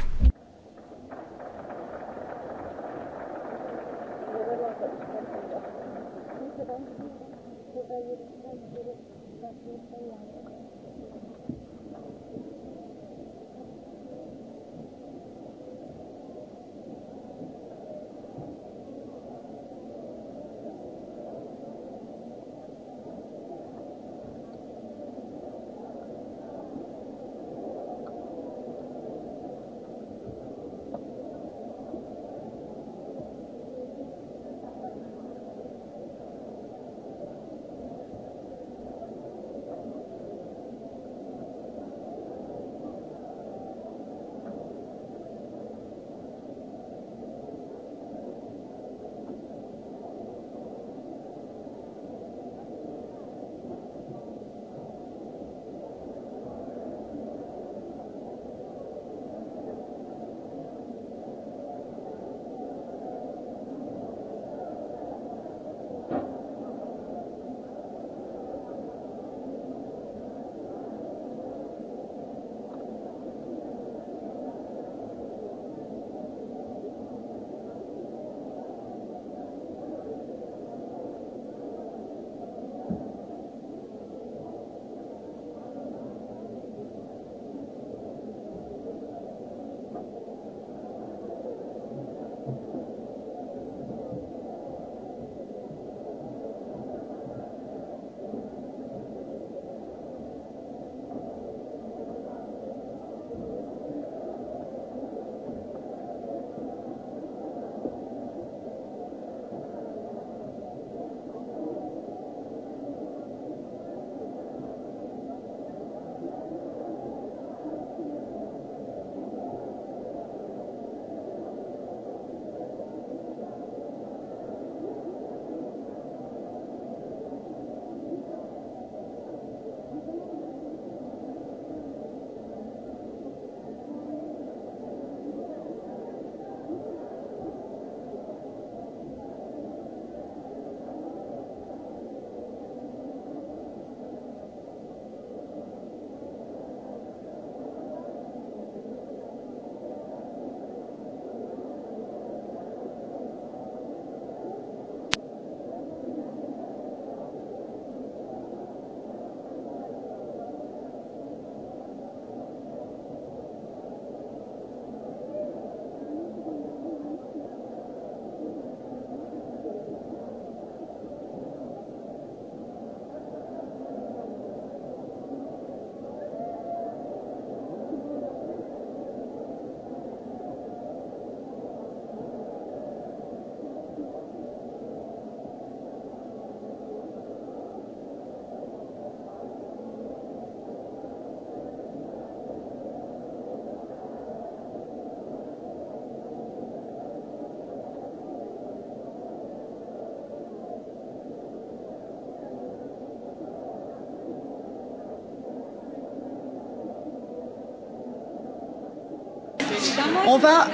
On va.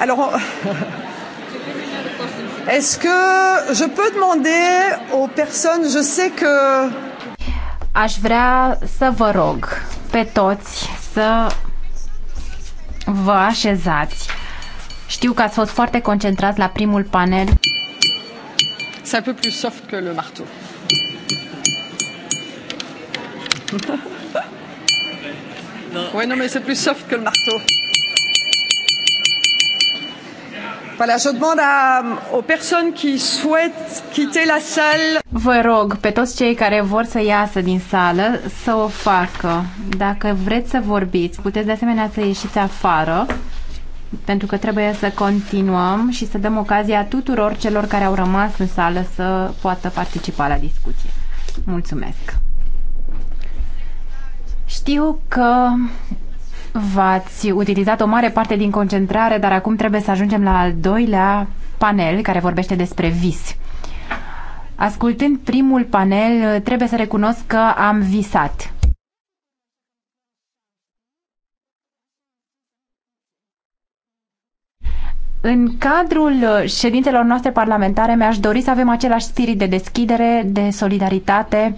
Alors. On... Est-ce que je peux demander aux personnes, je sais que. Aș vrea să vă rog pe toți să vă așezați. Știu că ați fost foarte concentrați la primul panel. C'est un peu plus soft que le marteau. [LAUGHS] Oui, non, mais c'est plus soft que le marteau. Voilà, je demande à, aux personnes qui souhaitent quitter la salle. Vă rog pe toți cei care vor să iasă din sală să o facă. Dacă vreți să vorbiți, puteți de asemenea să ieșiți afară pentru că trebuie să continuăm și să dăm ocazia tuturor celor care au rămas în sală să poată participa la discuție. Mulțumesc! Știu că V-ați utilizat o mare parte din concentrare, dar acum trebuie să ajungem la al doilea panel care vorbește despre vis. Ascultând primul panel, trebuie să recunosc că am visat. În cadrul ședințelor noastre parlamentare mi-aș dori să avem același spirit de deschidere, de solidaritate,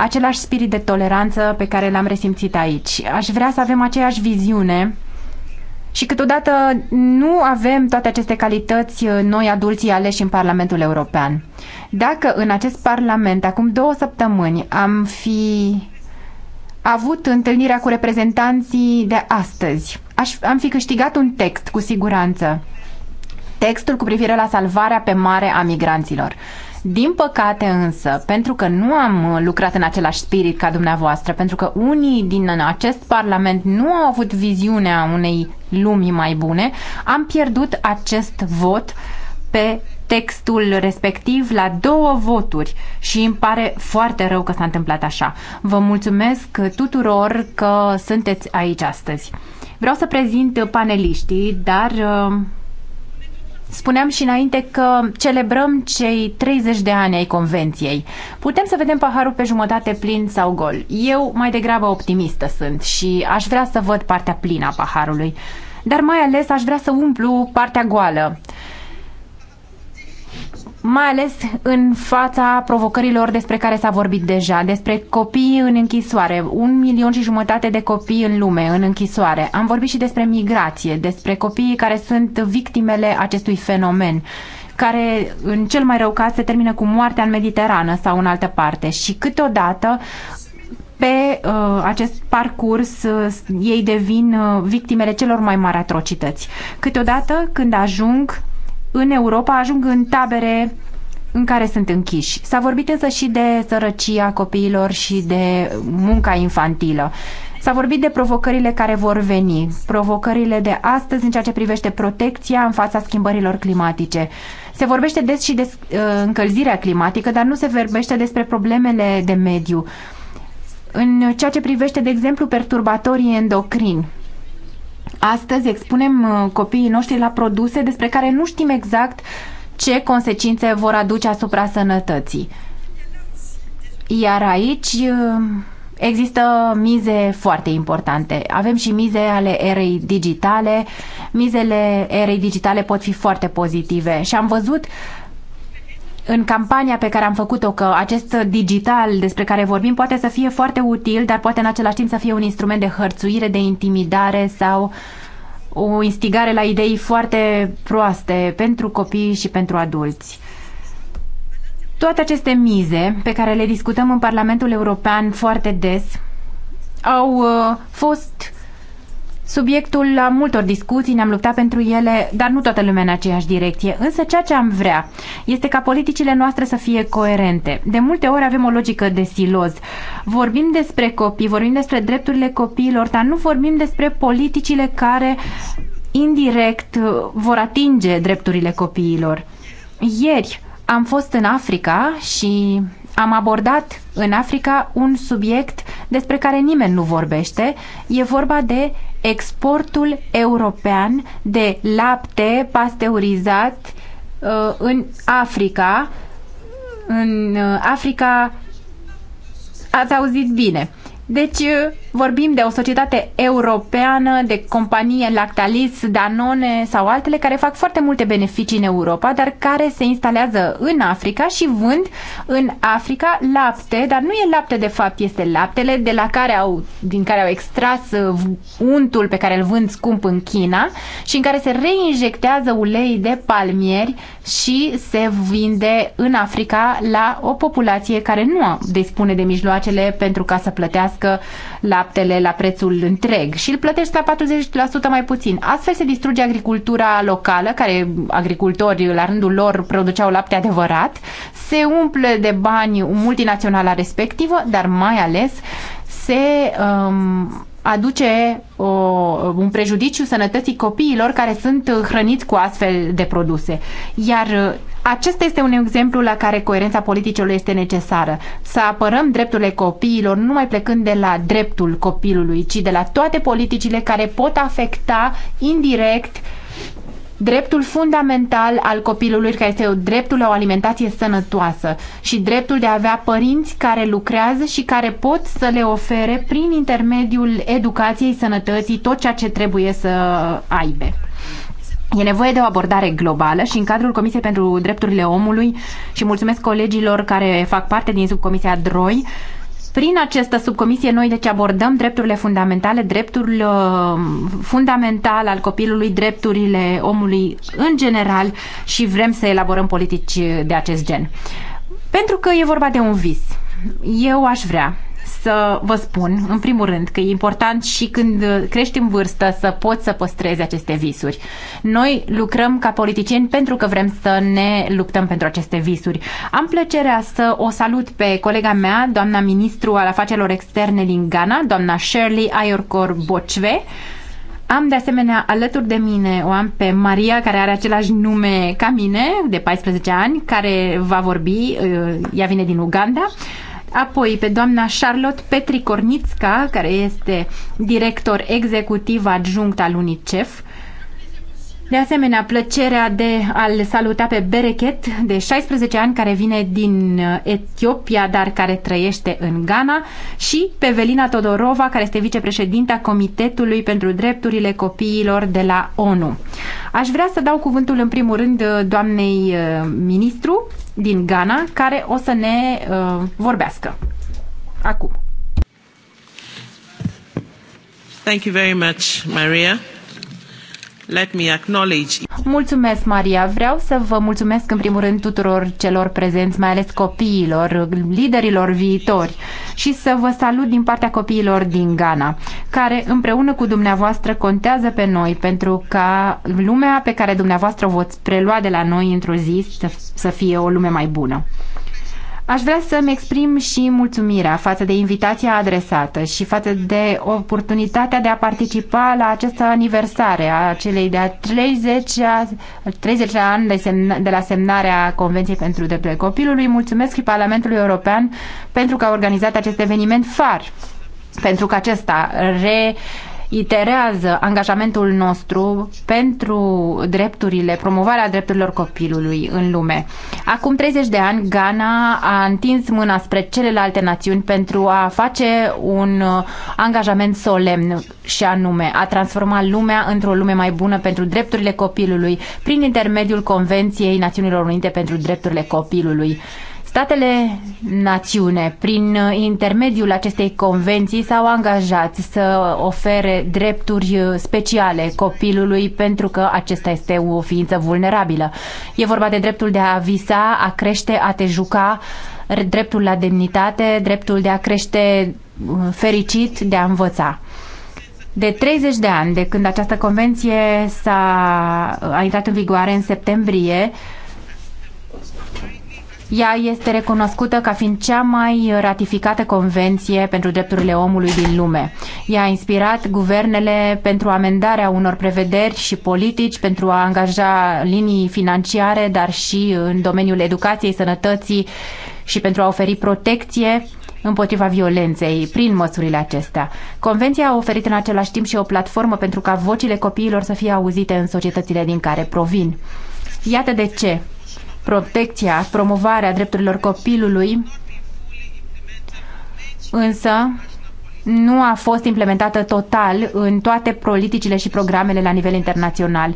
același spirit de toleranță pe care l-am resimțit aici. Aș vrea să avem aceeași viziune și câteodată nu avem toate aceste calități uh, noi adulții aleși în Parlamentul European. Dacă în acest Parlament, acum două săptămâni, am fi avut întâlnirea cu reprezentanții de astăzi, aș, am fi câștigat un text cu siguranță. Textul cu privire la salvarea pe mare a migranților. Din păcate însă, pentru că nu am uh, lucrat în același spirit ca dumneavoastră, pentru că unii din acest parlament nu au avut viziunea unei lumii mai bune, am pierdut acest vot pe textul respectiv la două voturi și îmi pare foarte rău că s-a întâmplat așa. Vă mulțumesc tuturor că sunteți aici astăzi. Vreau să prezint paneliștii, dar uh, Spuneam și înainte că celebrăm cei 30 de ani ai Convenției. Putem să vedem paharul pe jumătate plin sau gol. Eu mai degrabă optimistă sunt și aș vrea să văd partea plină a paharului, dar mai ales aș vrea să umplu partea goală mai ales în fața provocărilor despre care s-a vorbit deja, despre copii în închisoare, un milion și jumătate de copii în lume, în închisoare. Am vorbit și despre migrație, despre copiii care sunt victimele acestui fenomen care în cel mai rău caz se termină cu moartea în Mediterană sau în altă parte și câteodată pe uh, acest parcurs uh, ei devin uh, victimele celor mai mari atrocități. Câteodată când ajung în Europa ajung în tabere în care sunt închiși. S-a vorbit însă și de sărăcia copiilor și de munca infantilă. S-a vorbit de provocările care vor veni, provocările de astăzi în ceea ce privește protecția în fața schimbărilor climatice. Se vorbește des și de uh, încălzirea climatică, dar nu se vorbește despre problemele de mediu. În ceea ce privește, de exemplu, perturbatorii endocrini, Astăzi expunem uh, copiii noștri la produse despre care nu știm exact ce consecințe vor aduce asupra sănătății. Iar aici uh, există mize foarte importante. Avem și mize ale erei digitale. Mizele erei digitale pot fi foarte pozitive și am văzut uh, în campania pe care am făcut-o că acest digital despre care vorbim poate să fie foarte util, dar poate în același timp să fie un instrument de hărțuire, de intimidare sau o instigare la idei foarte proaste pentru copii și pentru adulți. Toate aceste mize pe care le discutăm în Parlamentul European foarte des au uh, fost subiectul la multor discuții, ne-am luptat pentru ele, dar nu toată lumea în aceeași direcție. Însă ceea ce am vrea este ca politicile noastre să fie coerente. De multe ori avem o logică de siloz. Vorbim despre copii, vorbim despre drepturile copiilor, dar nu vorbim despre politicile care indirect uh, vor atinge drepturile copiilor. Ieri am fost în Africa și am abordat în Africa un subiect despre care nimeni nu vorbește. E vorba de exportul european de lapte pasteurizat uh, în Africa. În uh, Africa ați auzit bine. Deci uh, vorbim de o societate europeană, de companie Lactalis, Danone sau altele care fac foarte multe beneficii în Europa, dar care se instalează în Africa și vând în Africa lapte, dar nu e lapte de fapt, este laptele de la care au, din care au extras uh, untul pe care îl vând scump în China și în care se reinjectează ulei de palmieri și se vinde în Africa la o populație care nu dispune de mijloacele pentru ca să plătească laptele la prețul întreg și îl plătești la 40% mai puțin. Astfel se distruge agricultura locală, care agricultorii la rândul lor produceau lapte adevărat, se umple de bani multinaționala respectivă, dar mai ales se um, aduce o, un prejudiciu sănătății copiilor care sunt hrăniți cu astfel de produse. Iar uh, acesta este un exemplu la care coerența politicilor este necesară. Să apărăm drepturile copiilor nu mai plecând de la dreptul copilului, ci de la toate politicile care pot afecta indirect uh, dreptul fundamental al copilului, care este dreptul la o alimentație sănătoasă și dreptul de a avea părinți care lucrează și care pot să le ofere prin intermediul educației, sănătății, tot ceea ce trebuie să aibă. E nevoie de o abordare globală și în cadrul Comisiei pentru Drepturile Omului și mulțumesc colegilor care fac parte din subcomisia DROI, prin această subcomisie noi deci abordăm drepturile fundamentale, dreptul uh, fundamental al copilului, drepturile omului în general și vrem să elaborăm politici de acest gen. Pentru că e vorba de un vis. Eu aș vrea să vă spun, în primul rând, că e important și când uh, crești în vârstă să poți să păstrezi aceste visuri. Noi lucrăm ca politicieni pentru că vrem să ne luptăm pentru aceste visuri. Am plăcerea să o salut pe colega mea, doamna ministru al afacerilor externe din Ghana, doamna Shirley Ayorkor Bocve, am de asemenea alături de mine, o am pe Maria, care are același nume ca mine, de 14 ani, care va vorbi, uh, ea vine din Uganda. Apoi pe doamna Charlotte Petricornițca, care este director executiv adjunct al UNICEF, de asemenea, plăcerea de a-l saluta pe Berechet, de 16 ani, care vine din uh, Etiopia, dar care trăiește în Ghana, și pe Velina Todorova, care este vicepreședinta Comitetului pentru Drepturile Copiilor de la ONU. Aș vrea să dau cuvântul în primul rând uh, doamnei uh, ministru din Ghana, care o să ne uh, vorbească. Acum. Thank you very much, Maria. Let me acknowledge... Mulțumesc, Maria. Vreau să vă mulțumesc în primul rând tuturor celor prezenți, mai ales copiilor, liderilor viitori și să vă salut din partea copiilor din Ghana, care împreună cu dumneavoastră contează pe noi pentru ca lumea pe care dumneavoastră o voți prelua de la noi într-o zi să, să fie o lume mai bună. Aș vrea să-mi exprim și mulțumirea față de invitația adresată și față de oportunitatea de a participa la această aniversare a celei de-a 30 -a, 30 ani de, semna, de la semnarea Convenției pentru Drepturile Copilului. Mulțumesc și Parlamentului European pentru că a organizat acest eveniment far pentru că acesta re iterează angajamentul nostru pentru drepturile, promovarea drepturilor copilului în lume. Acum 30 de ani, Ghana a întins mâna spre celelalte națiuni pentru a face un angajament solemn și anume a transforma lumea într-o lume mai bună pentru drepturile copilului prin intermediul Convenției Națiunilor Unite pentru Drepturile Copilului. Statele națiune, prin uh, intermediul acestei convenții, s-au angajat să ofere drepturi uh, speciale copilului pentru că acesta este o ființă vulnerabilă. E vorba de dreptul de a visa, a crește, a te juca, dreptul la demnitate, dreptul de a crește uh, fericit, de a învăța. De 30 de ani, de când această convenție s-a, a intrat în vigoare în septembrie, uh, ea este recunoscută ca fiind cea mai ratificată convenție pentru drepturile omului din lume. Ea a inspirat guvernele pentru amendarea unor prevederi și politici pentru a angaja linii financiare, dar și în domeniul educației, sănătății și pentru a oferi protecție împotriva violenței prin măsurile acestea. Convenția a oferit în același timp și o platformă pentru ca vocile copiilor să fie auzite în societățile din care provin. Iată de ce protecția, promovarea drepturilor copilului, însă nu a fost implementată total în toate politicile și programele la nivel internațional.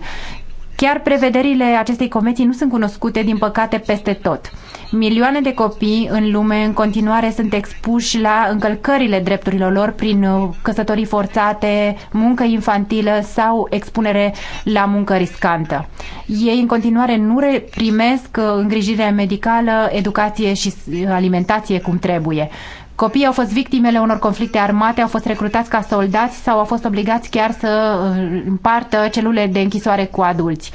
Chiar prevederile acestei convenții nu sunt cunoscute, din păcate, peste tot. Milioane de copii în lume în continuare sunt expuși la încălcările drepturilor lor prin uh, căsătorii forțate, muncă infantilă sau expunere la muncă riscantă. Ei în continuare nu primesc uh, îngrijire medicală, educație și alimentație cum trebuie. Copiii au fost victimele unor conflicte armate, au fost recrutați ca soldați sau au fost obligați chiar să uh, împartă celule de închisoare cu adulți.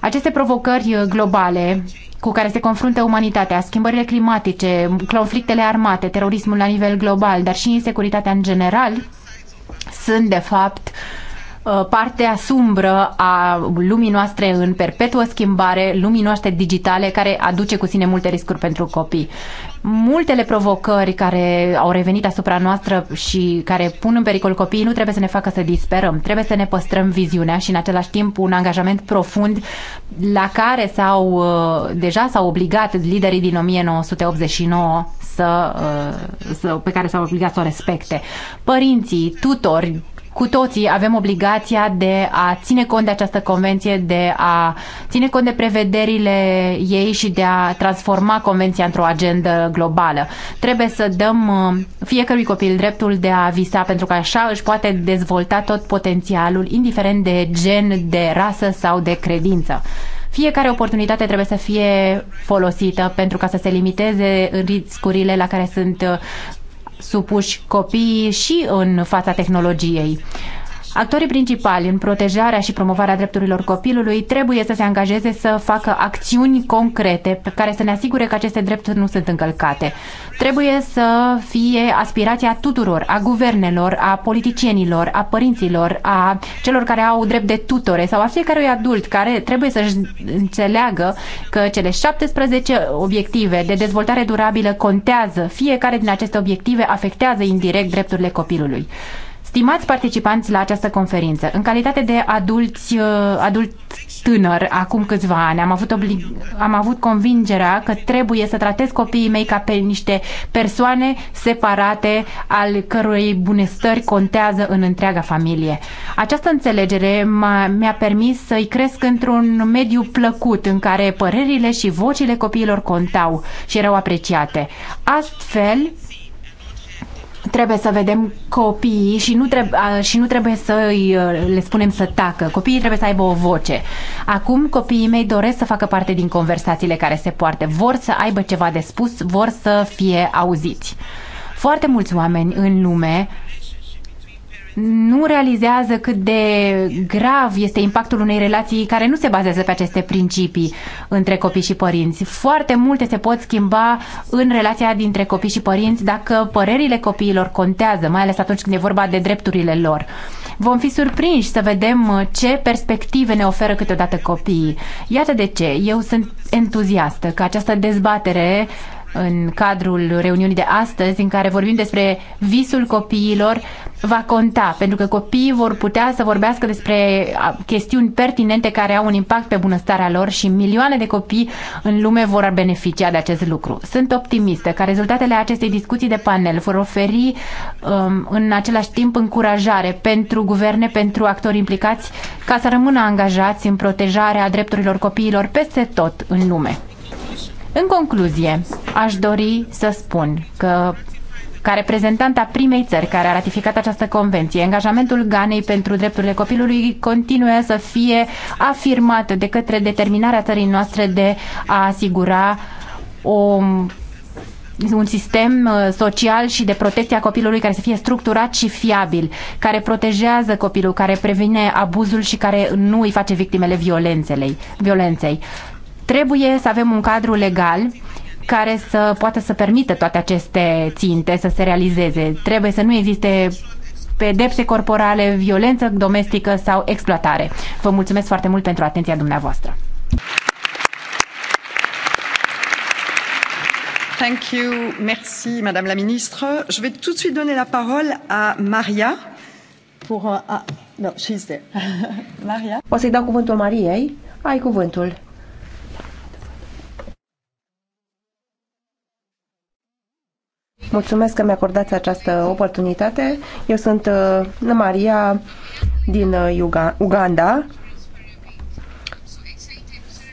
Aceste provocări uh, globale cu care se confruntă umanitatea, schimbările climatice, conflictele armate, terorismul la nivel global, dar și insecuritatea în general, sunt de fapt uh, partea sumbră a lumii noastre în perpetuă schimbare, lumii noastre digitale, care aduce cu sine multe riscuri pentru copii multele provocări care au revenit asupra noastră și care pun în pericol copiii nu trebuie să ne facă să disperăm. Trebuie să ne păstrăm viziunea și în același timp un angajament profund la care s-au, uh, deja s-au obligat liderii din 1989 să, uh, să, pe care s-au obligat să o respecte. Părinții, tutori, cu toții avem obligația de a ține cont de această convenție, de a ține cont de prevederile ei și de a transforma convenția într-o agendă globală. Trebuie să dăm uh, fiecărui copil dreptul de a visa, pentru că așa își poate dezvolta tot potențialul, indiferent de gen, de rasă sau de credință. Fiecare oportunitate trebuie să fie folosită pentru ca să se limiteze riscurile la care sunt uh, supuși copiii și în fața tehnologiei. Actorii principali în protejarea și promovarea drepturilor copilului trebuie să se angajeze să facă acțiuni concrete pe care să ne asigure că aceste drepturi nu sunt încălcate. Trebuie să fie aspirația tuturor, a guvernelor, a politicienilor, a părinților, a celor care au drept de tutore sau a fiecărui adult care trebuie să-și înțeleagă că cele 17 obiective de dezvoltare durabilă contează. Fiecare din aceste obiective afectează indirect drepturile copilului. Stimați participanți la această conferință, în calitate de adulți, uh, adult tânăr, acum câțiva ani, am avut, oblig... am avut convingerea că trebuie să tratez copiii mei ca pe niște persoane separate al cărui bunăstări contează în întreaga familie. Această înțelegere mi-a permis să-i cresc într-un mediu plăcut în care părerile și vocile copiilor contau și erau apreciate. Astfel, trebuie să vedem copiii și nu, trebuie, și nu trebuie să îi, le spunem să tacă. Copiii trebuie să aibă o voce. Acum copiii mei doresc să facă parte din conversațiile care se poartă. Vor să aibă ceva de spus, vor să fie auziți. Foarte mulți oameni în lume nu realizează cât de grav este impactul unei relații care nu se bazează pe aceste principii între copii și părinți. Foarte multe se pot schimba în relația dintre copii și părinți dacă părerile copiilor contează, mai ales atunci când e vorba de drepturile lor. Vom fi surprinși să vedem ce perspective ne oferă câteodată copiii. Iată de ce eu sunt entuziastă că această dezbatere în cadrul reuniunii de astăzi, în care vorbim despre visul copiilor, va conta, pentru că copiii vor putea să vorbească despre chestiuni pertinente care au un impact pe bunăstarea lor și milioane de copii în lume vor beneficia de acest lucru. Sunt optimistă că rezultatele acestei discuții de panel vor oferi um, în același timp încurajare pentru guverne, pentru actori implicați, ca să rămână angajați în protejarea drepturilor copiilor peste tot în lume. În concluzie, aș dori să spun că ca reprezentanta primei țări care a ratificat această convenție, angajamentul Ganei pentru drepturile copilului continuă să fie afirmat de către determinarea țării noastre de a asigura o un sistem uh, social și de protecție a copilului care să fie structurat și fiabil, care protejează copilul, care previne abuzul și care nu îi face victimele violenței. Trebuie să avem un cadru legal care să poată să permită toate aceste ținte să se realizeze. Trebuie să nu existe pedepse corporale, violență domestică sau exploatare. Vă mulțumesc foarte mult pentru atenția dumneavoastră. Thank you. Merci, Madame la Ministre. Je vais tout de suite donner la parole à Maria pour un... Euh, ah, no, she's there. [LAUGHS] Maria. O să-i dau cuvântul Mariei. Ai cuvântul. Mulțumesc că mi-acordați această oportunitate. Eu sunt uh, Maria din uh, Uganda.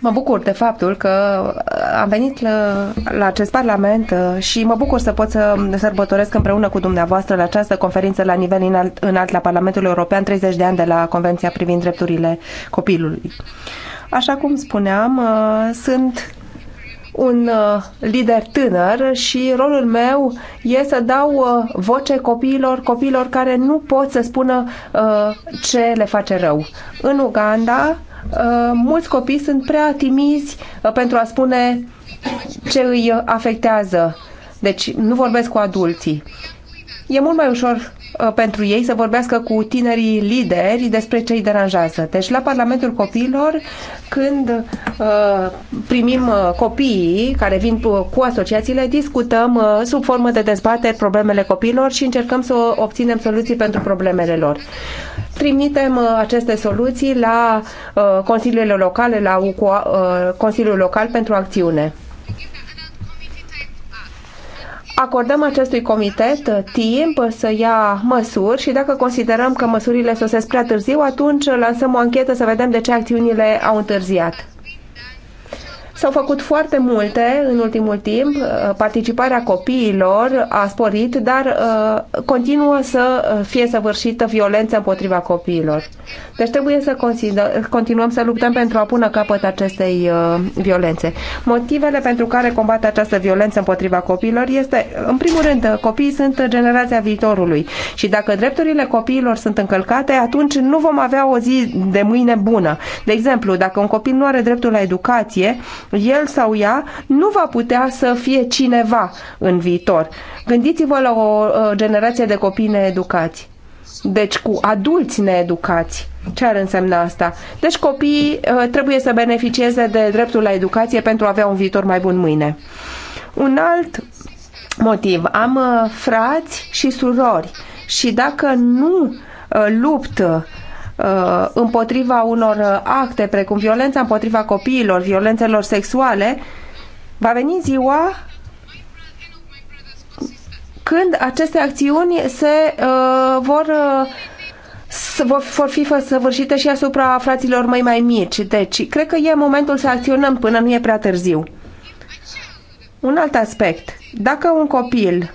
Mă bucur de faptul că uh, am venit la, la acest parlament și mă bucur să pot să sărbătoresc împreună cu dumneavoastră la această conferință la nivel înalt, înalt la Parlamentul European 30 de ani de la Convenția privind drepturile copilului. Așa cum spuneam, sunt un uh, lider tânăr și rolul meu e să dau uh, voce copiilor, copiilor care nu pot să spună uh, ce le face rău. În Uganda, mulți copii sunt prea timizi pentru a spune ce îi afectează. Deci nu vorbesc cu adulții. E mult mai ușor Uh, pentru ei să vorbească cu tinerii lideri despre ce îi deranjează. Deci la Parlamentul Copiilor, când uh, primim uh, copiii care vin cu asociațiile, discutăm sub formă de dezbateri problemele copiilor și încercăm să obținem soluții pentru problemele lor. Trimitem aceste soluții la consiliile locale, la UCO, Consiliul Local pentru Acțiune acordăm acestui comitet uh, timp uh, să ia măsuri și dacă considerăm că măsurile sosesc prea târziu, atunci uh, lansăm o anchetă să vedem de ce acțiunile au întârziat. S-au făcut foarte multe în ultimul timp, uh, participarea copiilor a sporit, dar uh, continuă să uh, fie săvârșită violența împotriva copiilor. Deci trebuie să continuăm să luptăm pentru a pune capăt acestei violențe. Motivele pentru care combat această violență împotriva copiilor este, în primul rând, copiii sunt generația viitorului și dacă drepturile copiilor sunt încălcate, atunci nu vom avea o zi de mâine bună. De exemplu, dacă un copil nu are dreptul la educație, el sau ea nu va putea să fie cineva în viitor. Gândiți-vă la o generație de copii needucați. Deci cu adulți needucați. Ce ar însemna asta? Deci copiii uh, trebuie să beneficieze de dreptul la educație pentru a avea un viitor mai bun mâine. Un alt motiv. Am uh, frați și surori și dacă nu uh, luptă Uh, împotriva unor uh, acte precum violența împotriva copiilor, violențelor sexuale, va veni ziua când aceste acțiuni se uh, vor uh, vor fi săvârșite și asupra fraților mai mai mici. Deci, cred că e momentul să acționăm până nu e prea târziu. Un alt aspect. Dacă un copil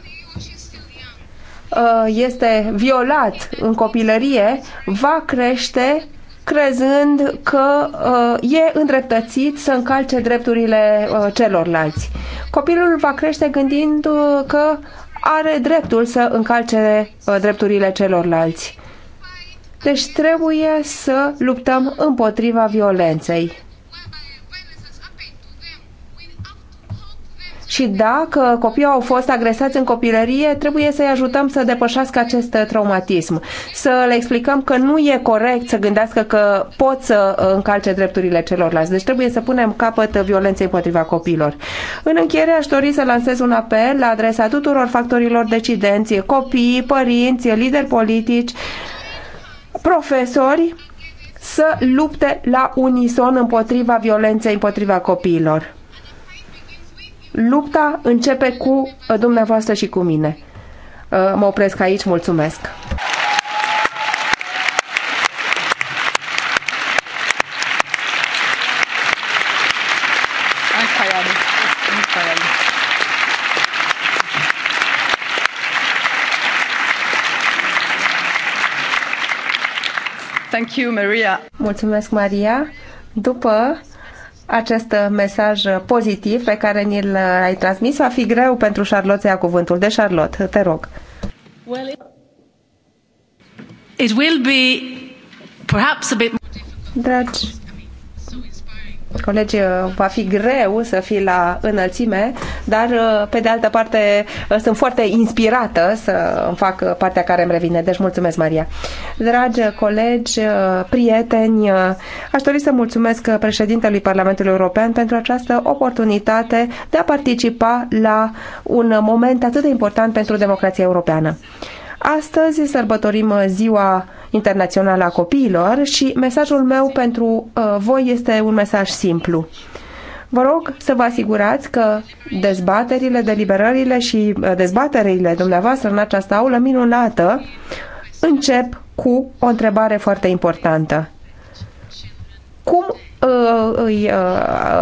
Uh, este violat în copilărie va crește crezând că uh, e îndreptățit să încalce drepturile uh, celorlalți. Copilul va crește gândind uh, că are dreptul să încalce uh, drepturile celorlalți. Deci trebuie să luptăm împotriva violenței. și dacă copiii au fost agresați în copilărie, trebuie să-i ajutăm să depășească acest uh, traumatism, să le explicăm că nu e corect să gândească că pot să uh, încalce drepturile celorlalți. Deci trebuie să punem capăt violenței împotriva copiilor. În încheiere aș dori să lansez un apel la adresa tuturor factorilor decidenți, copii, părinți, lideri politici, profesori, să lupte la unison împotriva violenței împotriva copiilor lupta începe cu uh, dumneavoastră și cu mine. Uh, mă opresc aici, mulțumesc! Thank you, Maria. Mulțumesc, Maria. După acest mesaj pozitiv pe care ni l-ai transmis. Va fi greu pentru Charlotte să ia cuvântul. De Charlotte, te rog. Well, it will be perhaps a bit Dragi colegi, uh, va fi greu să fii la înălțime, dar uh, pe de altă parte uh, sunt foarte inspirată să fac partea care îmi revine. Deci mulțumesc, Maria. Dragi colegi, prieteni, aș dori să mulțumesc președintelui Parlamentului European pentru această oportunitate de a participa la un moment atât de important pentru democrația europeană. Astăzi sărbătorim ziua internațională a copiilor și mesajul meu pentru uh, voi este un mesaj simplu. Vă rog să vă asigurați că dezbaterile, deliberările și uh, dezbaterile dumneavoastră în această aulă minunată încep cu o întrebare foarte importantă. Cum uh, îi uh,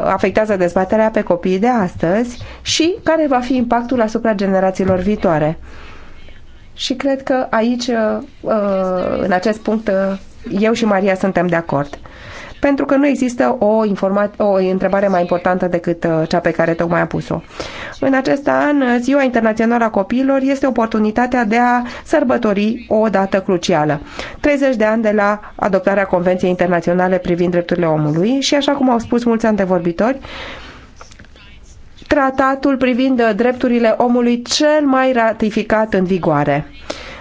afectează dezbaterea pe copiii de astăzi și care va fi impactul asupra generațiilor viitoare? Și cred că aici, uh, în acest punct, uh, eu și Maria suntem de acord. Pentru că nu există o, o întrebare mai importantă decât uh, cea pe care tocmai am pus-o. În acest an, Ziua Internațională a Copiilor este oportunitatea de a sărbători o dată crucială. 30 de ani de la adoptarea Convenției Internaționale privind drepturile omului și, așa cum au spus mulți antevorbitori, tratatul privind uh, drepturile omului cel mai ratificat în vigoare.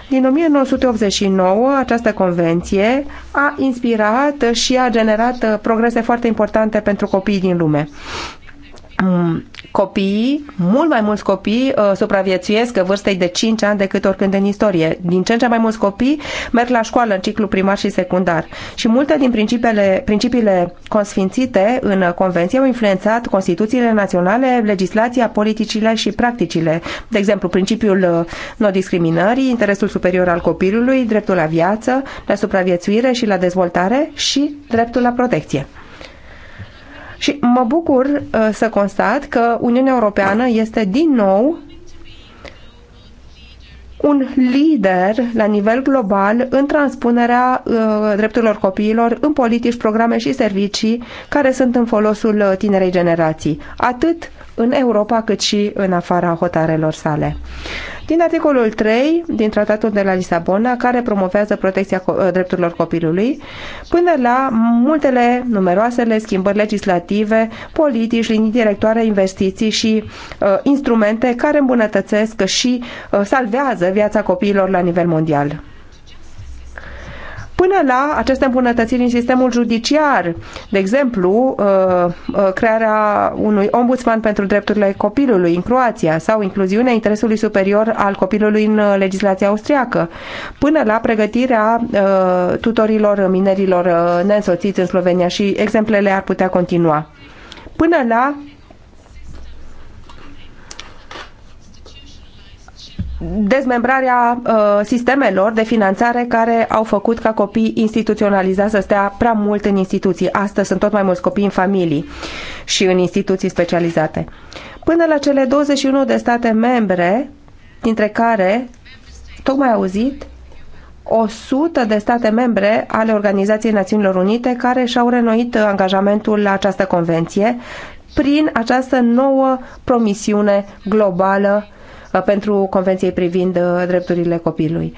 Din 1989, această convenție a inspirat și a generat uh, progrese foarte importante pentru copiii din lume mm, copiii, mult mai mulți copii uh, supraviețuiesc vârstei de 5 ani decât oricând în istorie. Din ce în ce mai mulți copii merg la școală în ciclu primar și secundar. Și multe din principiile, principiile consfințite în Convenție au influențat Constituțiile naționale, legislația, politicile și practicile. De exemplu, principiul uh, non-discriminării, interesul superior al copilului, dreptul la viață, la supraviețuire și la dezvoltare și dreptul la protecție. Și mă bucur uh, să constat că Uniunea Europeană este din nou un lider la nivel global în transpunerea uh, drepturilor copiilor în politici, programe și servicii care sunt în folosul uh, tinerei generații, atât în Europa cât și în afara hotarelor sale. Din articolul 3 din Tratatul de la Lisabona, care promovează protecția uh, drepturilor copilului, până la multele numeroasele schimbări legislative, politici, linii directoare, investiții și uh, instrumente care îmbunătățesc și uh, salvează viața copiilor la nivel mondial până la aceste îmbunătățiri în sistemul judiciar, de exemplu, uh, uh, crearea unui ombudsman pentru drepturile copilului în Croația sau incluziunea interesului superior al copilului în uh, legislația austriacă, până la pregătirea tutorilor minerilor neînsoțiți în Slovenia și exemplele ar putea continua. Până la dezmembrarea uh, sistemelor de finanțare care au făcut ca copii instituționalizați să stea prea mult în instituții. Astăzi sunt tot mai mulți copii în familii și în instituții specializate. Până la cele 21 de state membre, dintre care, tocmai auzit, 100 de state membre ale Organizației Națiunilor Unite care și-au renoit angajamentul la această convenție prin această nouă promisiune globală pentru Convenției privind uh, drepturile copilului.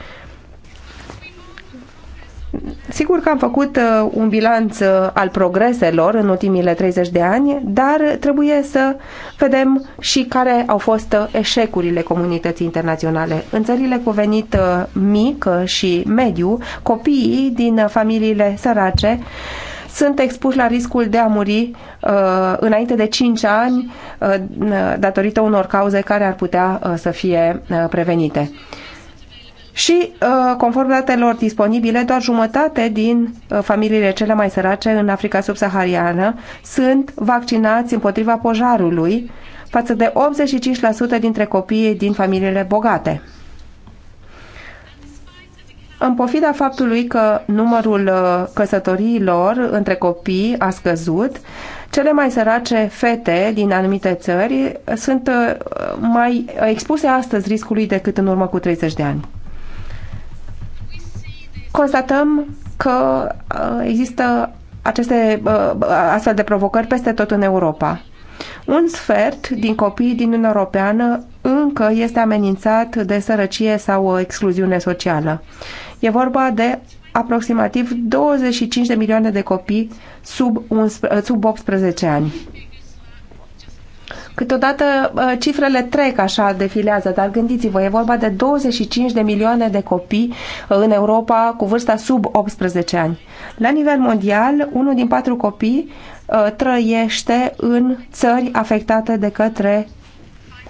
Sigur că am făcut uh, un bilanț uh, al progreselor în ultimile 30 de ani, dar trebuie să vedem și care au fost eșecurile comunității internaționale. În țările cu venit mic și mediu, copiii din familiile sărace sunt expuși la riscul de a muri uh, înainte de 5 ani uh, datorită unor cauze care ar putea uh, să fie uh, prevenite. Și, uh, conform datelor disponibile, doar jumătate din uh, familiile cele mai sărace în Africa subsahariană sunt vaccinați împotriva pojarului, față de 85% dintre copiii din familiile bogate. În pofida faptului că numărul uh, căsătoriilor între copii a scăzut, cele mai sărace fete din anumite țări sunt uh, mai expuse astăzi riscului decât în urmă cu 30 de ani. Constatăm că uh, există aceste astfel de provocări peste tot în Europa. Un sfert din copiii din Uniunea Europeană încă este amenințat de sărăcie sau o excluziune socială. E vorba de aproximativ 25 de milioane de copii sub, 11, ă, sub 18 ani. Câteodată ă, cifrele trec așa, defilează, dar gândiți-vă, e vorba de 25 de milioane de copii ă, în Europa cu vârsta sub 18 ani. La nivel mondial, unul din patru copii trăiește în țări afectate de către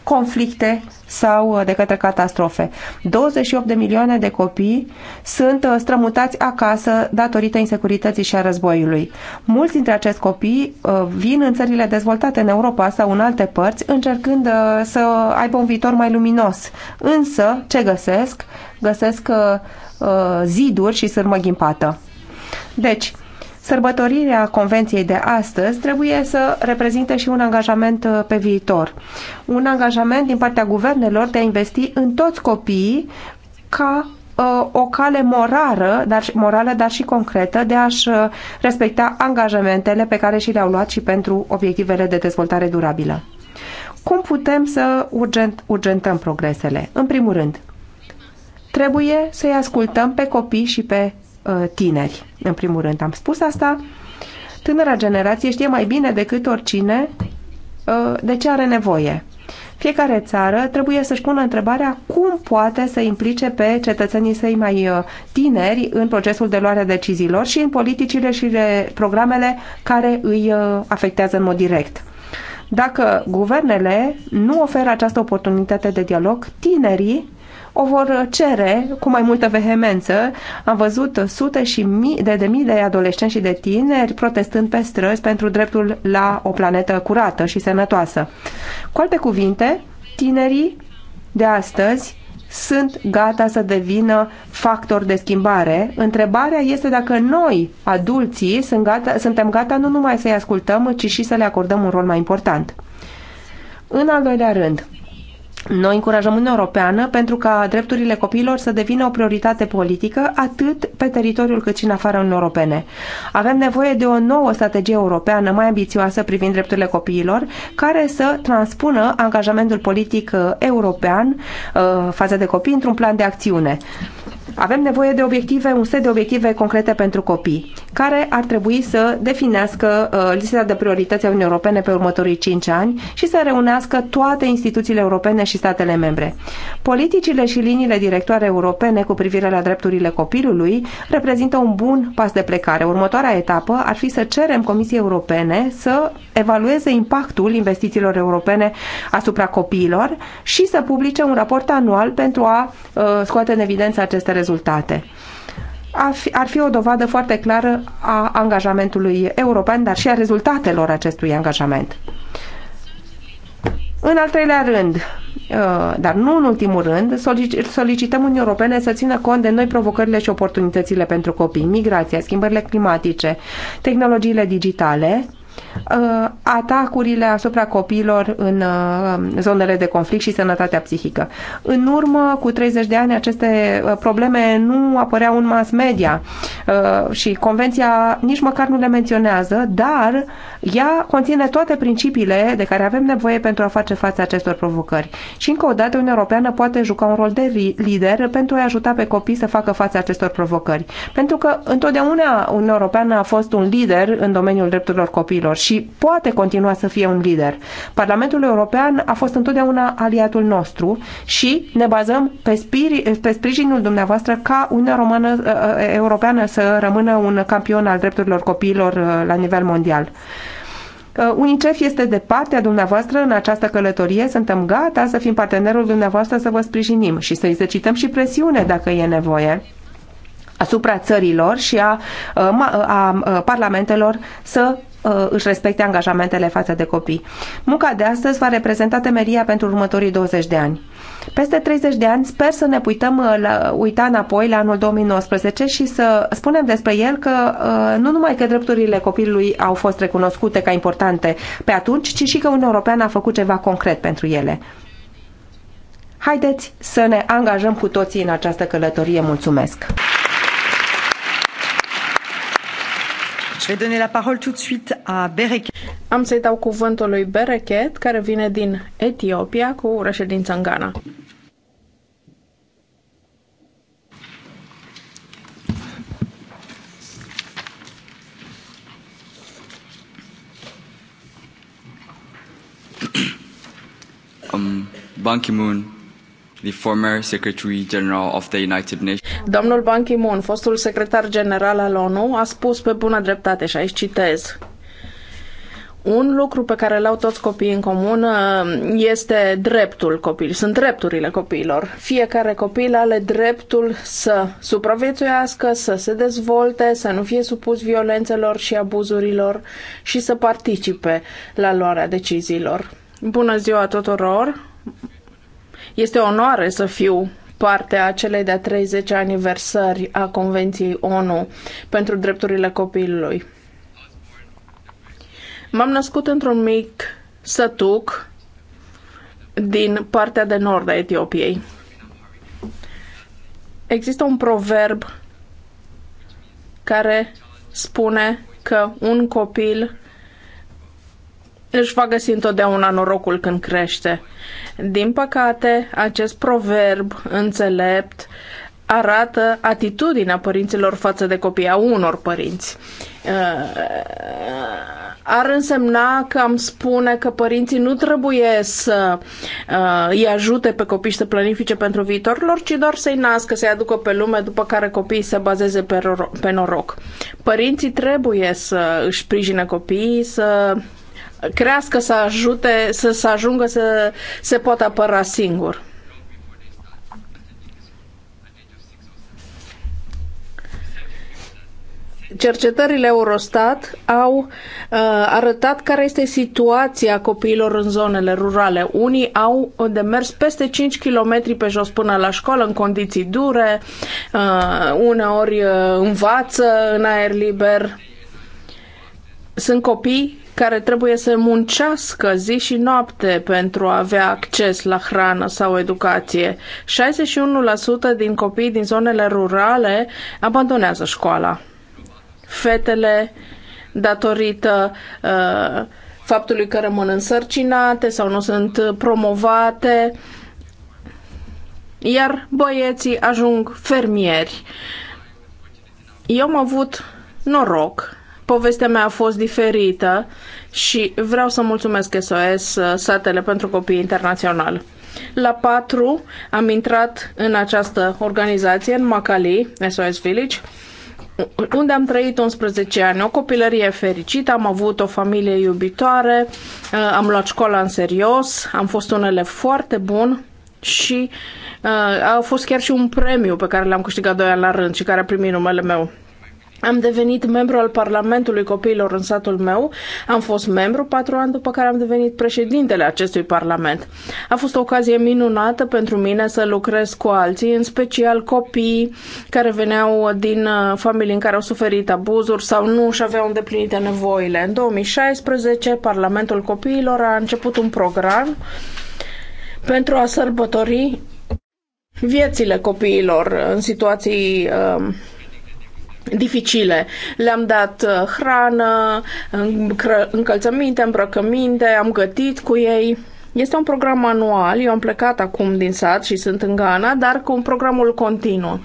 conflicte sau uh, de către catastrofe. 28 de milioane de copii sunt uh, strămutați acasă datorită insecurității și a războiului. Mulți dintre acești copii uh, vin în țările dezvoltate în Europa sau în alte părți încercând să aibă un viitor mai luminos. Însă, ce găsesc? Găsesc ziduri și sârmă ghimpată. Deci, Sărbătorirea convenției de astăzi trebuie să reprezinte și un angajament uh, pe viitor. Un angajament din partea guvernelor de a investi în toți copiii ca uh, o cale morală, dar, morală, dar și concretă de a-și uh, respecta angajamentele pe care și le-au luat și pentru obiectivele de dezvoltare durabilă. Cum putem să urgent, urgentăm progresele? În primul rând, trebuie să-i ascultăm pe copii și pe Uh, tineri. În primul rând am spus asta. Tânăra generație știe mai bine decât oricine uh, de ce are nevoie. Fiecare țară trebuie să-și pună întrebarea cum poate să implice pe cetățenii săi mai uh, tineri în procesul de luare a deciziilor și în politicile și programele care îi afectează în mod direct. Dacă guvernele nu oferă această oportunitate de dialog, tinerii o vor cere cu mai multă vehemență. Am văzut sute și mii de, de mii de adolescenți și de tineri protestând pe străzi pentru dreptul la o planetă curată și sănătoasă. Cu alte cuvinte, tinerii de astăzi sunt gata să devină factor de schimbare. Întrebarea este dacă noi, adulții, sunt gata, suntem gata nu numai să-i ascultăm, ci și să le acordăm un rol mai important. În al doilea rând, noi încurajăm Uniunea Europeană pentru ca drepturile copiilor să devină o prioritate politică atât pe teritoriul cât și în afara Uniunii Europene. Avem nevoie de o nouă strategie europeană mai ambițioasă privind drepturile copiilor, care să transpună angajamentul politic uh, european uh, față de copii într-un plan de acțiune. Avem nevoie de obiective, un set de obiective concrete pentru copii, care ar trebui să definească uh, lista de priorități a Uniunii Europene pe următorii 5 ani și să reunească toate instituțiile europene și statele membre. Politicile și liniile directoare europene cu privire la drepturile copilului reprezintă un bun pas de plecare. Următoarea etapă ar fi să cerem Comisiei Europene să evalueze impactul investițiilor europene asupra copiilor și să publice un raport anual pentru a uh, scoate în evidență aceste rezultate rezultate. Ar fi, ar fi o dovadă foarte clară a angajamentului european, dar și a rezultatelor acestui angajament. În al treilea rând, uh, dar nu în ultimul rând, solicităm Uniunii Europene să țină cont de noi provocările și oportunitățile pentru copii, migrația, schimbările climatice, tehnologiile digitale, Uh, atacurile asupra copiilor în uh, zonele de conflict și sănătatea psihică. În urmă, cu 30 de ani, aceste uh, probleme nu apăreau în mass media și convenția nici măcar nu le menționează, dar ea conține toate principiile de care avem nevoie pentru a face față acestor provocări. Și încă o dată, Uniunea Europeană poate juca un rol de lider pentru a ajuta pe copii să facă față acestor provocări. Pentru că întotdeauna Uniunea Europeană a fost un lider în domeniul drepturilor copiilor și poate continua să fie un lider. Parlamentul European a fost întotdeauna aliatul nostru și ne bazăm pe, spiri, pe sprijinul dumneavoastră ca Uniunea română ă, ă, Europeană să rămână un campion al drepturilor copiilor ă, la nivel mondial. UNICEF este de partea dumneavoastră în această călătorie, suntem gata să fim partenerul dumneavoastră să vă sprijinim și să exercităm și presiune dacă e nevoie asupra țărilor și a, a, a parlamentelor să Uh, își respecte angajamentele față de copii. Munca de astăzi va reprezenta temeria pentru următorii 20 de ani. Peste 30 de ani sper să ne uităm uh, la, uita înapoi la anul 2019 și să spunem despre el că uh, nu numai că drepturile copilului au fost recunoscute ca importante pe atunci, ci și că Uniunea Europeană a făcut ceva concret pentru ele. Haideți să ne angajăm cu toții în această călătorie. Mulțumesc! Am să-i dau cuvântul lui Bereket, care vine din Etiopia cu reședință în Ghana. um, Ban Ki-moon, the former Secretary General of the United Nations. Domnul Ban Ki-moon, fostul secretar general al ONU, a spus pe bună dreptate și aici citez un lucru pe care l-au toți copiii în comun uh, este dreptul copiilor, sunt drepturile copiilor. Fiecare copil are dreptul să supraviețuiască, să se dezvolte, să nu fie supus violențelor și abuzurilor și să participe la luarea deciziilor. Bună ziua tuturor! Este o onoare să fiu parte a celei de-a 30 aniversări a Convenției ONU pentru drepturile copilului. M-am născut într-un mic sătuc din partea de nord a Etiopiei. Există un proverb care spune că un copil își va găsi întotdeauna norocul când crește. Din păcate, acest proverb înțelept arată atitudinea părinților față de copii, a unor părinți. Uh, ar însemna că am spune că părinții nu trebuie să uh, îi ajute pe copii să planifice pentru viitorul lor, ci doar să-i nască, să-i aducă pe lume, după care copiii se bazeze pe, pe noroc. Părinții trebuie să își sprijine copiii, să crească, să ajute, să, să ajungă să se poată apăra singur. cercetările Eurostat au uh, arătat care este situația copiilor în zonele rurale. Unii au de mers peste 5 km pe jos până la școală în condiții dure, uh, uneori uh, învață în aer liber. Sunt copii care trebuie să muncească zi și noapte pentru a avea acces la hrană sau educație. 61% din copii din zonele rurale abandonează școala. Fetele, datorită uh, faptului că rămân însărcinate sau nu sunt promovate, iar băieții ajung fermieri. Eu am avut noroc povestea mea a fost diferită și vreau să mulțumesc SOS uh, Satele pentru Copii Internațional. La 4 am intrat în această organizație, în Macali, SOS Village, unde am trăit 11 ani, o copilărie fericită, am avut o familie iubitoare, uh, am luat școala în serios, am fost un elev foarte bun și uh, a fost chiar și un premiu pe care l-am câștigat doi ani la rând și care a primit numele meu. Am devenit membru al Parlamentului Copiilor în satul meu, am fost membru patru ani după care am devenit președintele acestui parlament. A fost o ocazie minunată pentru mine să lucrez cu alții, în special copii care veneau din uh, familii în care au suferit abuzuri sau nu și aveau îndeplinite nevoile. În 2016, Parlamentul Copiilor a început un program pentru a sărbători viețile copiilor în situații uh, dificile. Le-am dat uh, hrană, încălțăminte, îmbrăcăminte, am gătit cu ei. Este un program anual, eu am plecat acum din sat și sunt în Ghana, dar cu un programul continuu.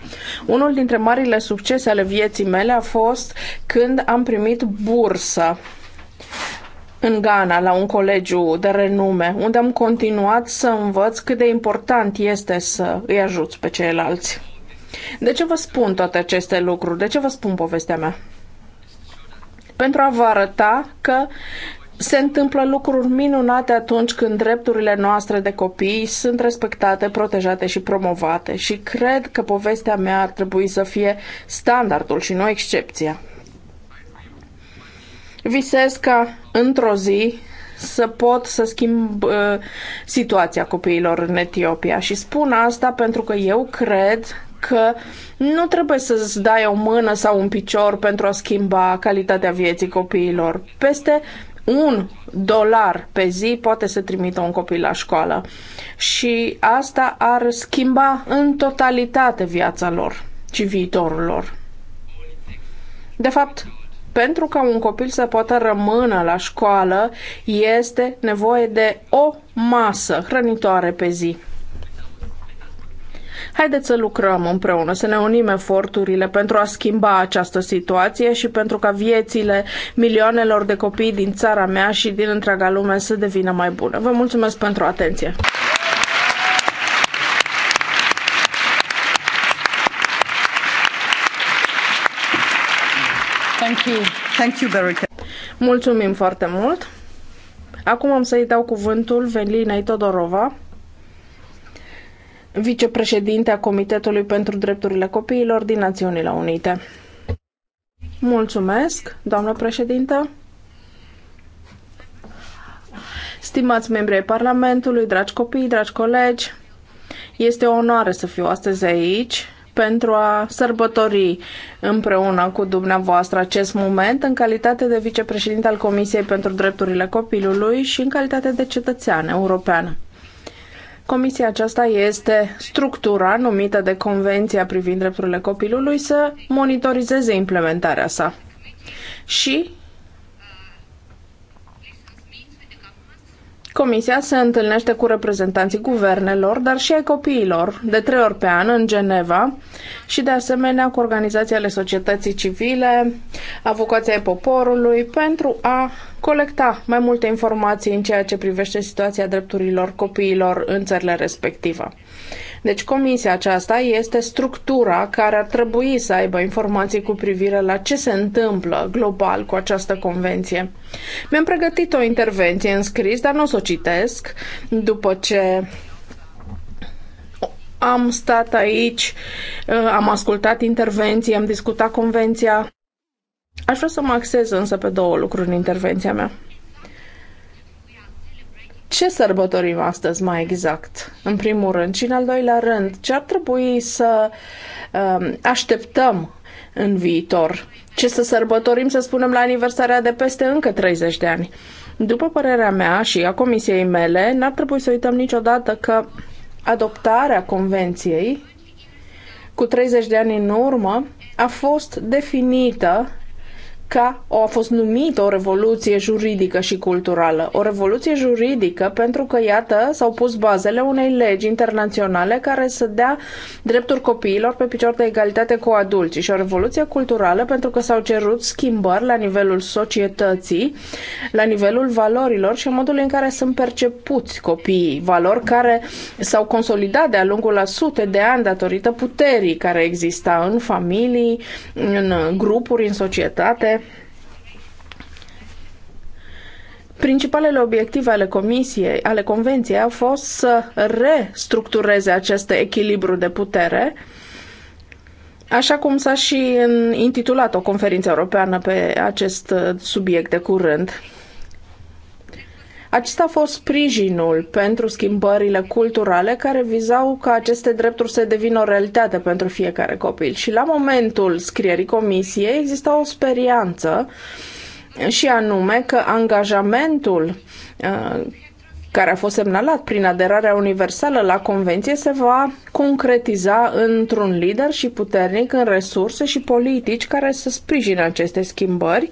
Unul dintre marile succese ale vieții mele a fost când am primit bursă în Ghana, la un colegiu de renume, unde am continuat să învăț cât de important este să îi ajuți pe ceilalți. De ce vă spun toate aceste lucruri? De ce vă spun povestea mea? Pentru a vă arăta că se întâmplă lucruri minunate atunci când drepturile noastre de copii sunt respectate, protejate și promovate și cred că povestea mea ar trebui să fie standardul și nu excepția. Visez ca într-o zi să pot să schimb uh, situația copiilor în Etiopia și spun asta pentru că eu cred că nu trebuie să-ți dai o mână sau un picior pentru a schimba calitatea vieții copiilor. Peste un dolar pe zi poate să trimită un copil la școală și asta ar schimba în totalitate viața lor și viitorul lor. De fapt, pentru ca un copil să poată rămână la școală, este nevoie de o masă hrănitoare pe zi. Haideți să lucrăm împreună, să ne unim eforturile pentru a schimba această situație și pentru ca viețile milioanelor de copii din țara mea și din întreaga lume să devină mai bune. Vă mulțumesc pentru atenție! Thank you. Thank you, Mulțumim foarte mult! Acum am să-i dau cuvântul Velinei Todorova, vicepreședinte a Comitetului pentru Drepturile Copiilor din Națiunile Unite. Mulțumesc, doamnă președintă. Stimați membri ai Parlamentului, dragi copii, dragi colegi, este o onoare să fiu astăzi aici pentru a sărbători împreună cu dumneavoastră acest moment în calitate de vicepreședinte al Comisiei pentru Drepturile Copilului și în calitate de cetățean european. Comisia aceasta este structura numită de Convenția privind drepturile copilului să monitorizeze implementarea sa. Și Comisia se întâlnește cu reprezentanții guvernelor, dar și ai copiilor, de trei ori pe an în Geneva și de asemenea cu organizații ale societății civile, avocația poporului, pentru a colecta mai multe informații în ceea ce privește situația drepturilor copiilor în țările respective. Deci comisia aceasta este structura care ar trebui să aibă informații cu privire la ce se întâmplă global cu această convenție. Mi-am pregătit o intervenție în scris, dar nu o să o citesc după ce am stat aici, uh, am ascultat intervenții, am discutat convenția. Aș vrea să mă axez însă pe două lucruri în intervenția mea. Ce sărbătorim astăzi mai exact, în primul rând? Și în al doilea rând, ce ar trebui să uh, așteptăm în viitor? Ce să sărbătorim, să spunem, la aniversarea de peste încă 30 de ani? După părerea mea și a comisiei mele, n-ar trebui să uităm niciodată că adoptarea convenției cu 30 de ani în urmă a fost definită ca a fost numită o revoluție juridică și culturală. O revoluție juridică pentru că, iată, s-au pus bazele unei legi internaționale care să dea drepturi copiilor pe picior de egalitate cu adulții și o revoluție culturală pentru că s-au cerut schimbări la nivelul societății, la nivelul valorilor și modul în care sunt percepuți copiii, valori care s-au consolidat de-a lungul a sute de ani datorită puterii care exista în familii, în grupuri, în societate Principalele obiective ale Comisiei, ale Convenției, au fost să restructureze acest echilibru de putere, așa cum s-a și intitulat o conferință europeană pe acest uh, subiect de curând. Acesta a fost sprijinul pentru schimbările culturale care vizau ca aceste drepturi să devină o realitate pentru fiecare copil. Și la momentul scrierii comisiei exista o sperianță uh, și anume că angajamentul uh, care a fost semnalat prin aderarea universală la convenție se va concretiza într-un lider și puternic în resurse și politici care să sprijine aceste schimbări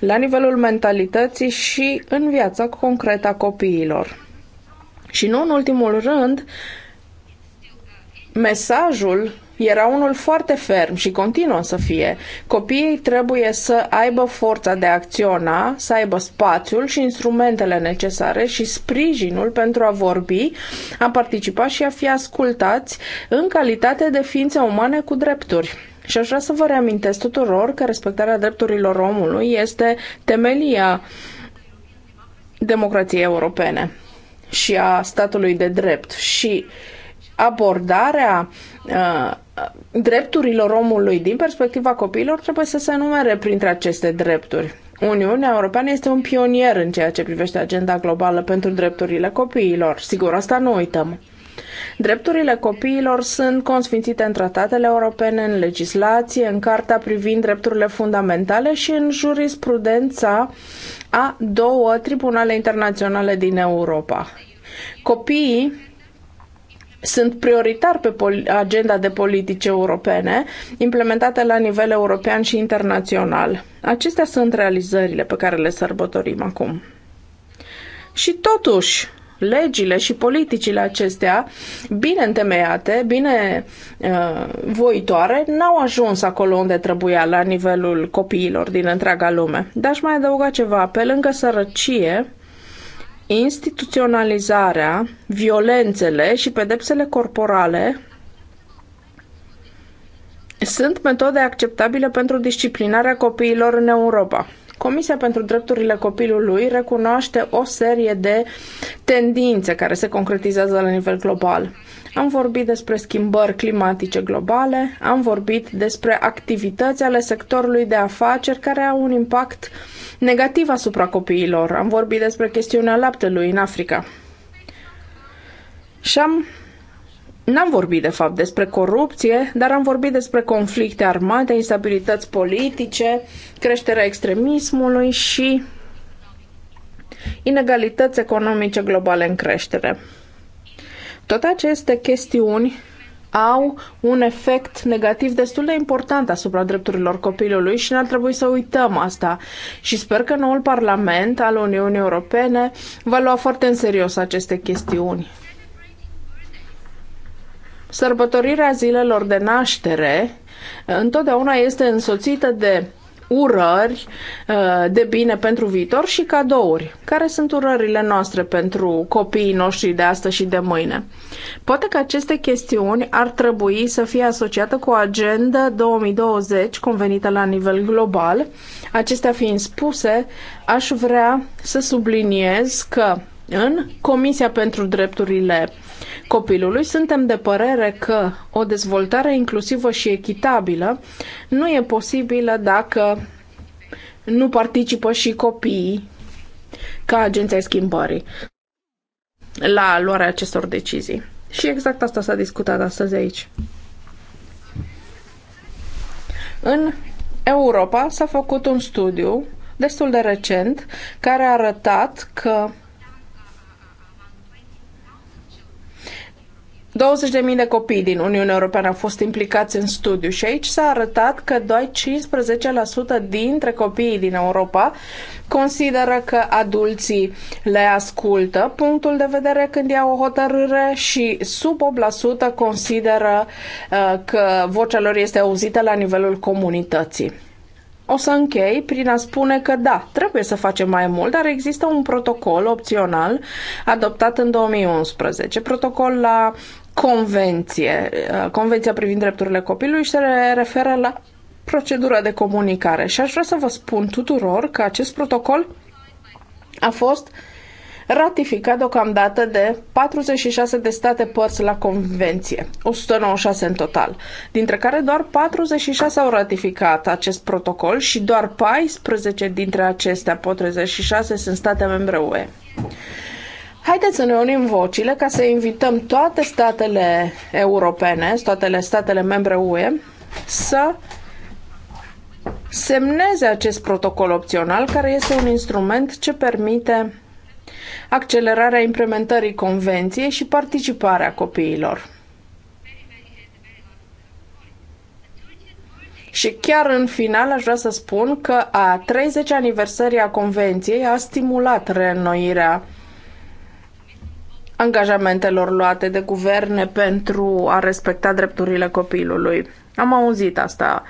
la nivelul mentalității și în viața concretă a copiilor. Și nu în ultimul rând, mesajul era unul foarte ferm și continuă să fie. Copiii trebuie să aibă forța de a acționa, să aibă spațiul și instrumentele necesare și sprijinul pentru a vorbi, a participa și a fi ascultați în calitate de ființe umane cu drepturi. Și aș vrea să vă reamintesc tuturor că respectarea drepturilor omului este temelia democrației europene și a statului de drept și abordarea uh, drepturilor omului din perspectiva copiilor trebuie să se numere printre aceste drepturi. Uniunea Europeană este un pionier în ceea ce privește agenda globală pentru drepturile copiilor. Sigur, asta nu uităm. Drepturile copiilor sunt consfințite în tratatele europene, în legislație, în Carta privind drepturile fundamentale și în jurisprudența a două tribunale internaționale din Europa. Copiii sunt prioritar pe agenda de politici europene, implementate la nivel european și internațional. Acestea sunt realizările pe care le sărbătorim acum. Și totuși, legile și politicile acestea, bine întemeiate, bine uh, voitoare, n-au ajuns acolo unde trebuia, la nivelul copiilor din întreaga lume. Dar aș mai adăuga ceva. Pe lângă sărăcie, instituționalizarea, violențele și pedepsele corporale sunt metode acceptabile pentru disciplinarea copiilor în Europa. Comisia pentru Drepturile Copilului recunoaște o serie de tendințe care se concretizează la nivel global. Am vorbit despre schimbări climatice globale, am vorbit despre activități ale sectorului de afaceri care au un impact negativ asupra copiilor, am vorbit despre chestiunea laptelui în Africa. Și am N-am vorbit, de fapt, despre corupție, dar am vorbit despre conflicte armate, instabilități politice, creșterea extremismului și inegalități economice globale în creștere. Toate aceste chestiuni au un efect negativ destul de important asupra drepturilor copilului și n-ar trebui să uităm asta. Și sper că noul Parlament al Uniunii Europene va lua foarte în serios aceste chestiuni. Sărbătorirea zilelor de naștere întotdeauna este însoțită de urări uh, de bine pentru viitor și cadouri. Care sunt urările noastre pentru copiii noștri de astăzi și de mâine? Poate că aceste chestiuni ar trebui să fie asociate cu Agenda 2020 convenită la nivel global. Acestea fiind spuse, aș vrea să subliniez că în Comisia pentru Drepturile copilului, suntem de părere că o dezvoltare inclusivă și echitabilă nu e posibilă dacă nu participă și copiii ca agenția schimbării la luarea acestor decizii. Și exact asta s-a discutat astăzi aici. În Europa s-a făcut un studiu destul de recent care a arătat că 20.000 de copii din Uniunea Europeană au fost implicați în studiu și aici s-a arătat că doar 15% dintre copiii din Europa consideră că adulții le ascultă punctul de vedere când iau o hotărâre și sub 8% consideră uh, că vocea lor este auzită la nivelul comunității. O să închei prin a spune că da, trebuie să facem mai mult, dar există un protocol opțional adoptat în 2011, protocol la convenție, uh, Convenția privind drepturile copilului și se referă la procedura de comunicare. Și aș vrea să vă spun tuturor că acest protocol a fost ratificat deocamdată de 46 de state părți la convenție, 196 în total, dintre care doar 46 au ratificat acest protocol și doar 14 dintre acestea, 46, sunt state membre UE. Haideți să ne unim vocile ca să invităm toate statele europene, toate statele membre UE, să semneze acest protocol opțional, care este un instrument ce permite accelerarea implementării convenției și participarea copiilor. Și chiar în final aș vrea să spun că a 30 aniversării a convenției a stimulat reînnoirea angajamentelor luate de guverne pentru a respecta drepturile copilului. Am auzit asta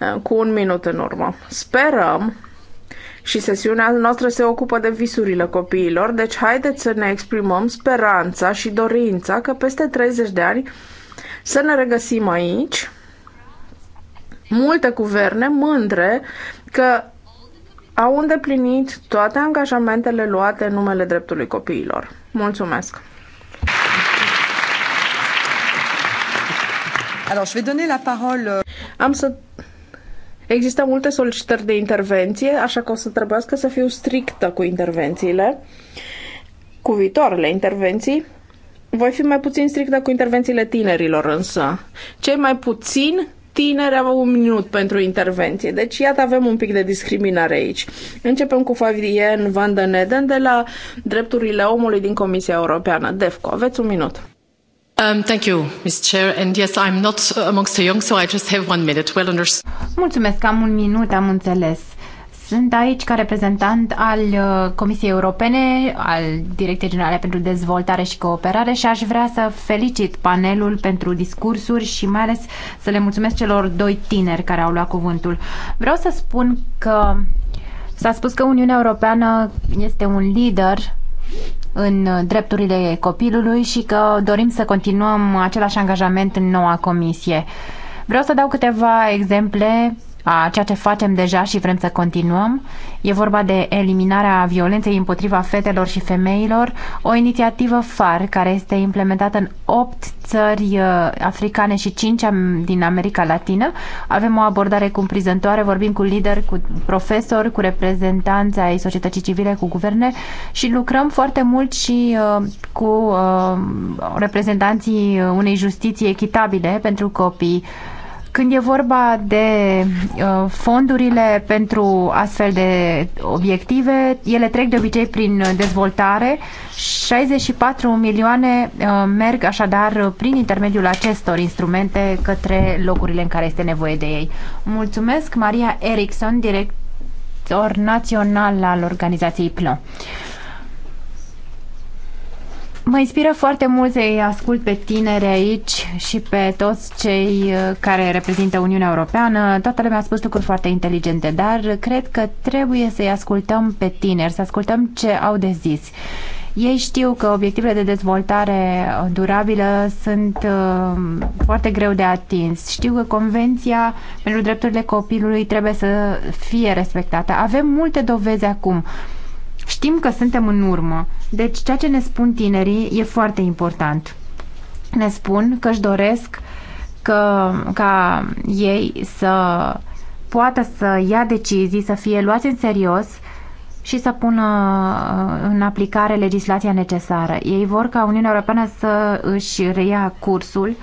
eh, cu un minut în urmă. Sperăm și sesiunea noastră se ocupă de visurile copiilor, deci haideți să ne exprimăm speranța și dorința că peste 30 de ani să ne regăsim aici multe guverne mândre că au îndeplinit toate angajamentele luate în numele dreptului copiilor. Mulțumesc! Alors, je vais donner la parole... Euh, Am să... Există multe solicitări de intervenție, așa că o să trebuiască să fiu strictă cu intervențiile, cu viitoarele intervenții. Voi fi mai puțin strictă cu intervențiile tinerilor, însă. Cei mai puțin tineri au un minut pentru intervenție. Deci, iată, avem un pic de discriminare aici. Începem cu Fabien Van den Eden de la Drepturile Omului din Comisia Europeană. DEFCO, aveți un minut. Um, thank you, Ms. Chair. And yes, I'm not uh, amongst the young, so I just have one minute. Well understood. Mulțumesc, am un minut, am înțeles. Sunt aici ca reprezentant al uh, Comisiei Europene, al Direcției Generale pentru Dezvoltare și Cooperare și aș vrea să felicit panelul pentru discursuri și mai ales să le mulțumesc celor doi tineri care au luat cuvântul. Vreau să spun că s-a spus că Uniunea Europeană este un lider în drepturile copilului și că dorim să continuăm același angajament în noua comisie. Vreau să dau câteva exemple a ceea ce facem deja și vrem să continuăm. E vorba de eliminarea violenței împotriva fetelor și femeilor, o inițiativă FAR care este implementată în 8 țări uh, africane și 5 din America Latină. Avem o abordare cumprizătoare, vorbim cu lideri, cu profesori, cu reprezentanți ai societății civile, cu guverne și lucrăm foarte mult și uh, cu uh, reprezentanții unei justiții echitabile pentru copii când e vorba de uh, fondurile pentru astfel de obiective, ele trec de obicei prin uh, dezvoltare. 64 milioane uh, merg așadar uh, prin intermediul acestor instrumente către locurile în care este nevoie de ei. Mulțumesc, Maria Erickson, director național al organizației PLO. Mă inspiră foarte mult să-i ascult pe tineri aici și pe toți cei uh, care reprezintă Uniunea Europeană. Toată lumea a spus lucruri foarte inteligente, dar cred că trebuie să-i ascultăm pe tineri, să ascultăm ce au de zis. Ei știu că obiectivele de dezvoltare durabilă sunt uh, foarte greu de atins. Știu că Convenția pentru Drepturile Copilului trebuie să fie respectată. Avem multe dovezi acum. Uh, Știm că suntem în urmă, deci ceea ce ne spun tinerii e foarte important. Ne spun că își doresc că, ca ei să poată să ia decizii, să fie luați în serios și să pună uh, în aplicare legislația necesară. Ei vor ca Uniunea Europeană să își reia cursul,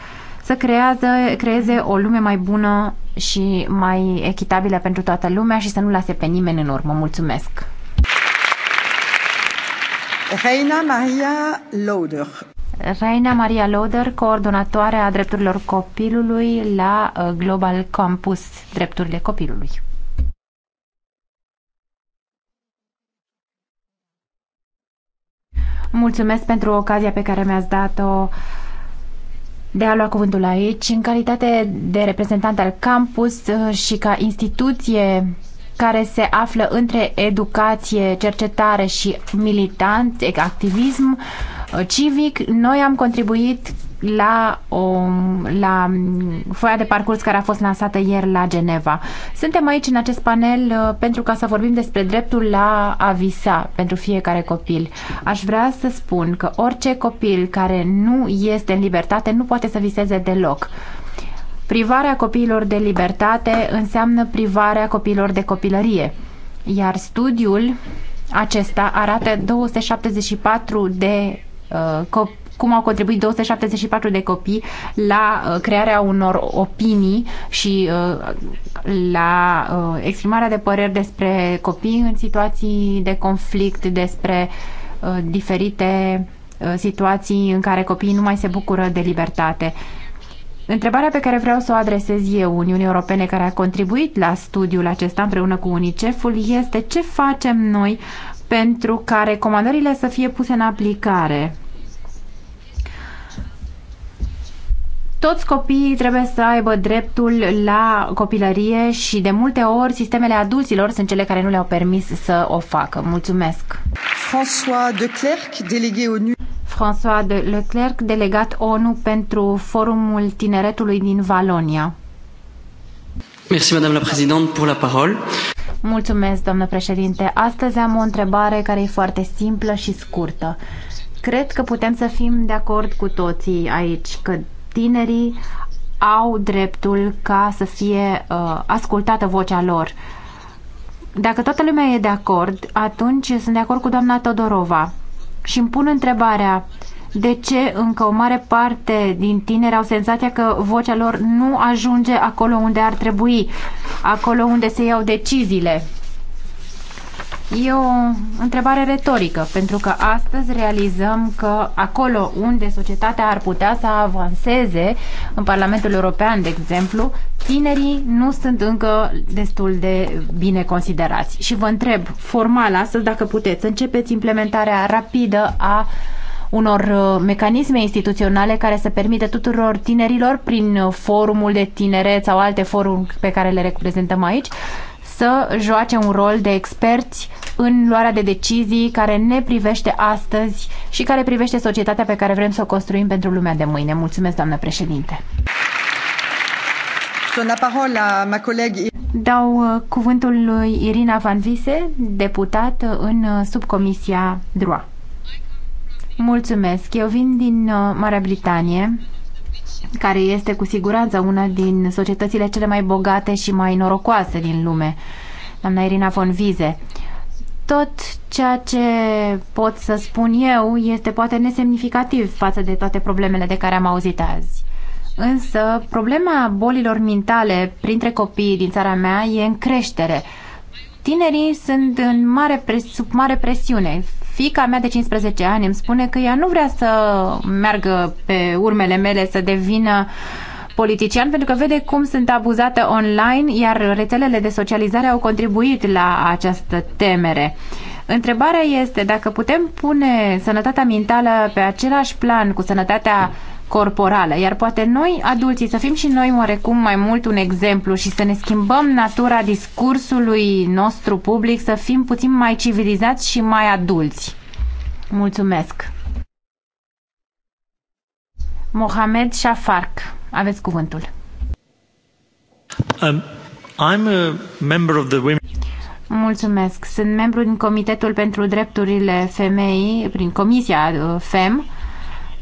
să creează, creeze o lume mai bună și mai echitabilă pentru toată lumea și să nu lase pe nimeni în urmă. Mulțumesc! Reina Maria Loder. Reina Maria Loder coordonatoare a drepturilor copilului la uh, Global Campus Drepturile Copilului. Mulțumesc pentru ocazia pe care mi-ați dat-o de a lua cuvântul aici. În calitate de reprezentant al campus uh, și ca instituție care se află între educație, cercetare și militant, activism uh, civic, noi am contribuit la, o, la foaia de parcurs care a fost lansată ieri la Geneva. Suntem aici în acest panel uh, pentru ca să vorbim despre dreptul la a visa pentru fiecare copil. Aș vrea să spun că orice copil care nu este în libertate nu poate să viseze deloc. Privarea copiilor de libertate înseamnă privarea copiilor de copilărie, iar studiul acesta arată 274 de uh, copii cum au contribuit 274 de copii la uh, crearea unor opinii și uh, la uh, exprimarea de păreri despre copii în situații de conflict, despre diferite situații în care copiii nu mai se bucură de libertate. Întrebarea pe care vreau să o adresez eu Uniunii Europene care a contribuit la studiul acesta împreună cu UNICEF-ul este ce facem noi pentru ca recomandările să fie puse în aplicare Toți copiii trebuie să aibă dreptul la copilărie și de multe ori sistemele adulților sunt cele care nu le-au permis să o facă. Mulțumesc! François de Clerc, delegat ONU. François de Leclerc, delegat ONU pentru Forumul Tineretului din Valonia. Merci, Madame la Présidente, pour la parole. Mulțumesc, doamnă președinte. Astăzi am o întrebare care e foarte simplă și scurtă. Cred că putem să fim de acord cu toții aici că tinerii au dreptul ca să fie uh, ascultată vocea lor. Dacă toată lumea e de acord, atunci sunt de acord cu doamna Todorova și îmi pun întrebarea de ce încă o mare parte din tineri au senzația că vocea lor nu ajunge acolo unde ar trebui, acolo unde se iau deciziile. E o întrebare retorică, pentru că astăzi realizăm că acolo unde societatea ar putea să avanseze, în Parlamentul European, de exemplu, tinerii nu sunt încă destul de bine considerați. Și vă întreb formal astăzi dacă puteți începeți implementarea rapidă a unor uh, mecanisme instituționale care să permită tuturor tinerilor prin uh, forumul de tineret sau alte forum pe care le reprezentăm aici să joace un rol de experți în luarea de decizii care ne privește astăzi și care privește societatea pe care vrem să o construim pentru lumea de mâine. Mulțumesc, doamnă președinte! Dau uh, cuvântul lui Irina Van Vise, deputat în uh, subcomisia DROA. Mulțumesc! Eu vin din uh, Marea Britanie care este cu siguranță una din societățile cele mai bogate și mai norocoase din lume, doamna Irina von Vize. Tot ceea ce pot să spun eu este poate nesemnificativ față de toate problemele de care am auzit azi. Însă, problema bolilor mentale printre copiii din țara mea e în creștere. Tinerii sunt în mare pres- sub mare presiune. Fica mea de 15 ani îmi spune că ea nu vrea să meargă pe urmele mele să devină politician pentru că vede cum sunt abuzate online, iar rețelele de socializare au contribuit la această temere. Întrebarea este dacă putem pune sănătatea mentală pe același plan cu sănătatea corporală. Iar poate noi, adulții, să fim și noi oarecum mai mult un exemplu și să ne schimbăm natura discursului nostru public, să fim puțin mai civilizați și mai adulți. Mulțumesc! Mohamed Shafark, aveți cuvântul. Um, I'm a member of the women... Mulțumesc. Sunt membru din Comitetul pentru Drepturile Femeii, prin Comisia uh, FEM,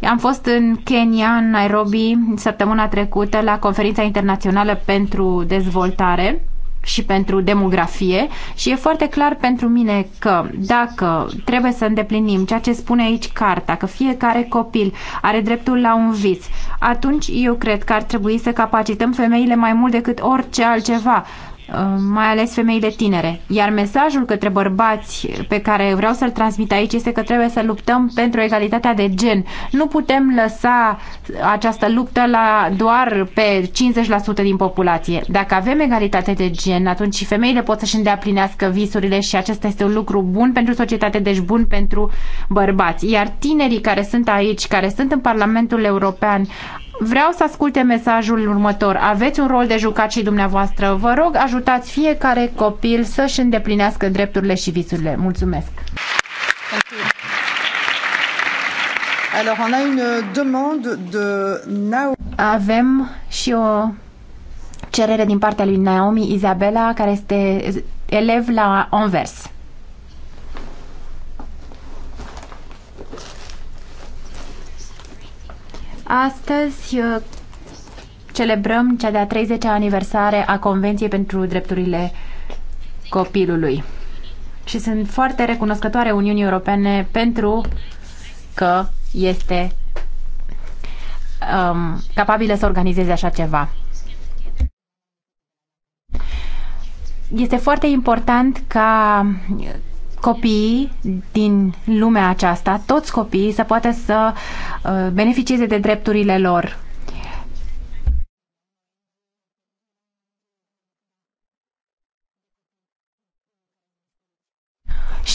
am fost în Kenya, în Nairobi, săptămâna trecută, la conferința internațională pentru dezvoltare și pentru demografie și e foarte clar pentru mine că dacă trebuie să îndeplinim ceea ce spune aici carta, că fiecare copil are dreptul la un vis, atunci eu cred că ar trebui să capacităm femeile mai mult decât orice altceva Uh, mai ales femeile tinere. Iar mesajul către bărbați pe care vreau să-l transmit aici este că trebuie să luptăm pentru egalitatea de gen. Nu putem lăsa această luptă la doar pe 50% din populație. Dacă avem egalitate de gen, atunci și femeile pot să-și îndeplinească visurile și acesta este un lucru bun pentru societate, deci bun pentru bărbați. Iar tinerii care sunt aici, care sunt în Parlamentul European, Vreau să asculte mesajul următor. Aveți un rol de jucat și dumneavoastră. Vă rog, ajutați fiecare copil să-și îndeplinească drepturile și visurile. Mulțumesc! Alors, on a une demande de Avem și o cerere din partea lui Naomi Isabela, care este elev la Anvers. Astăzi uh, celebrăm cea de-a 30-a aniversare a Convenției pentru Drepturile Copilului. Și sunt foarte recunoscătoare Uniunii Europene pentru că este um, capabilă să organizeze așa ceva. Este foarte important ca copiii din lumea aceasta, toți copiii, să poată să uh, beneficieze de drepturile lor.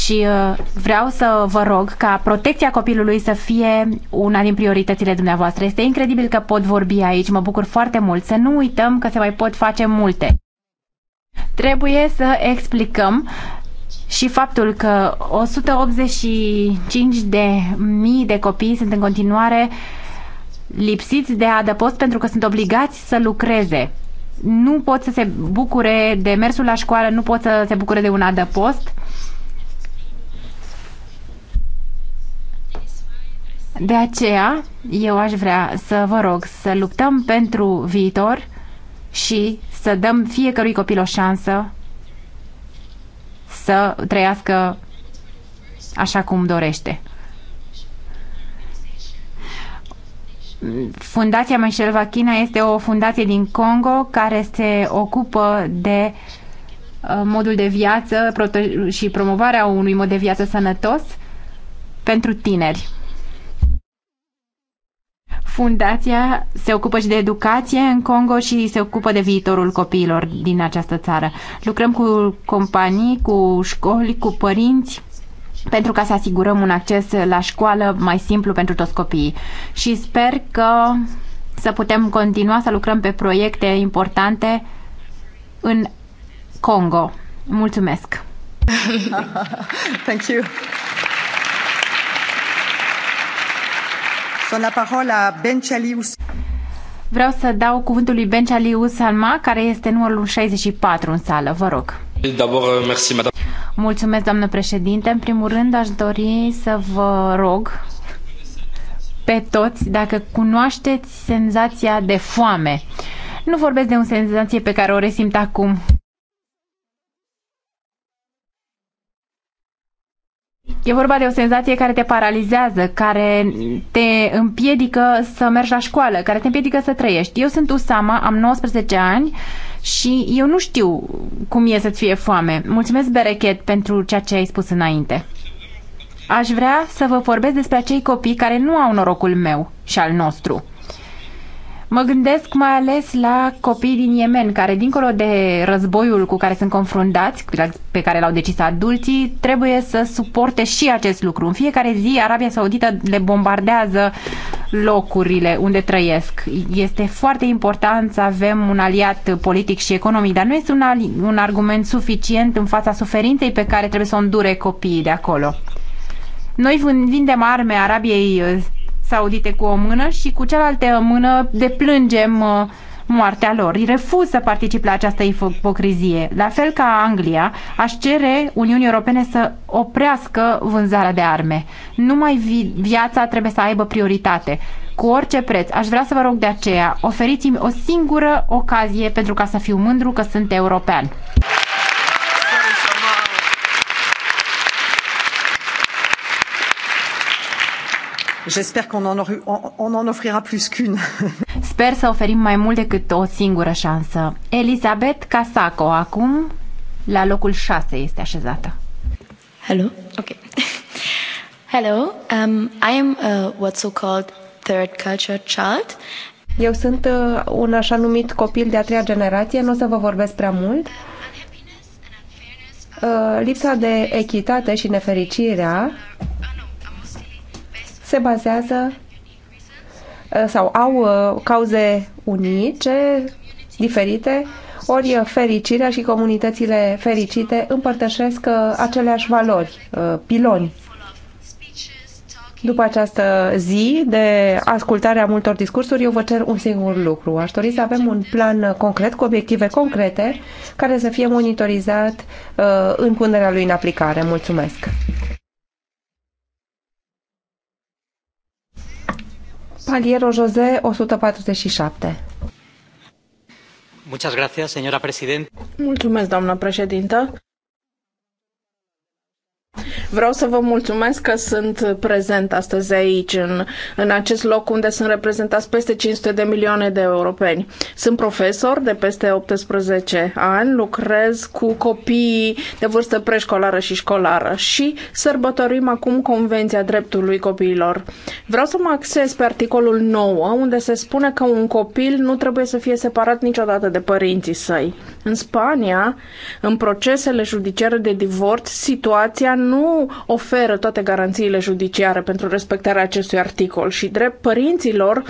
și uh, vreau să vă rog ca protecția copilului să fie una din prioritățile dumneavoastră. Este incredibil că pot vorbi aici, mă bucur foarte mult. Să nu uităm că se mai pot face multe. Trebuie să explicăm și faptul că 185 de mii de copii sunt în continuare lipsiți de adăpost pentru că sunt obligați să lucreze. Nu pot să se bucure de mersul la școală, nu pot să se bucure de un adăpost. De aceea, eu aș vrea să vă rog să luptăm pentru viitor și să dăm fiecărui copil o șansă să trăiască așa cum dorește. Fundația Michel Vachina este o fundație din Congo care se ocupă de uh, modul de viață și promovarea unui mod de viață sănătos pentru tineri. Fundația se ocupă și de educație în Congo și se ocupă de viitorul copiilor din această țară. Lucrăm cu companii, cu școli, cu părinți pentru ca să asigurăm un acces la școală mai simplu pentru toți copiii. Și sper că să putem continua să lucrăm pe proiecte importante în Congo. Mulțumesc! [LAUGHS] Thank you. Vreau să dau cuvântul lui Benchali Salma, care este numărul 64 în sală. Vă rog. Euh, Mulțumesc, doamnă președinte. În primul rând, aș dori să vă rog pe toți dacă cunoașteți senzația de foame. Nu vorbesc de o senzație pe care o resimt acum, E vorba de o senzație care te paralizează, care te împiedică să mergi la școală, care te împiedică să trăiești. Eu sunt Usama, am 19 ani și eu nu știu cum e să-ți fie foame. Mulțumesc, Berechet, pentru ceea ce ai spus înainte. Aș vrea să vă vorbesc despre acei copii care nu au norocul meu și al nostru. Mă gândesc mai ales la copiii din Yemen, care, dincolo de războiul cu care sunt confruntați, pe care l-au decis adulții, trebuie să suporte și acest lucru. În fiecare zi, Arabia Saudită le bombardează locurile unde trăiesc. Este foarte important să avem un aliat politic și economic, dar nu este un, un argument suficient în fața suferinței pe care trebuie să o îndure copiii de acolo. Noi vindem arme Arabiei Saudite cu o mână și cu cealaltă mână deplângem uh, moartea lor. Îi refuz să participe la această ipocrizie. La fel ca Anglia, aș cere Uniunii Europene să oprească vânzarea de arme. Numai vi- viața trebuie să aibă prioritate. Cu orice preț, aș vrea să vă rog de aceea, oferiți-mi o singură ocazie pentru ca să fiu mândru că sunt european. J'espère qu'on en, on en offrira plus qu'une. [LAUGHS] Sper să oferim mai mult decât o singură șansă. Elisabeth Casaco acum la locul 6 este așezată. Hello. Okay. [LAUGHS] Hello. Um, I am a uh, what's so called third culture child. Eu sunt uh, un așa numit copil de a treia generație, nu o să vă vorbesc prea mult. Uh, lipsa de echitate și nefericirea se bazează uh, sau au uh, cauze unice, diferite, ori uh, fericirea și comunitățile fericite împărtășesc aceleași valori, piloni. După această zi de ascultare a multor discursuri, eu vă cer un singur lucru. Aș dori să avem un plan concret, cu obiective concrete, care să fie monitorizat în punerea lui în aplicare. Mulțumesc! Paliero José 147. Muchas gracias, señora presidente. Mulțumesc, doamnă președintă. Vreau să vă mulțumesc că sunt prezent astăzi aici, în, în acest loc unde sunt reprezentați peste 500 de milioane de europeni. Sunt profesor de peste 18 ani, lucrez cu copiii de vârstă preșcolară și școlară și sărbătorim acum Convenția Dreptului Copiilor. Vreau să mă axez pe articolul 9, unde se spune că un copil nu trebuie să fie separat niciodată de părinții săi. În Spania, în procesele judiciare de divorț, situația nu oferă toate garanțiile judiciare pentru respectarea acestui articol și drept părinților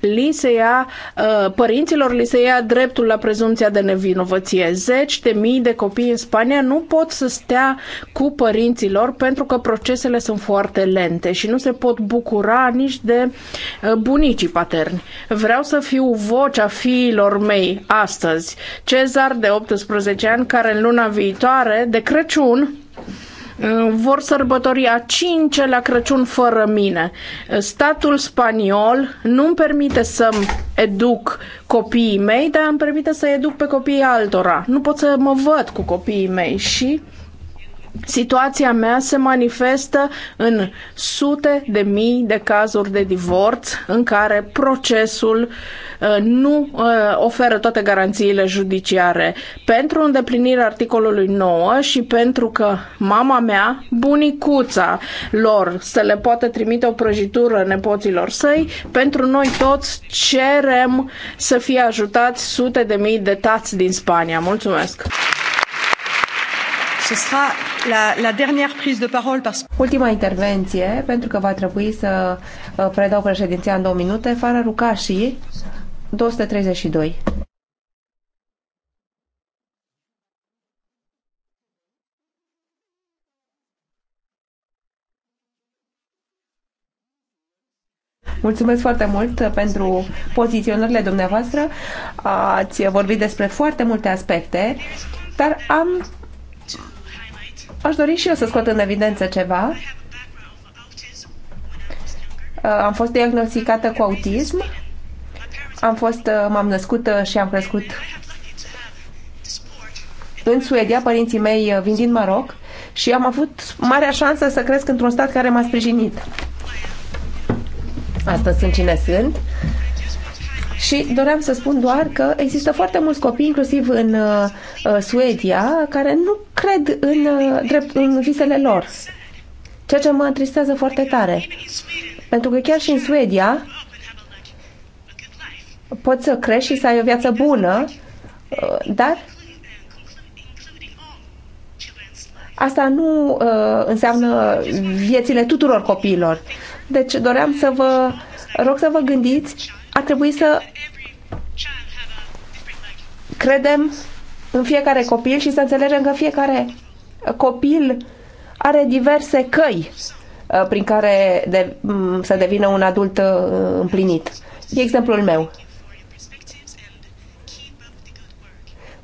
li se ia, uh, părinților li se ia dreptul la prezumția de nevinovăție. Zeci de mii de copii în Spania nu pot să stea cu părinților pentru că procesele sunt foarte lente și nu se pot bucura nici de uh, bunicii paterni. Vreau să fiu vocea fiilor mei astăzi. Cezar de 18 ani care în luna viitoare de Crăciun Eh, vor sărbători a cincelea Crăciun fără mine. Eh, statul spaniol nu-mi permite să-mi educ copiii mei, dar îmi permite să educ pe copiii altora. Nu pot să mă văd cu copiii mei și Situația mea se manifestă în sute de mii de cazuri de divorț în care procesul uh, nu uh, oferă toate garanțiile judiciare. Pentru îndeplinirea articolului 9 și pentru că mama mea, bunicuța lor, să le poată trimite o prăjitură nepoților săi, pentru noi toți cerem să fie ajutați sute de mii de tați din Spania. Mulțumesc! Ultima intervenție, pentru că va trebui să uh, predau președinția în două minute, Fara Rucașii, 232. Mulțumesc foarte mult uh, pentru poziționările dumneavoastră. Ați vorbit despre foarte multe aspecte, dar am Aș dori și eu să scot în evidență ceva. Uh, am fost diagnosticată cu autism. Am fost, uh, m-am născut uh, și am crescut în Suedia, părinții mei vin din Maroc și am avut marea șansă să cresc într-un stat care m-a sprijinit. Astăzi sunt cine sunt și doream să spun doar că există foarte mulți copii, inclusiv în uh, uh, Suedia, care nu cred în, uh, drept, în visele lor. Ceea ce mă întristează foarte tare. Pentru că chiar și în Suedia poți să crești și să ai o viață bună, uh, dar Asta nu uh, înseamnă viețile tuturor copiilor. Deci doream să vă rog să vă gândiți ar trebui să credem în fiecare copil și să înțelegem că fiecare copil are diverse căi uh, prin care de, mm, să devină un adult uh, împlinit. E exemplul meu.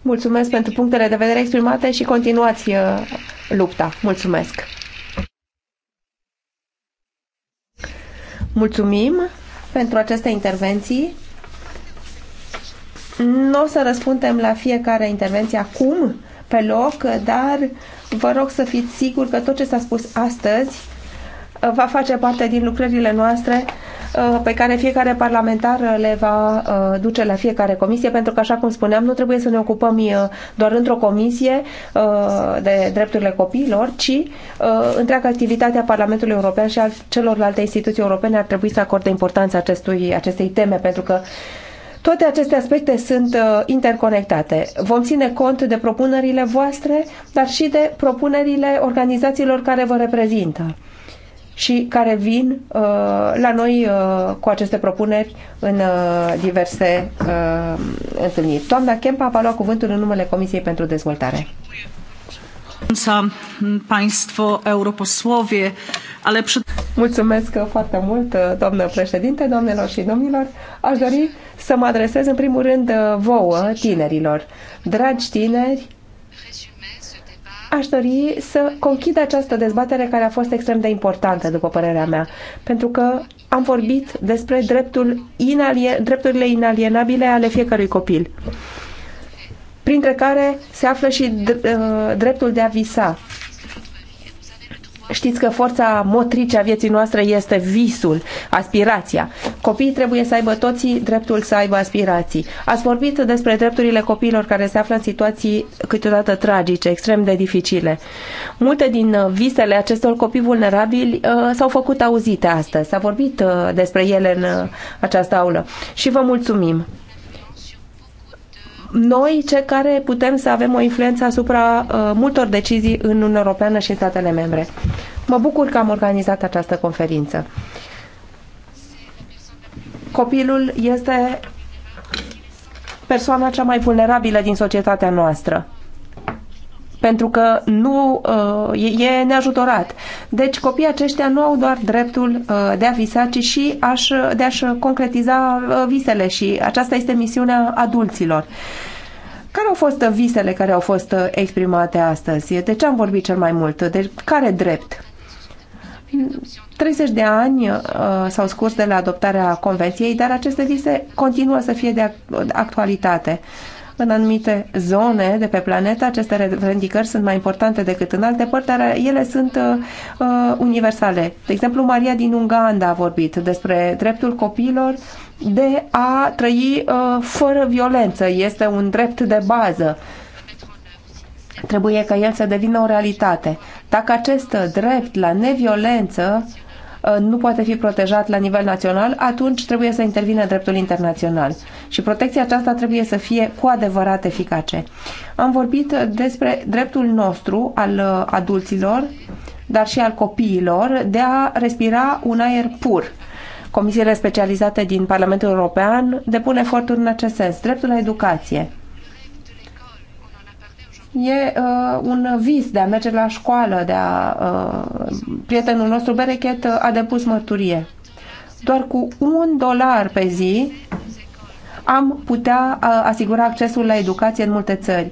Mulțumesc pentru punctele de vedere exprimate și continuați uh, lupta. Mulțumesc! Mulțumim! pentru aceste intervenții. Nu o să răspundem la fiecare intervenție acum, pe loc, dar vă rog să fiți siguri că tot ce s-a spus astăzi va face parte din lucrările noastre uh, pe care fiecare parlamentar uh, le va uh, duce la fiecare comisie, pentru că, așa cum spuneam, nu trebuie să ne ocupăm doar într-o comisie de drepturile copiilor, ci întreaga activitate a Parlamentului European și a celorlalte instituții europene ar trebui să acorde importanța acestui, acestei teme, pentru că toate aceste aspecte sunt uh, interconectate. Vom ține cont de propunerile voastre, dar și de propunerile organizațiilor care vă reprezintă și care vin uh, la noi uh, cu aceste propuneri în uh, diverse uh, întâlniri. Doamna Kempa va lua cuvântul în numele Comisiei pentru Dezvoltare. Państwo europosłowie, ale przed... Mulțumesc uh, foarte mult, uh, doamnă președinte, doamnelor și domnilor. Aș dori să mă adresez în primul rând uh, vouă, tinerilor. Dragi tineri, aș dori să conchid această dezbatere care a fost extrem de importantă, după părerea mea, pentru că am vorbit despre dreptul inalien, drepturile inalienabile ale fiecărui copil, printre care se află și uh, dreptul de a visa, Știți că forța motrice a vieții noastre este visul, aspirația. Copiii trebuie să aibă toți dreptul să aibă aspirații. Ați vorbit despre drepturile copiilor care se află în situații câteodată tragice, extrem de dificile. Multe din uh, visele acestor copii vulnerabili uh, s-au făcut auzite astăzi. S-a vorbit uh, despre ele în uh, această aulă. Și vă mulțumim noi, cei care putem să avem o influență asupra uh, multor decizii în Uniunea Europeană și în statele membre. Mă bucur că am organizat această conferință. Copilul este persoana cea mai vulnerabilă din societatea noastră pentru că nu uh, e neajutorat. Deci copiii aceștia nu au doar dreptul uh, de a visa, ci și aș, de a-și concretiza uh, visele și aceasta este misiunea adulților. Care au fost visele care au fost uh, exprimate astăzi? De ce am vorbit cel mai mult? De care drept? 30 de ani uh, s-au scurs de la adoptarea convenției, dar aceste vise continuă să fie de actualitate. Uh, în anumite zone de pe planetă, aceste revendicări sunt mai importante decât în alte părți, dar ele sunt uh, uh, universale. De exemplu, Maria din Uganda a vorbit despre dreptul copiilor de a trăi uh, fără violență. Este un drept de bază. Trebuie ca el să devină o realitate. Dacă acest drept la neviolență uh, Uh, nu poate fi protejat la nivel național, atunci trebuie să intervine dreptul internațional. Și protecția aceasta trebuie să fie cu adevărat eficace. Am vorbit despre dreptul nostru al uh, adulților, dar și al copiilor, de a respira un aer pur. Comisiile specializate din Parlamentul European depun eforturi în acest sens. Dreptul la educație, e uh, un vis de a merge la școală, de a... Uh, prietenul nostru Berechet a depus mărturie. Doar cu un dolar pe zi am putea uh, asigura accesul la educație în multe țări.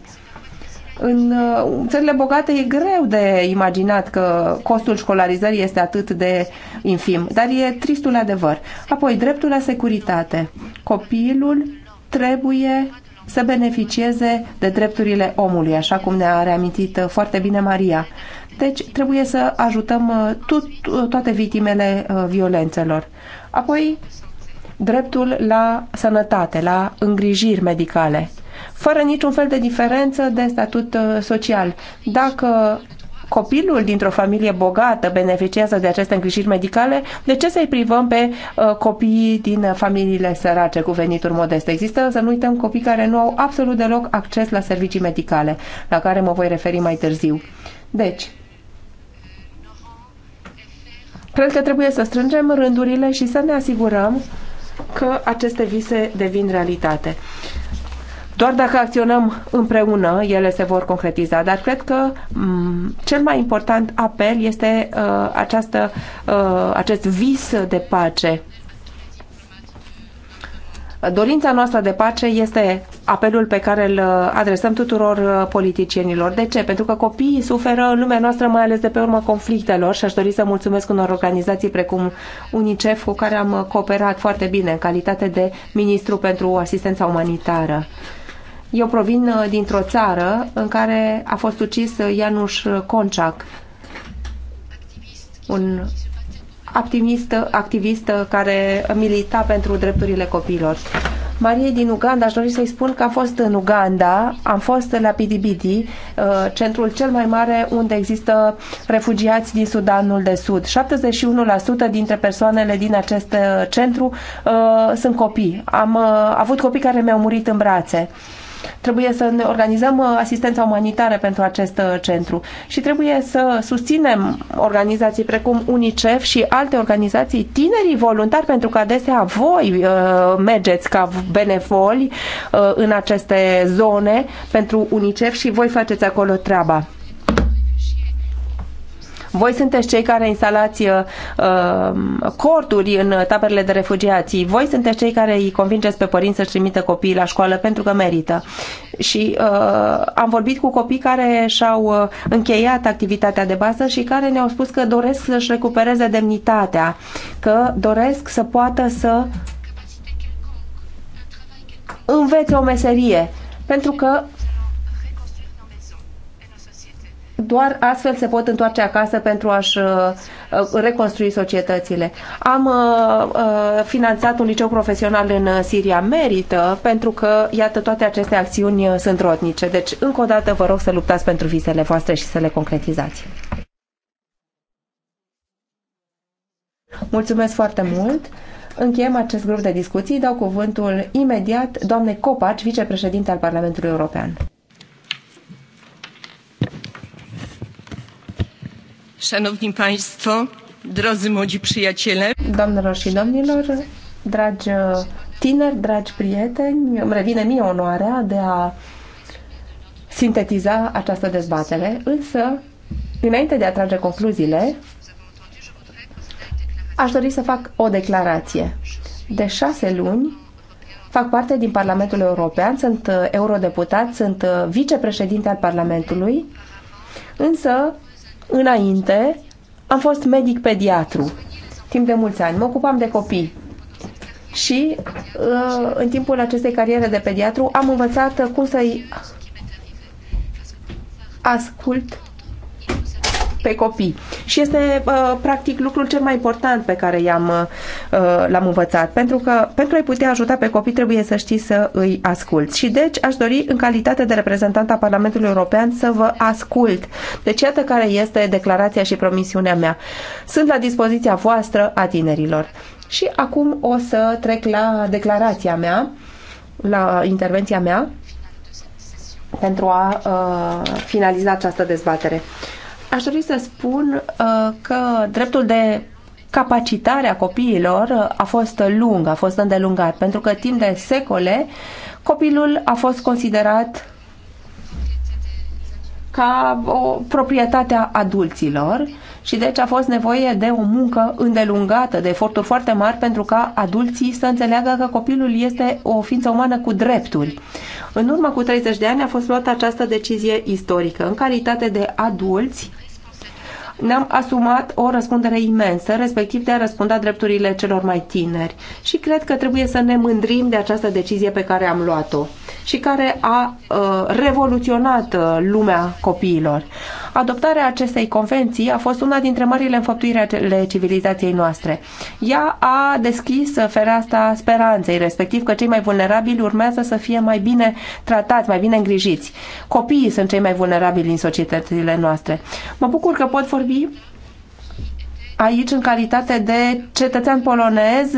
În uh, țările bogate e greu de imaginat că costul școlarizării este atât de infim, dar e tristul adevăr. Apoi, dreptul la securitate. Copilul trebuie să beneficieze de drepturile omului, așa cum ne-a reamintit uh, foarte bine Maria. Deci trebuie să ajutăm uh, tot, uh, toate victimele violențelor. Apoi, dreptul la sănătate, la îngrijiri medicale, fără niciun fel de diferență de statut social. Dacă copilul dintr-o familie bogată beneficiază de aceste îngrijiri medicale, de ce să-i privăm pe uh, copiii din familiile sărace cu venituri modeste? Există, să nu uităm, copii care nu au absolut deloc acces la servicii medicale, la care mă voi referi mai târziu. Deci, cred că trebuie să strângem rândurile și să ne asigurăm că aceste vise devin realitate. Doar dacă acționăm împreună, ele se vor concretiza. Dar cred că mm, cel mai important apel este uh, această, uh, acest vis de pace. Dorința noastră de pace este apelul pe care îl uh, adresăm tuturor uh, politicienilor. De ce? Pentru că copiii suferă în lumea noastră mai ales de pe urma conflictelor și aș dori să mulțumesc unor organizații precum UNICEF cu care am cooperat foarte bine în calitate de ministru pentru asistența umanitară. Eu provin uh, dintr-o țară în care a fost ucis uh, Ianuș Conciac, un activist, activist uh, care milita pentru drepturile copiilor. Marie din Uganda, aș dori să-i spun că am fost în Uganda, am fost la PDBD, centrul cel mai mare unde există refugiați din Sudanul de Sud. 71% dintre persoanele din acest centru uh, sunt copii. Am uh, avut copii care mi-au murit în brațe. Uh, Trebuie să ne organizăm uh, asistența umanitară pentru acest uh, centru și trebuie să susținem organizații precum UNICEF și alte organizații, tinerii voluntari, pentru că adesea voi uh, mergeți ca benevoli în aceste zone pentru UNICEF și voi faceți acolo treaba. Voi sunteți cei care instalați uh, um, corturi în taberele de refugiații. Voi sunteți cei care îi convingeți pe părinți să-și trimită copiii la școală pentru că merită. Și uh, am vorbit cu copii care și-au uh, încheiat activitatea de bază și care ne-au spus că doresc să-și recupereze demnitatea, că doresc să poată să învețe o meserie, pentru că doar astfel se pot întoarce acasă pentru a-și uh, uh, reconstrui societățile. Am uh, finanțat un liceu profesional în Siria, merită, pentru că, iată, toate aceste acțiuni sunt rodnice. Deci, încă o dată, vă rog să luptați pentru visele voastre și să le concretizați. Mulțumesc foarte mult! Încheiem acest grup de discuții, dau cuvântul imediat doamnei Copaci, vicepreședinte al Parlamentului European. Szanowni Państwo, drodzy młodzi przyjaciele. Doamnelor și domnilor, dragi uh, tineri, dragi prieteni, îmi revine mie onoarea de a sintetiza această dezbatere, însă, înainte de a trage concluziile, aș dori să fac o declarație. De șase luni fac parte din Parlamentul European, sunt uh, eurodeputat, sunt uh, vicepreședinte al Parlamentului, însă Înainte, am fost medic pediatru. Timp de mulți ani. Mă ocupam de copii. Și uh, în timpul acestei cariere de pediatru am învățat cum să-i ascult pe copii. Și este uh, practic lucrul cel mai important pe care i-am, uh, l-am învățat, pentru că pentru a-i putea ajuta pe copii trebuie să știi să îi asculți. Și deci aș dori în calitate de reprezentant a Parlamentului European să vă ascult. Deci iată care este declarația și promisiunea mea. Sunt la dispoziția voastră a tinerilor. Și acum o să trec la declarația mea, la intervenția mea, pentru a uh, finaliza această dezbatere. Uh, Aș dori să spun uh, că dreptul de capacitare a copiilor uh, a fost lung, a fost îndelungat, pentru că timp de secole copilul a fost considerat ca o proprietate a adulților și deci a fost nevoie de o muncă îndelungată, de eforturi foarte mari pentru ca adulții să înțeleagă că copilul este o ființă umană cu drepturi. În urmă cu 30 de ani a fost luată această decizie istorică. În calitate de adulți, ne-am asumat o răspundere imensă, respectiv de a răspunda drepturile celor mai tineri. Și cred că trebuie să ne mândrim de această decizie pe care am luat-o și care a uh, revoluționat uh, lumea copiilor. Adoptarea acestei convenții a fost una dintre marile înfăptuiri ale civilizației noastre. Ea a deschis fereastra speranței, respectiv că cei mai vulnerabili urmează să fie mai bine tratați, mai bine îngrijiți. Copiii sunt cei mai vulnerabili în societățile noastre. Mă bucur că pot vorbi Zagreby, aici în calitate de cetățean polonez,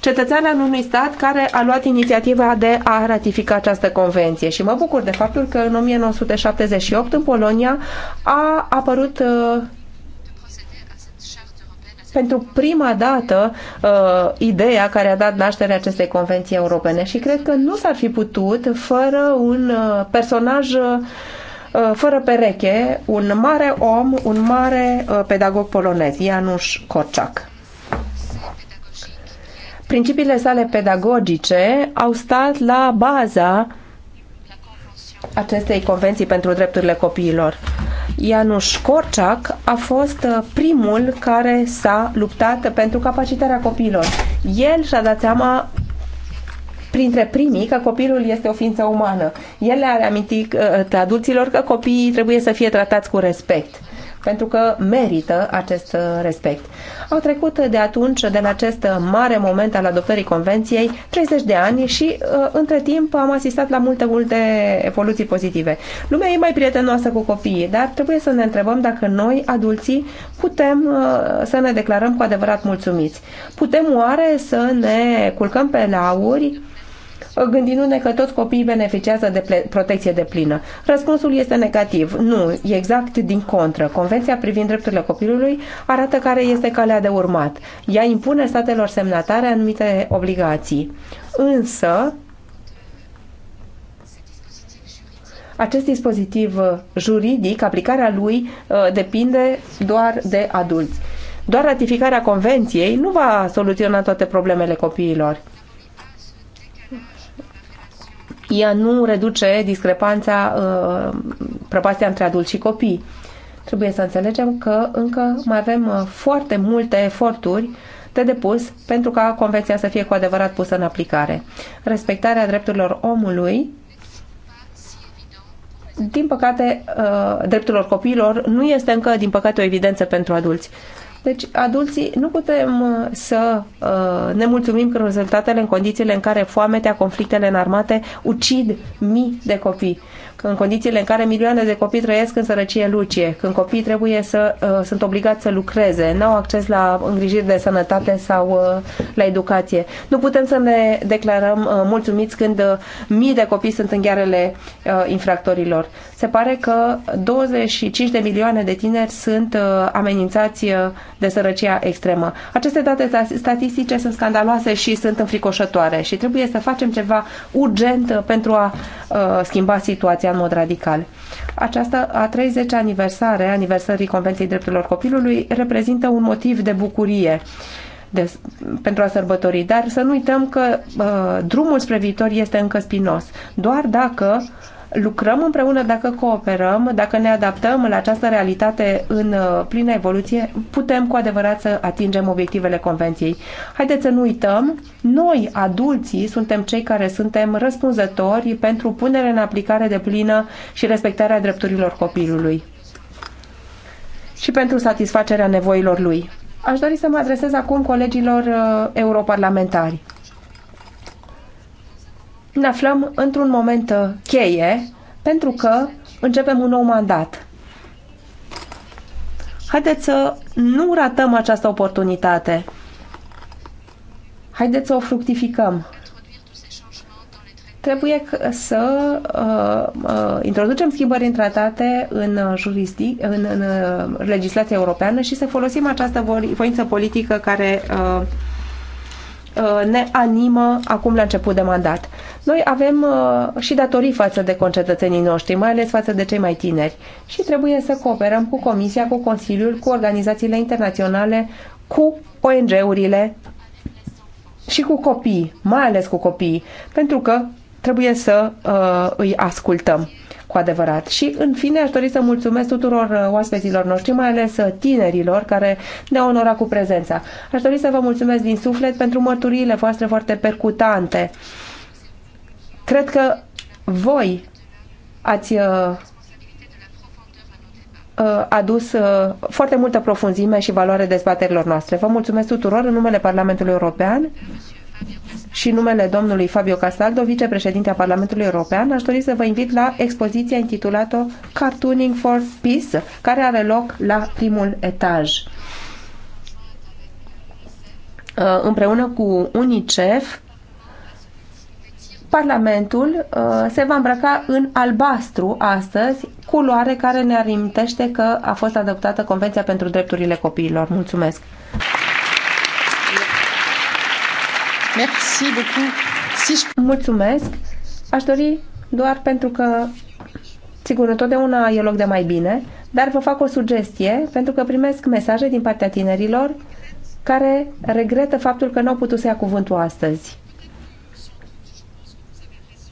cetățean al unui stat care a luat inițiativa de a ratifica această convenție. Și mă bucur de faptul că în 1978 în Polonia a apărut uh, pentru prima dată uh, ideea care a dat naștere acestei convenții europene și cred că nu s-ar fi putut fără un uh, personaj uh, Uh, fără pereche, un mare om, un mare uh, pedagog polonez, Janusz Korczak. Principiile sale pedagogice au stat la baza acestei convenții pentru drepturile copiilor. Janusz Korczak a fost uh, primul care s-a luptat pentru capacitarea copiilor. El și-a dat seama printre primii că copilul este o ființă umană. El le-a reamintit uh, adulților că copiii trebuie să fie tratați cu respect pentru că merită acest uh, respect. Au trecut de atunci, de la acest mare moment al adoptării convenției, 30 de ani și uh, între timp am asistat la multe, multe evoluții pozitive. Lumea e mai prietenoasă cu copiii, dar trebuie să ne întrebăm dacă noi, adulții, putem să ne declarăm cu adevărat mulțumiți. Putem oare să ne culcăm pe lauri gândindu-ne că toți copiii beneficiază de protecție de plină. Răspunsul este negativ. Nu, e exact din contră. Convenția privind drepturile copilului arată care este calea de urmat. Ea impune statelor semnatare anumite obligații. Însă, acest dispozitiv juridic, aplicarea lui uh, depinde doar de adulți. Doar ratificarea convenției nu va soluționa toate problemele copiilor ea nu reduce discrepanța, uh, prăpastia între adulți și copii. Trebuie să înțelegem că încă mai avem uh, foarte multe eforturi de depus pentru ca convenția să fie cu adevărat pusă în aplicare. Respectarea drepturilor omului din păcate, uh, drepturilor copiilor nu este încă, din păcate, o evidență pentru adulți. Deci, adulții, nu putem uh, să uh, ne mulțumim că rezultatele în condițiile în care foametea, conflictele în armate ucid mii de copii. Că în condițiile în care milioane de copii trăiesc în sărăcie lucie, când copiii trebuie să uh, sunt obligați să lucreze, n-au acces la îngrijiri de sănătate sau uh, la educație. Nu putem să ne declarăm uh, mulțumiți când uh, mii de copii sunt în ghearele uh, infractorilor. Se pare că 25 de milioane de tineri sunt uh, amenințați uh, de sărăcia extremă. Aceste date statistice sunt scandaloase și sunt înfricoșătoare și trebuie să facem ceva urgent uh, pentru a schimba situația în mod radical. Această a 30 -a aniversare, aniversării Convenției Drepturilor Copilului, reprezintă un motiv de bucurie de, pentru a sărbători, dar să nu uităm că uh, drumul spre viitor este încă spinos. Doar dacă uh, lucrăm împreună, dacă cooperăm, dacă ne adaptăm la această realitate în uh, plină evoluție, putem cu adevărat să atingem obiectivele convenției. Haideți să nu uităm, noi, adulții, suntem cei care suntem răspunzători pentru punerea în aplicare de plină și respectarea drepturilor copilului și pentru satisfacerea nevoilor lui. Aș dori să mă adresez acum colegilor uh, europarlamentari ne aflăm într-un moment uh, cheie pentru că începem un nou mandat. Haideți să nu ratăm această oportunitate. Haideți să o fructificăm trebuie să uh, uh, introducem schimbări în tratate, în, uh, juristic, în, în uh, legislația europeană și să folosim această voință politică care uh, Uh, ne animă acum la început de mandat. Noi avem uh, și datorii față de concetățenii noștri, mai ales față de cei mai tineri și trebuie să cooperăm cu Comisia, cu Consiliul, cu organizațiile internaționale, cu ONG-urile și cu copii, mai ales cu copii, pentru că trebuie să uh, îi ascultăm cu adevărat. Și, în fine, aș dori să mulțumesc tuturor uh, oaspeților noștri, mai ales uh, tinerilor care ne-au onorat cu prezența. Aș dori să vă mulțumesc din suflet pentru mărturiile voastre foarte percutante. Cred că voi ați uh, adus foarte multă profunzime și valoare dezbaterilor noastre. Vă mulțumesc tuturor în numele Parlamentului European și numele domnului Fabio Castaldo, vicepreședinte a Parlamentului European, aș dori să vă invit la expoziția intitulată Cartooning for Peace, care are loc la primul etaj uh, împreună cu UNICEF, Parlamentul uh, se va îmbrăca în albastru astăzi, culoare care ne arimtește că a fost adoptată Convenția pentru Drepturile Copiilor. Mulțumesc! Merci beaucoup. Si... Mulțumesc. Aș dori doar pentru că Sigur, întotdeauna e loc de mai bine, dar vă fac o sugestie, pentru că primesc mesaje din partea tinerilor care regretă faptul că nu au putut să ia cuvântul astăzi.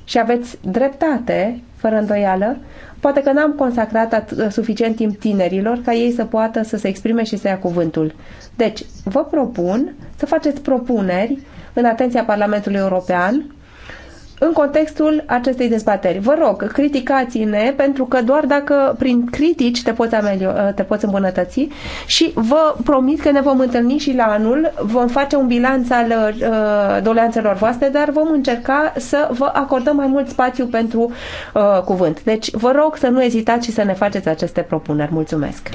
Și aveți dreptate, fără îndoială, poate că n-am consacrat suficient timp tinerilor ca ei să poată să se exprime și să ia cuvântul. Deci, vă propun să faceți propuneri în atenția Parlamentului European în contextul acestei dezbateri. Vă rog, criticați-ne pentru că doar dacă prin critici te poți, amelio- ă, te poți îmbunătăți și vă promit că ne vom întâlni și la anul, vom face un bilanț al uh, doleanțelor voastre, dar vom încerca să vă acordăm mai mult spațiu pentru uh, cuvânt. Deci vă rog să nu ezitați și să ne faceți aceste propuneri. Mulțumesc!